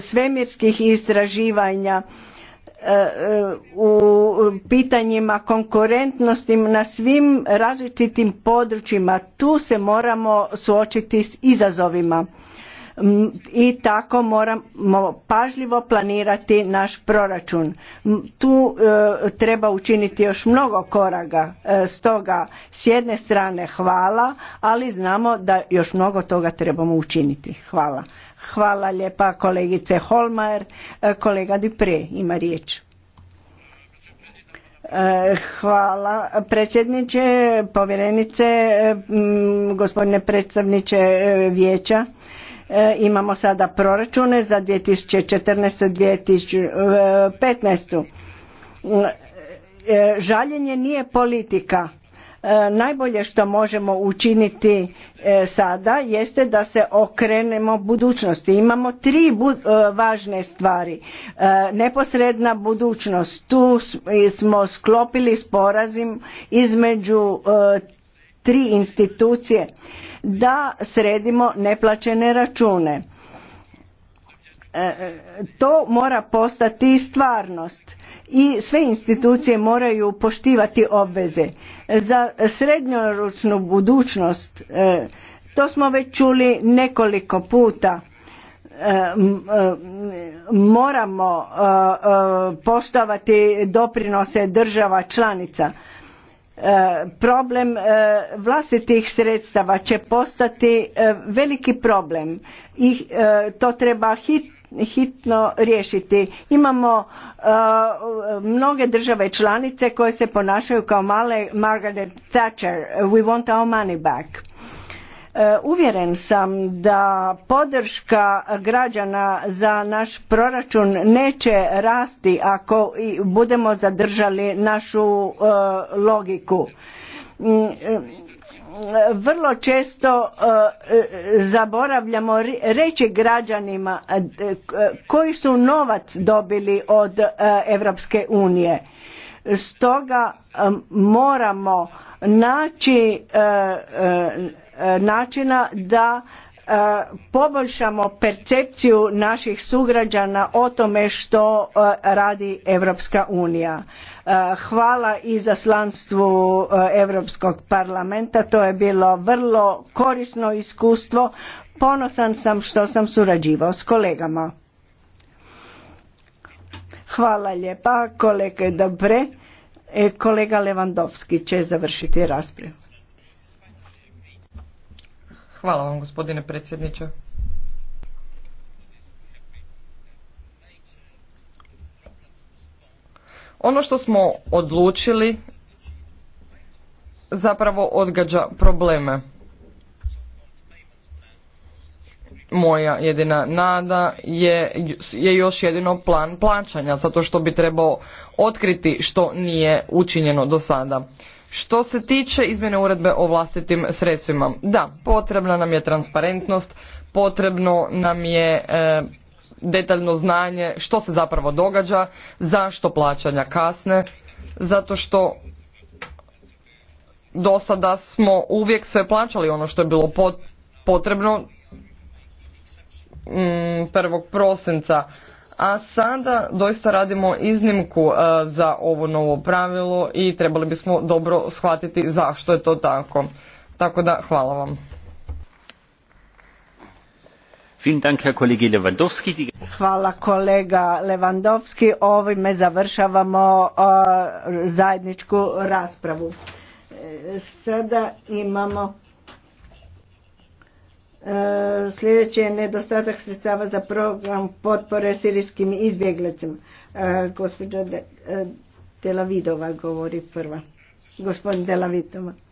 Speaker 5: svemirskih istraživanja E, u pitanjima konkurentnosti na svim različitim područjima. Tu se moramo suočiti s izazovima i tako moramo pažljivo planirati naš proračun. Tu e, treba učiniti još mnogo koraka. E, stoga s jedne strane hvala, ali znamo da još mnogo toga trebamo učiniti. Hvala. Hvala lijepa kolegice Holmajer. E, kolega Dupre ima riječ. E, hvala predsjedniče, povjerenice, e, gospodine predstavniče vijeća. Imamo sada proračune za 2014. 2015. Žaljenje nije politika E, najbolje što možemo učiniti e, sada jeste da se okrenemo budućnosti. Imamo tri e, važne stvari. Neposredna budućnost. Tu smo sklopili sporazim između tri institucije da sredimo neplaćene račune. To mora postati stvarnost i sve institucije moraju poštivati obveze za srednjoročnu budućnost e, to smo već čuli nekoliko puta e, e, moramo poštovati doprinose država članica problem vlastitih sredstava će postati veliki problem i to treba hit hitno riješiti. Imamo e, mnoge države članice koje se ponašaju kao male Margaret Thatcher. We want our money back. E, uvjeren sam da podrška građana za naš proračun neće rasti ako budemo zadržali našu e, logiku. Mm, vrlo često e, zaboravljamo reći građanima e, e, koji su novac dobili od Europske unije. Stoga moramo naći načina da poboljšamo percepciju naših sugrađana o tome što radi Europska unija Eh, hvala i slanstvu Europskog eh, parlamenta, to je bilo vrlo korisno iskustvo. Ponosan sam što sam surađivao s kolegama. Hvala lijepa, kolege Dobre. E, kolega Levandovski će završiti raspravu.
Speaker 4: Hvala vam gospodine predsjedniče. Ono što smo odlučili zapravo odgađa probleme. Moja jedina nada je, je još jedino plan plaćanja, zato što bi trebao otkriti što nije učinjeno do sada. Što se tiče izmjene uredbe o vlastitim sredstvima, da, potrebna nam je transparentnost, potrebno nam je e, detaljno znanje što se zapravo događa, zašto plaćanja kasne, zato što do sada smo uvijek sve plaćali ono što je bilo potrebno mm, prvog prosinca. A sada doista radimo iznimku e, za ovo novo pravilo i trebali bismo dobro shvatiti zašto je to tako.
Speaker 5: Tako da hvala vam. Hvala kolega Levandovski. Ovime završavamo zajedničku raspravu. E, sada imamo e, sljedeći je nedostatak sredstava za program potpore sirijskim izbjeglicama. E, gospođa Delavidova govori prva. Gospodin Delavidova.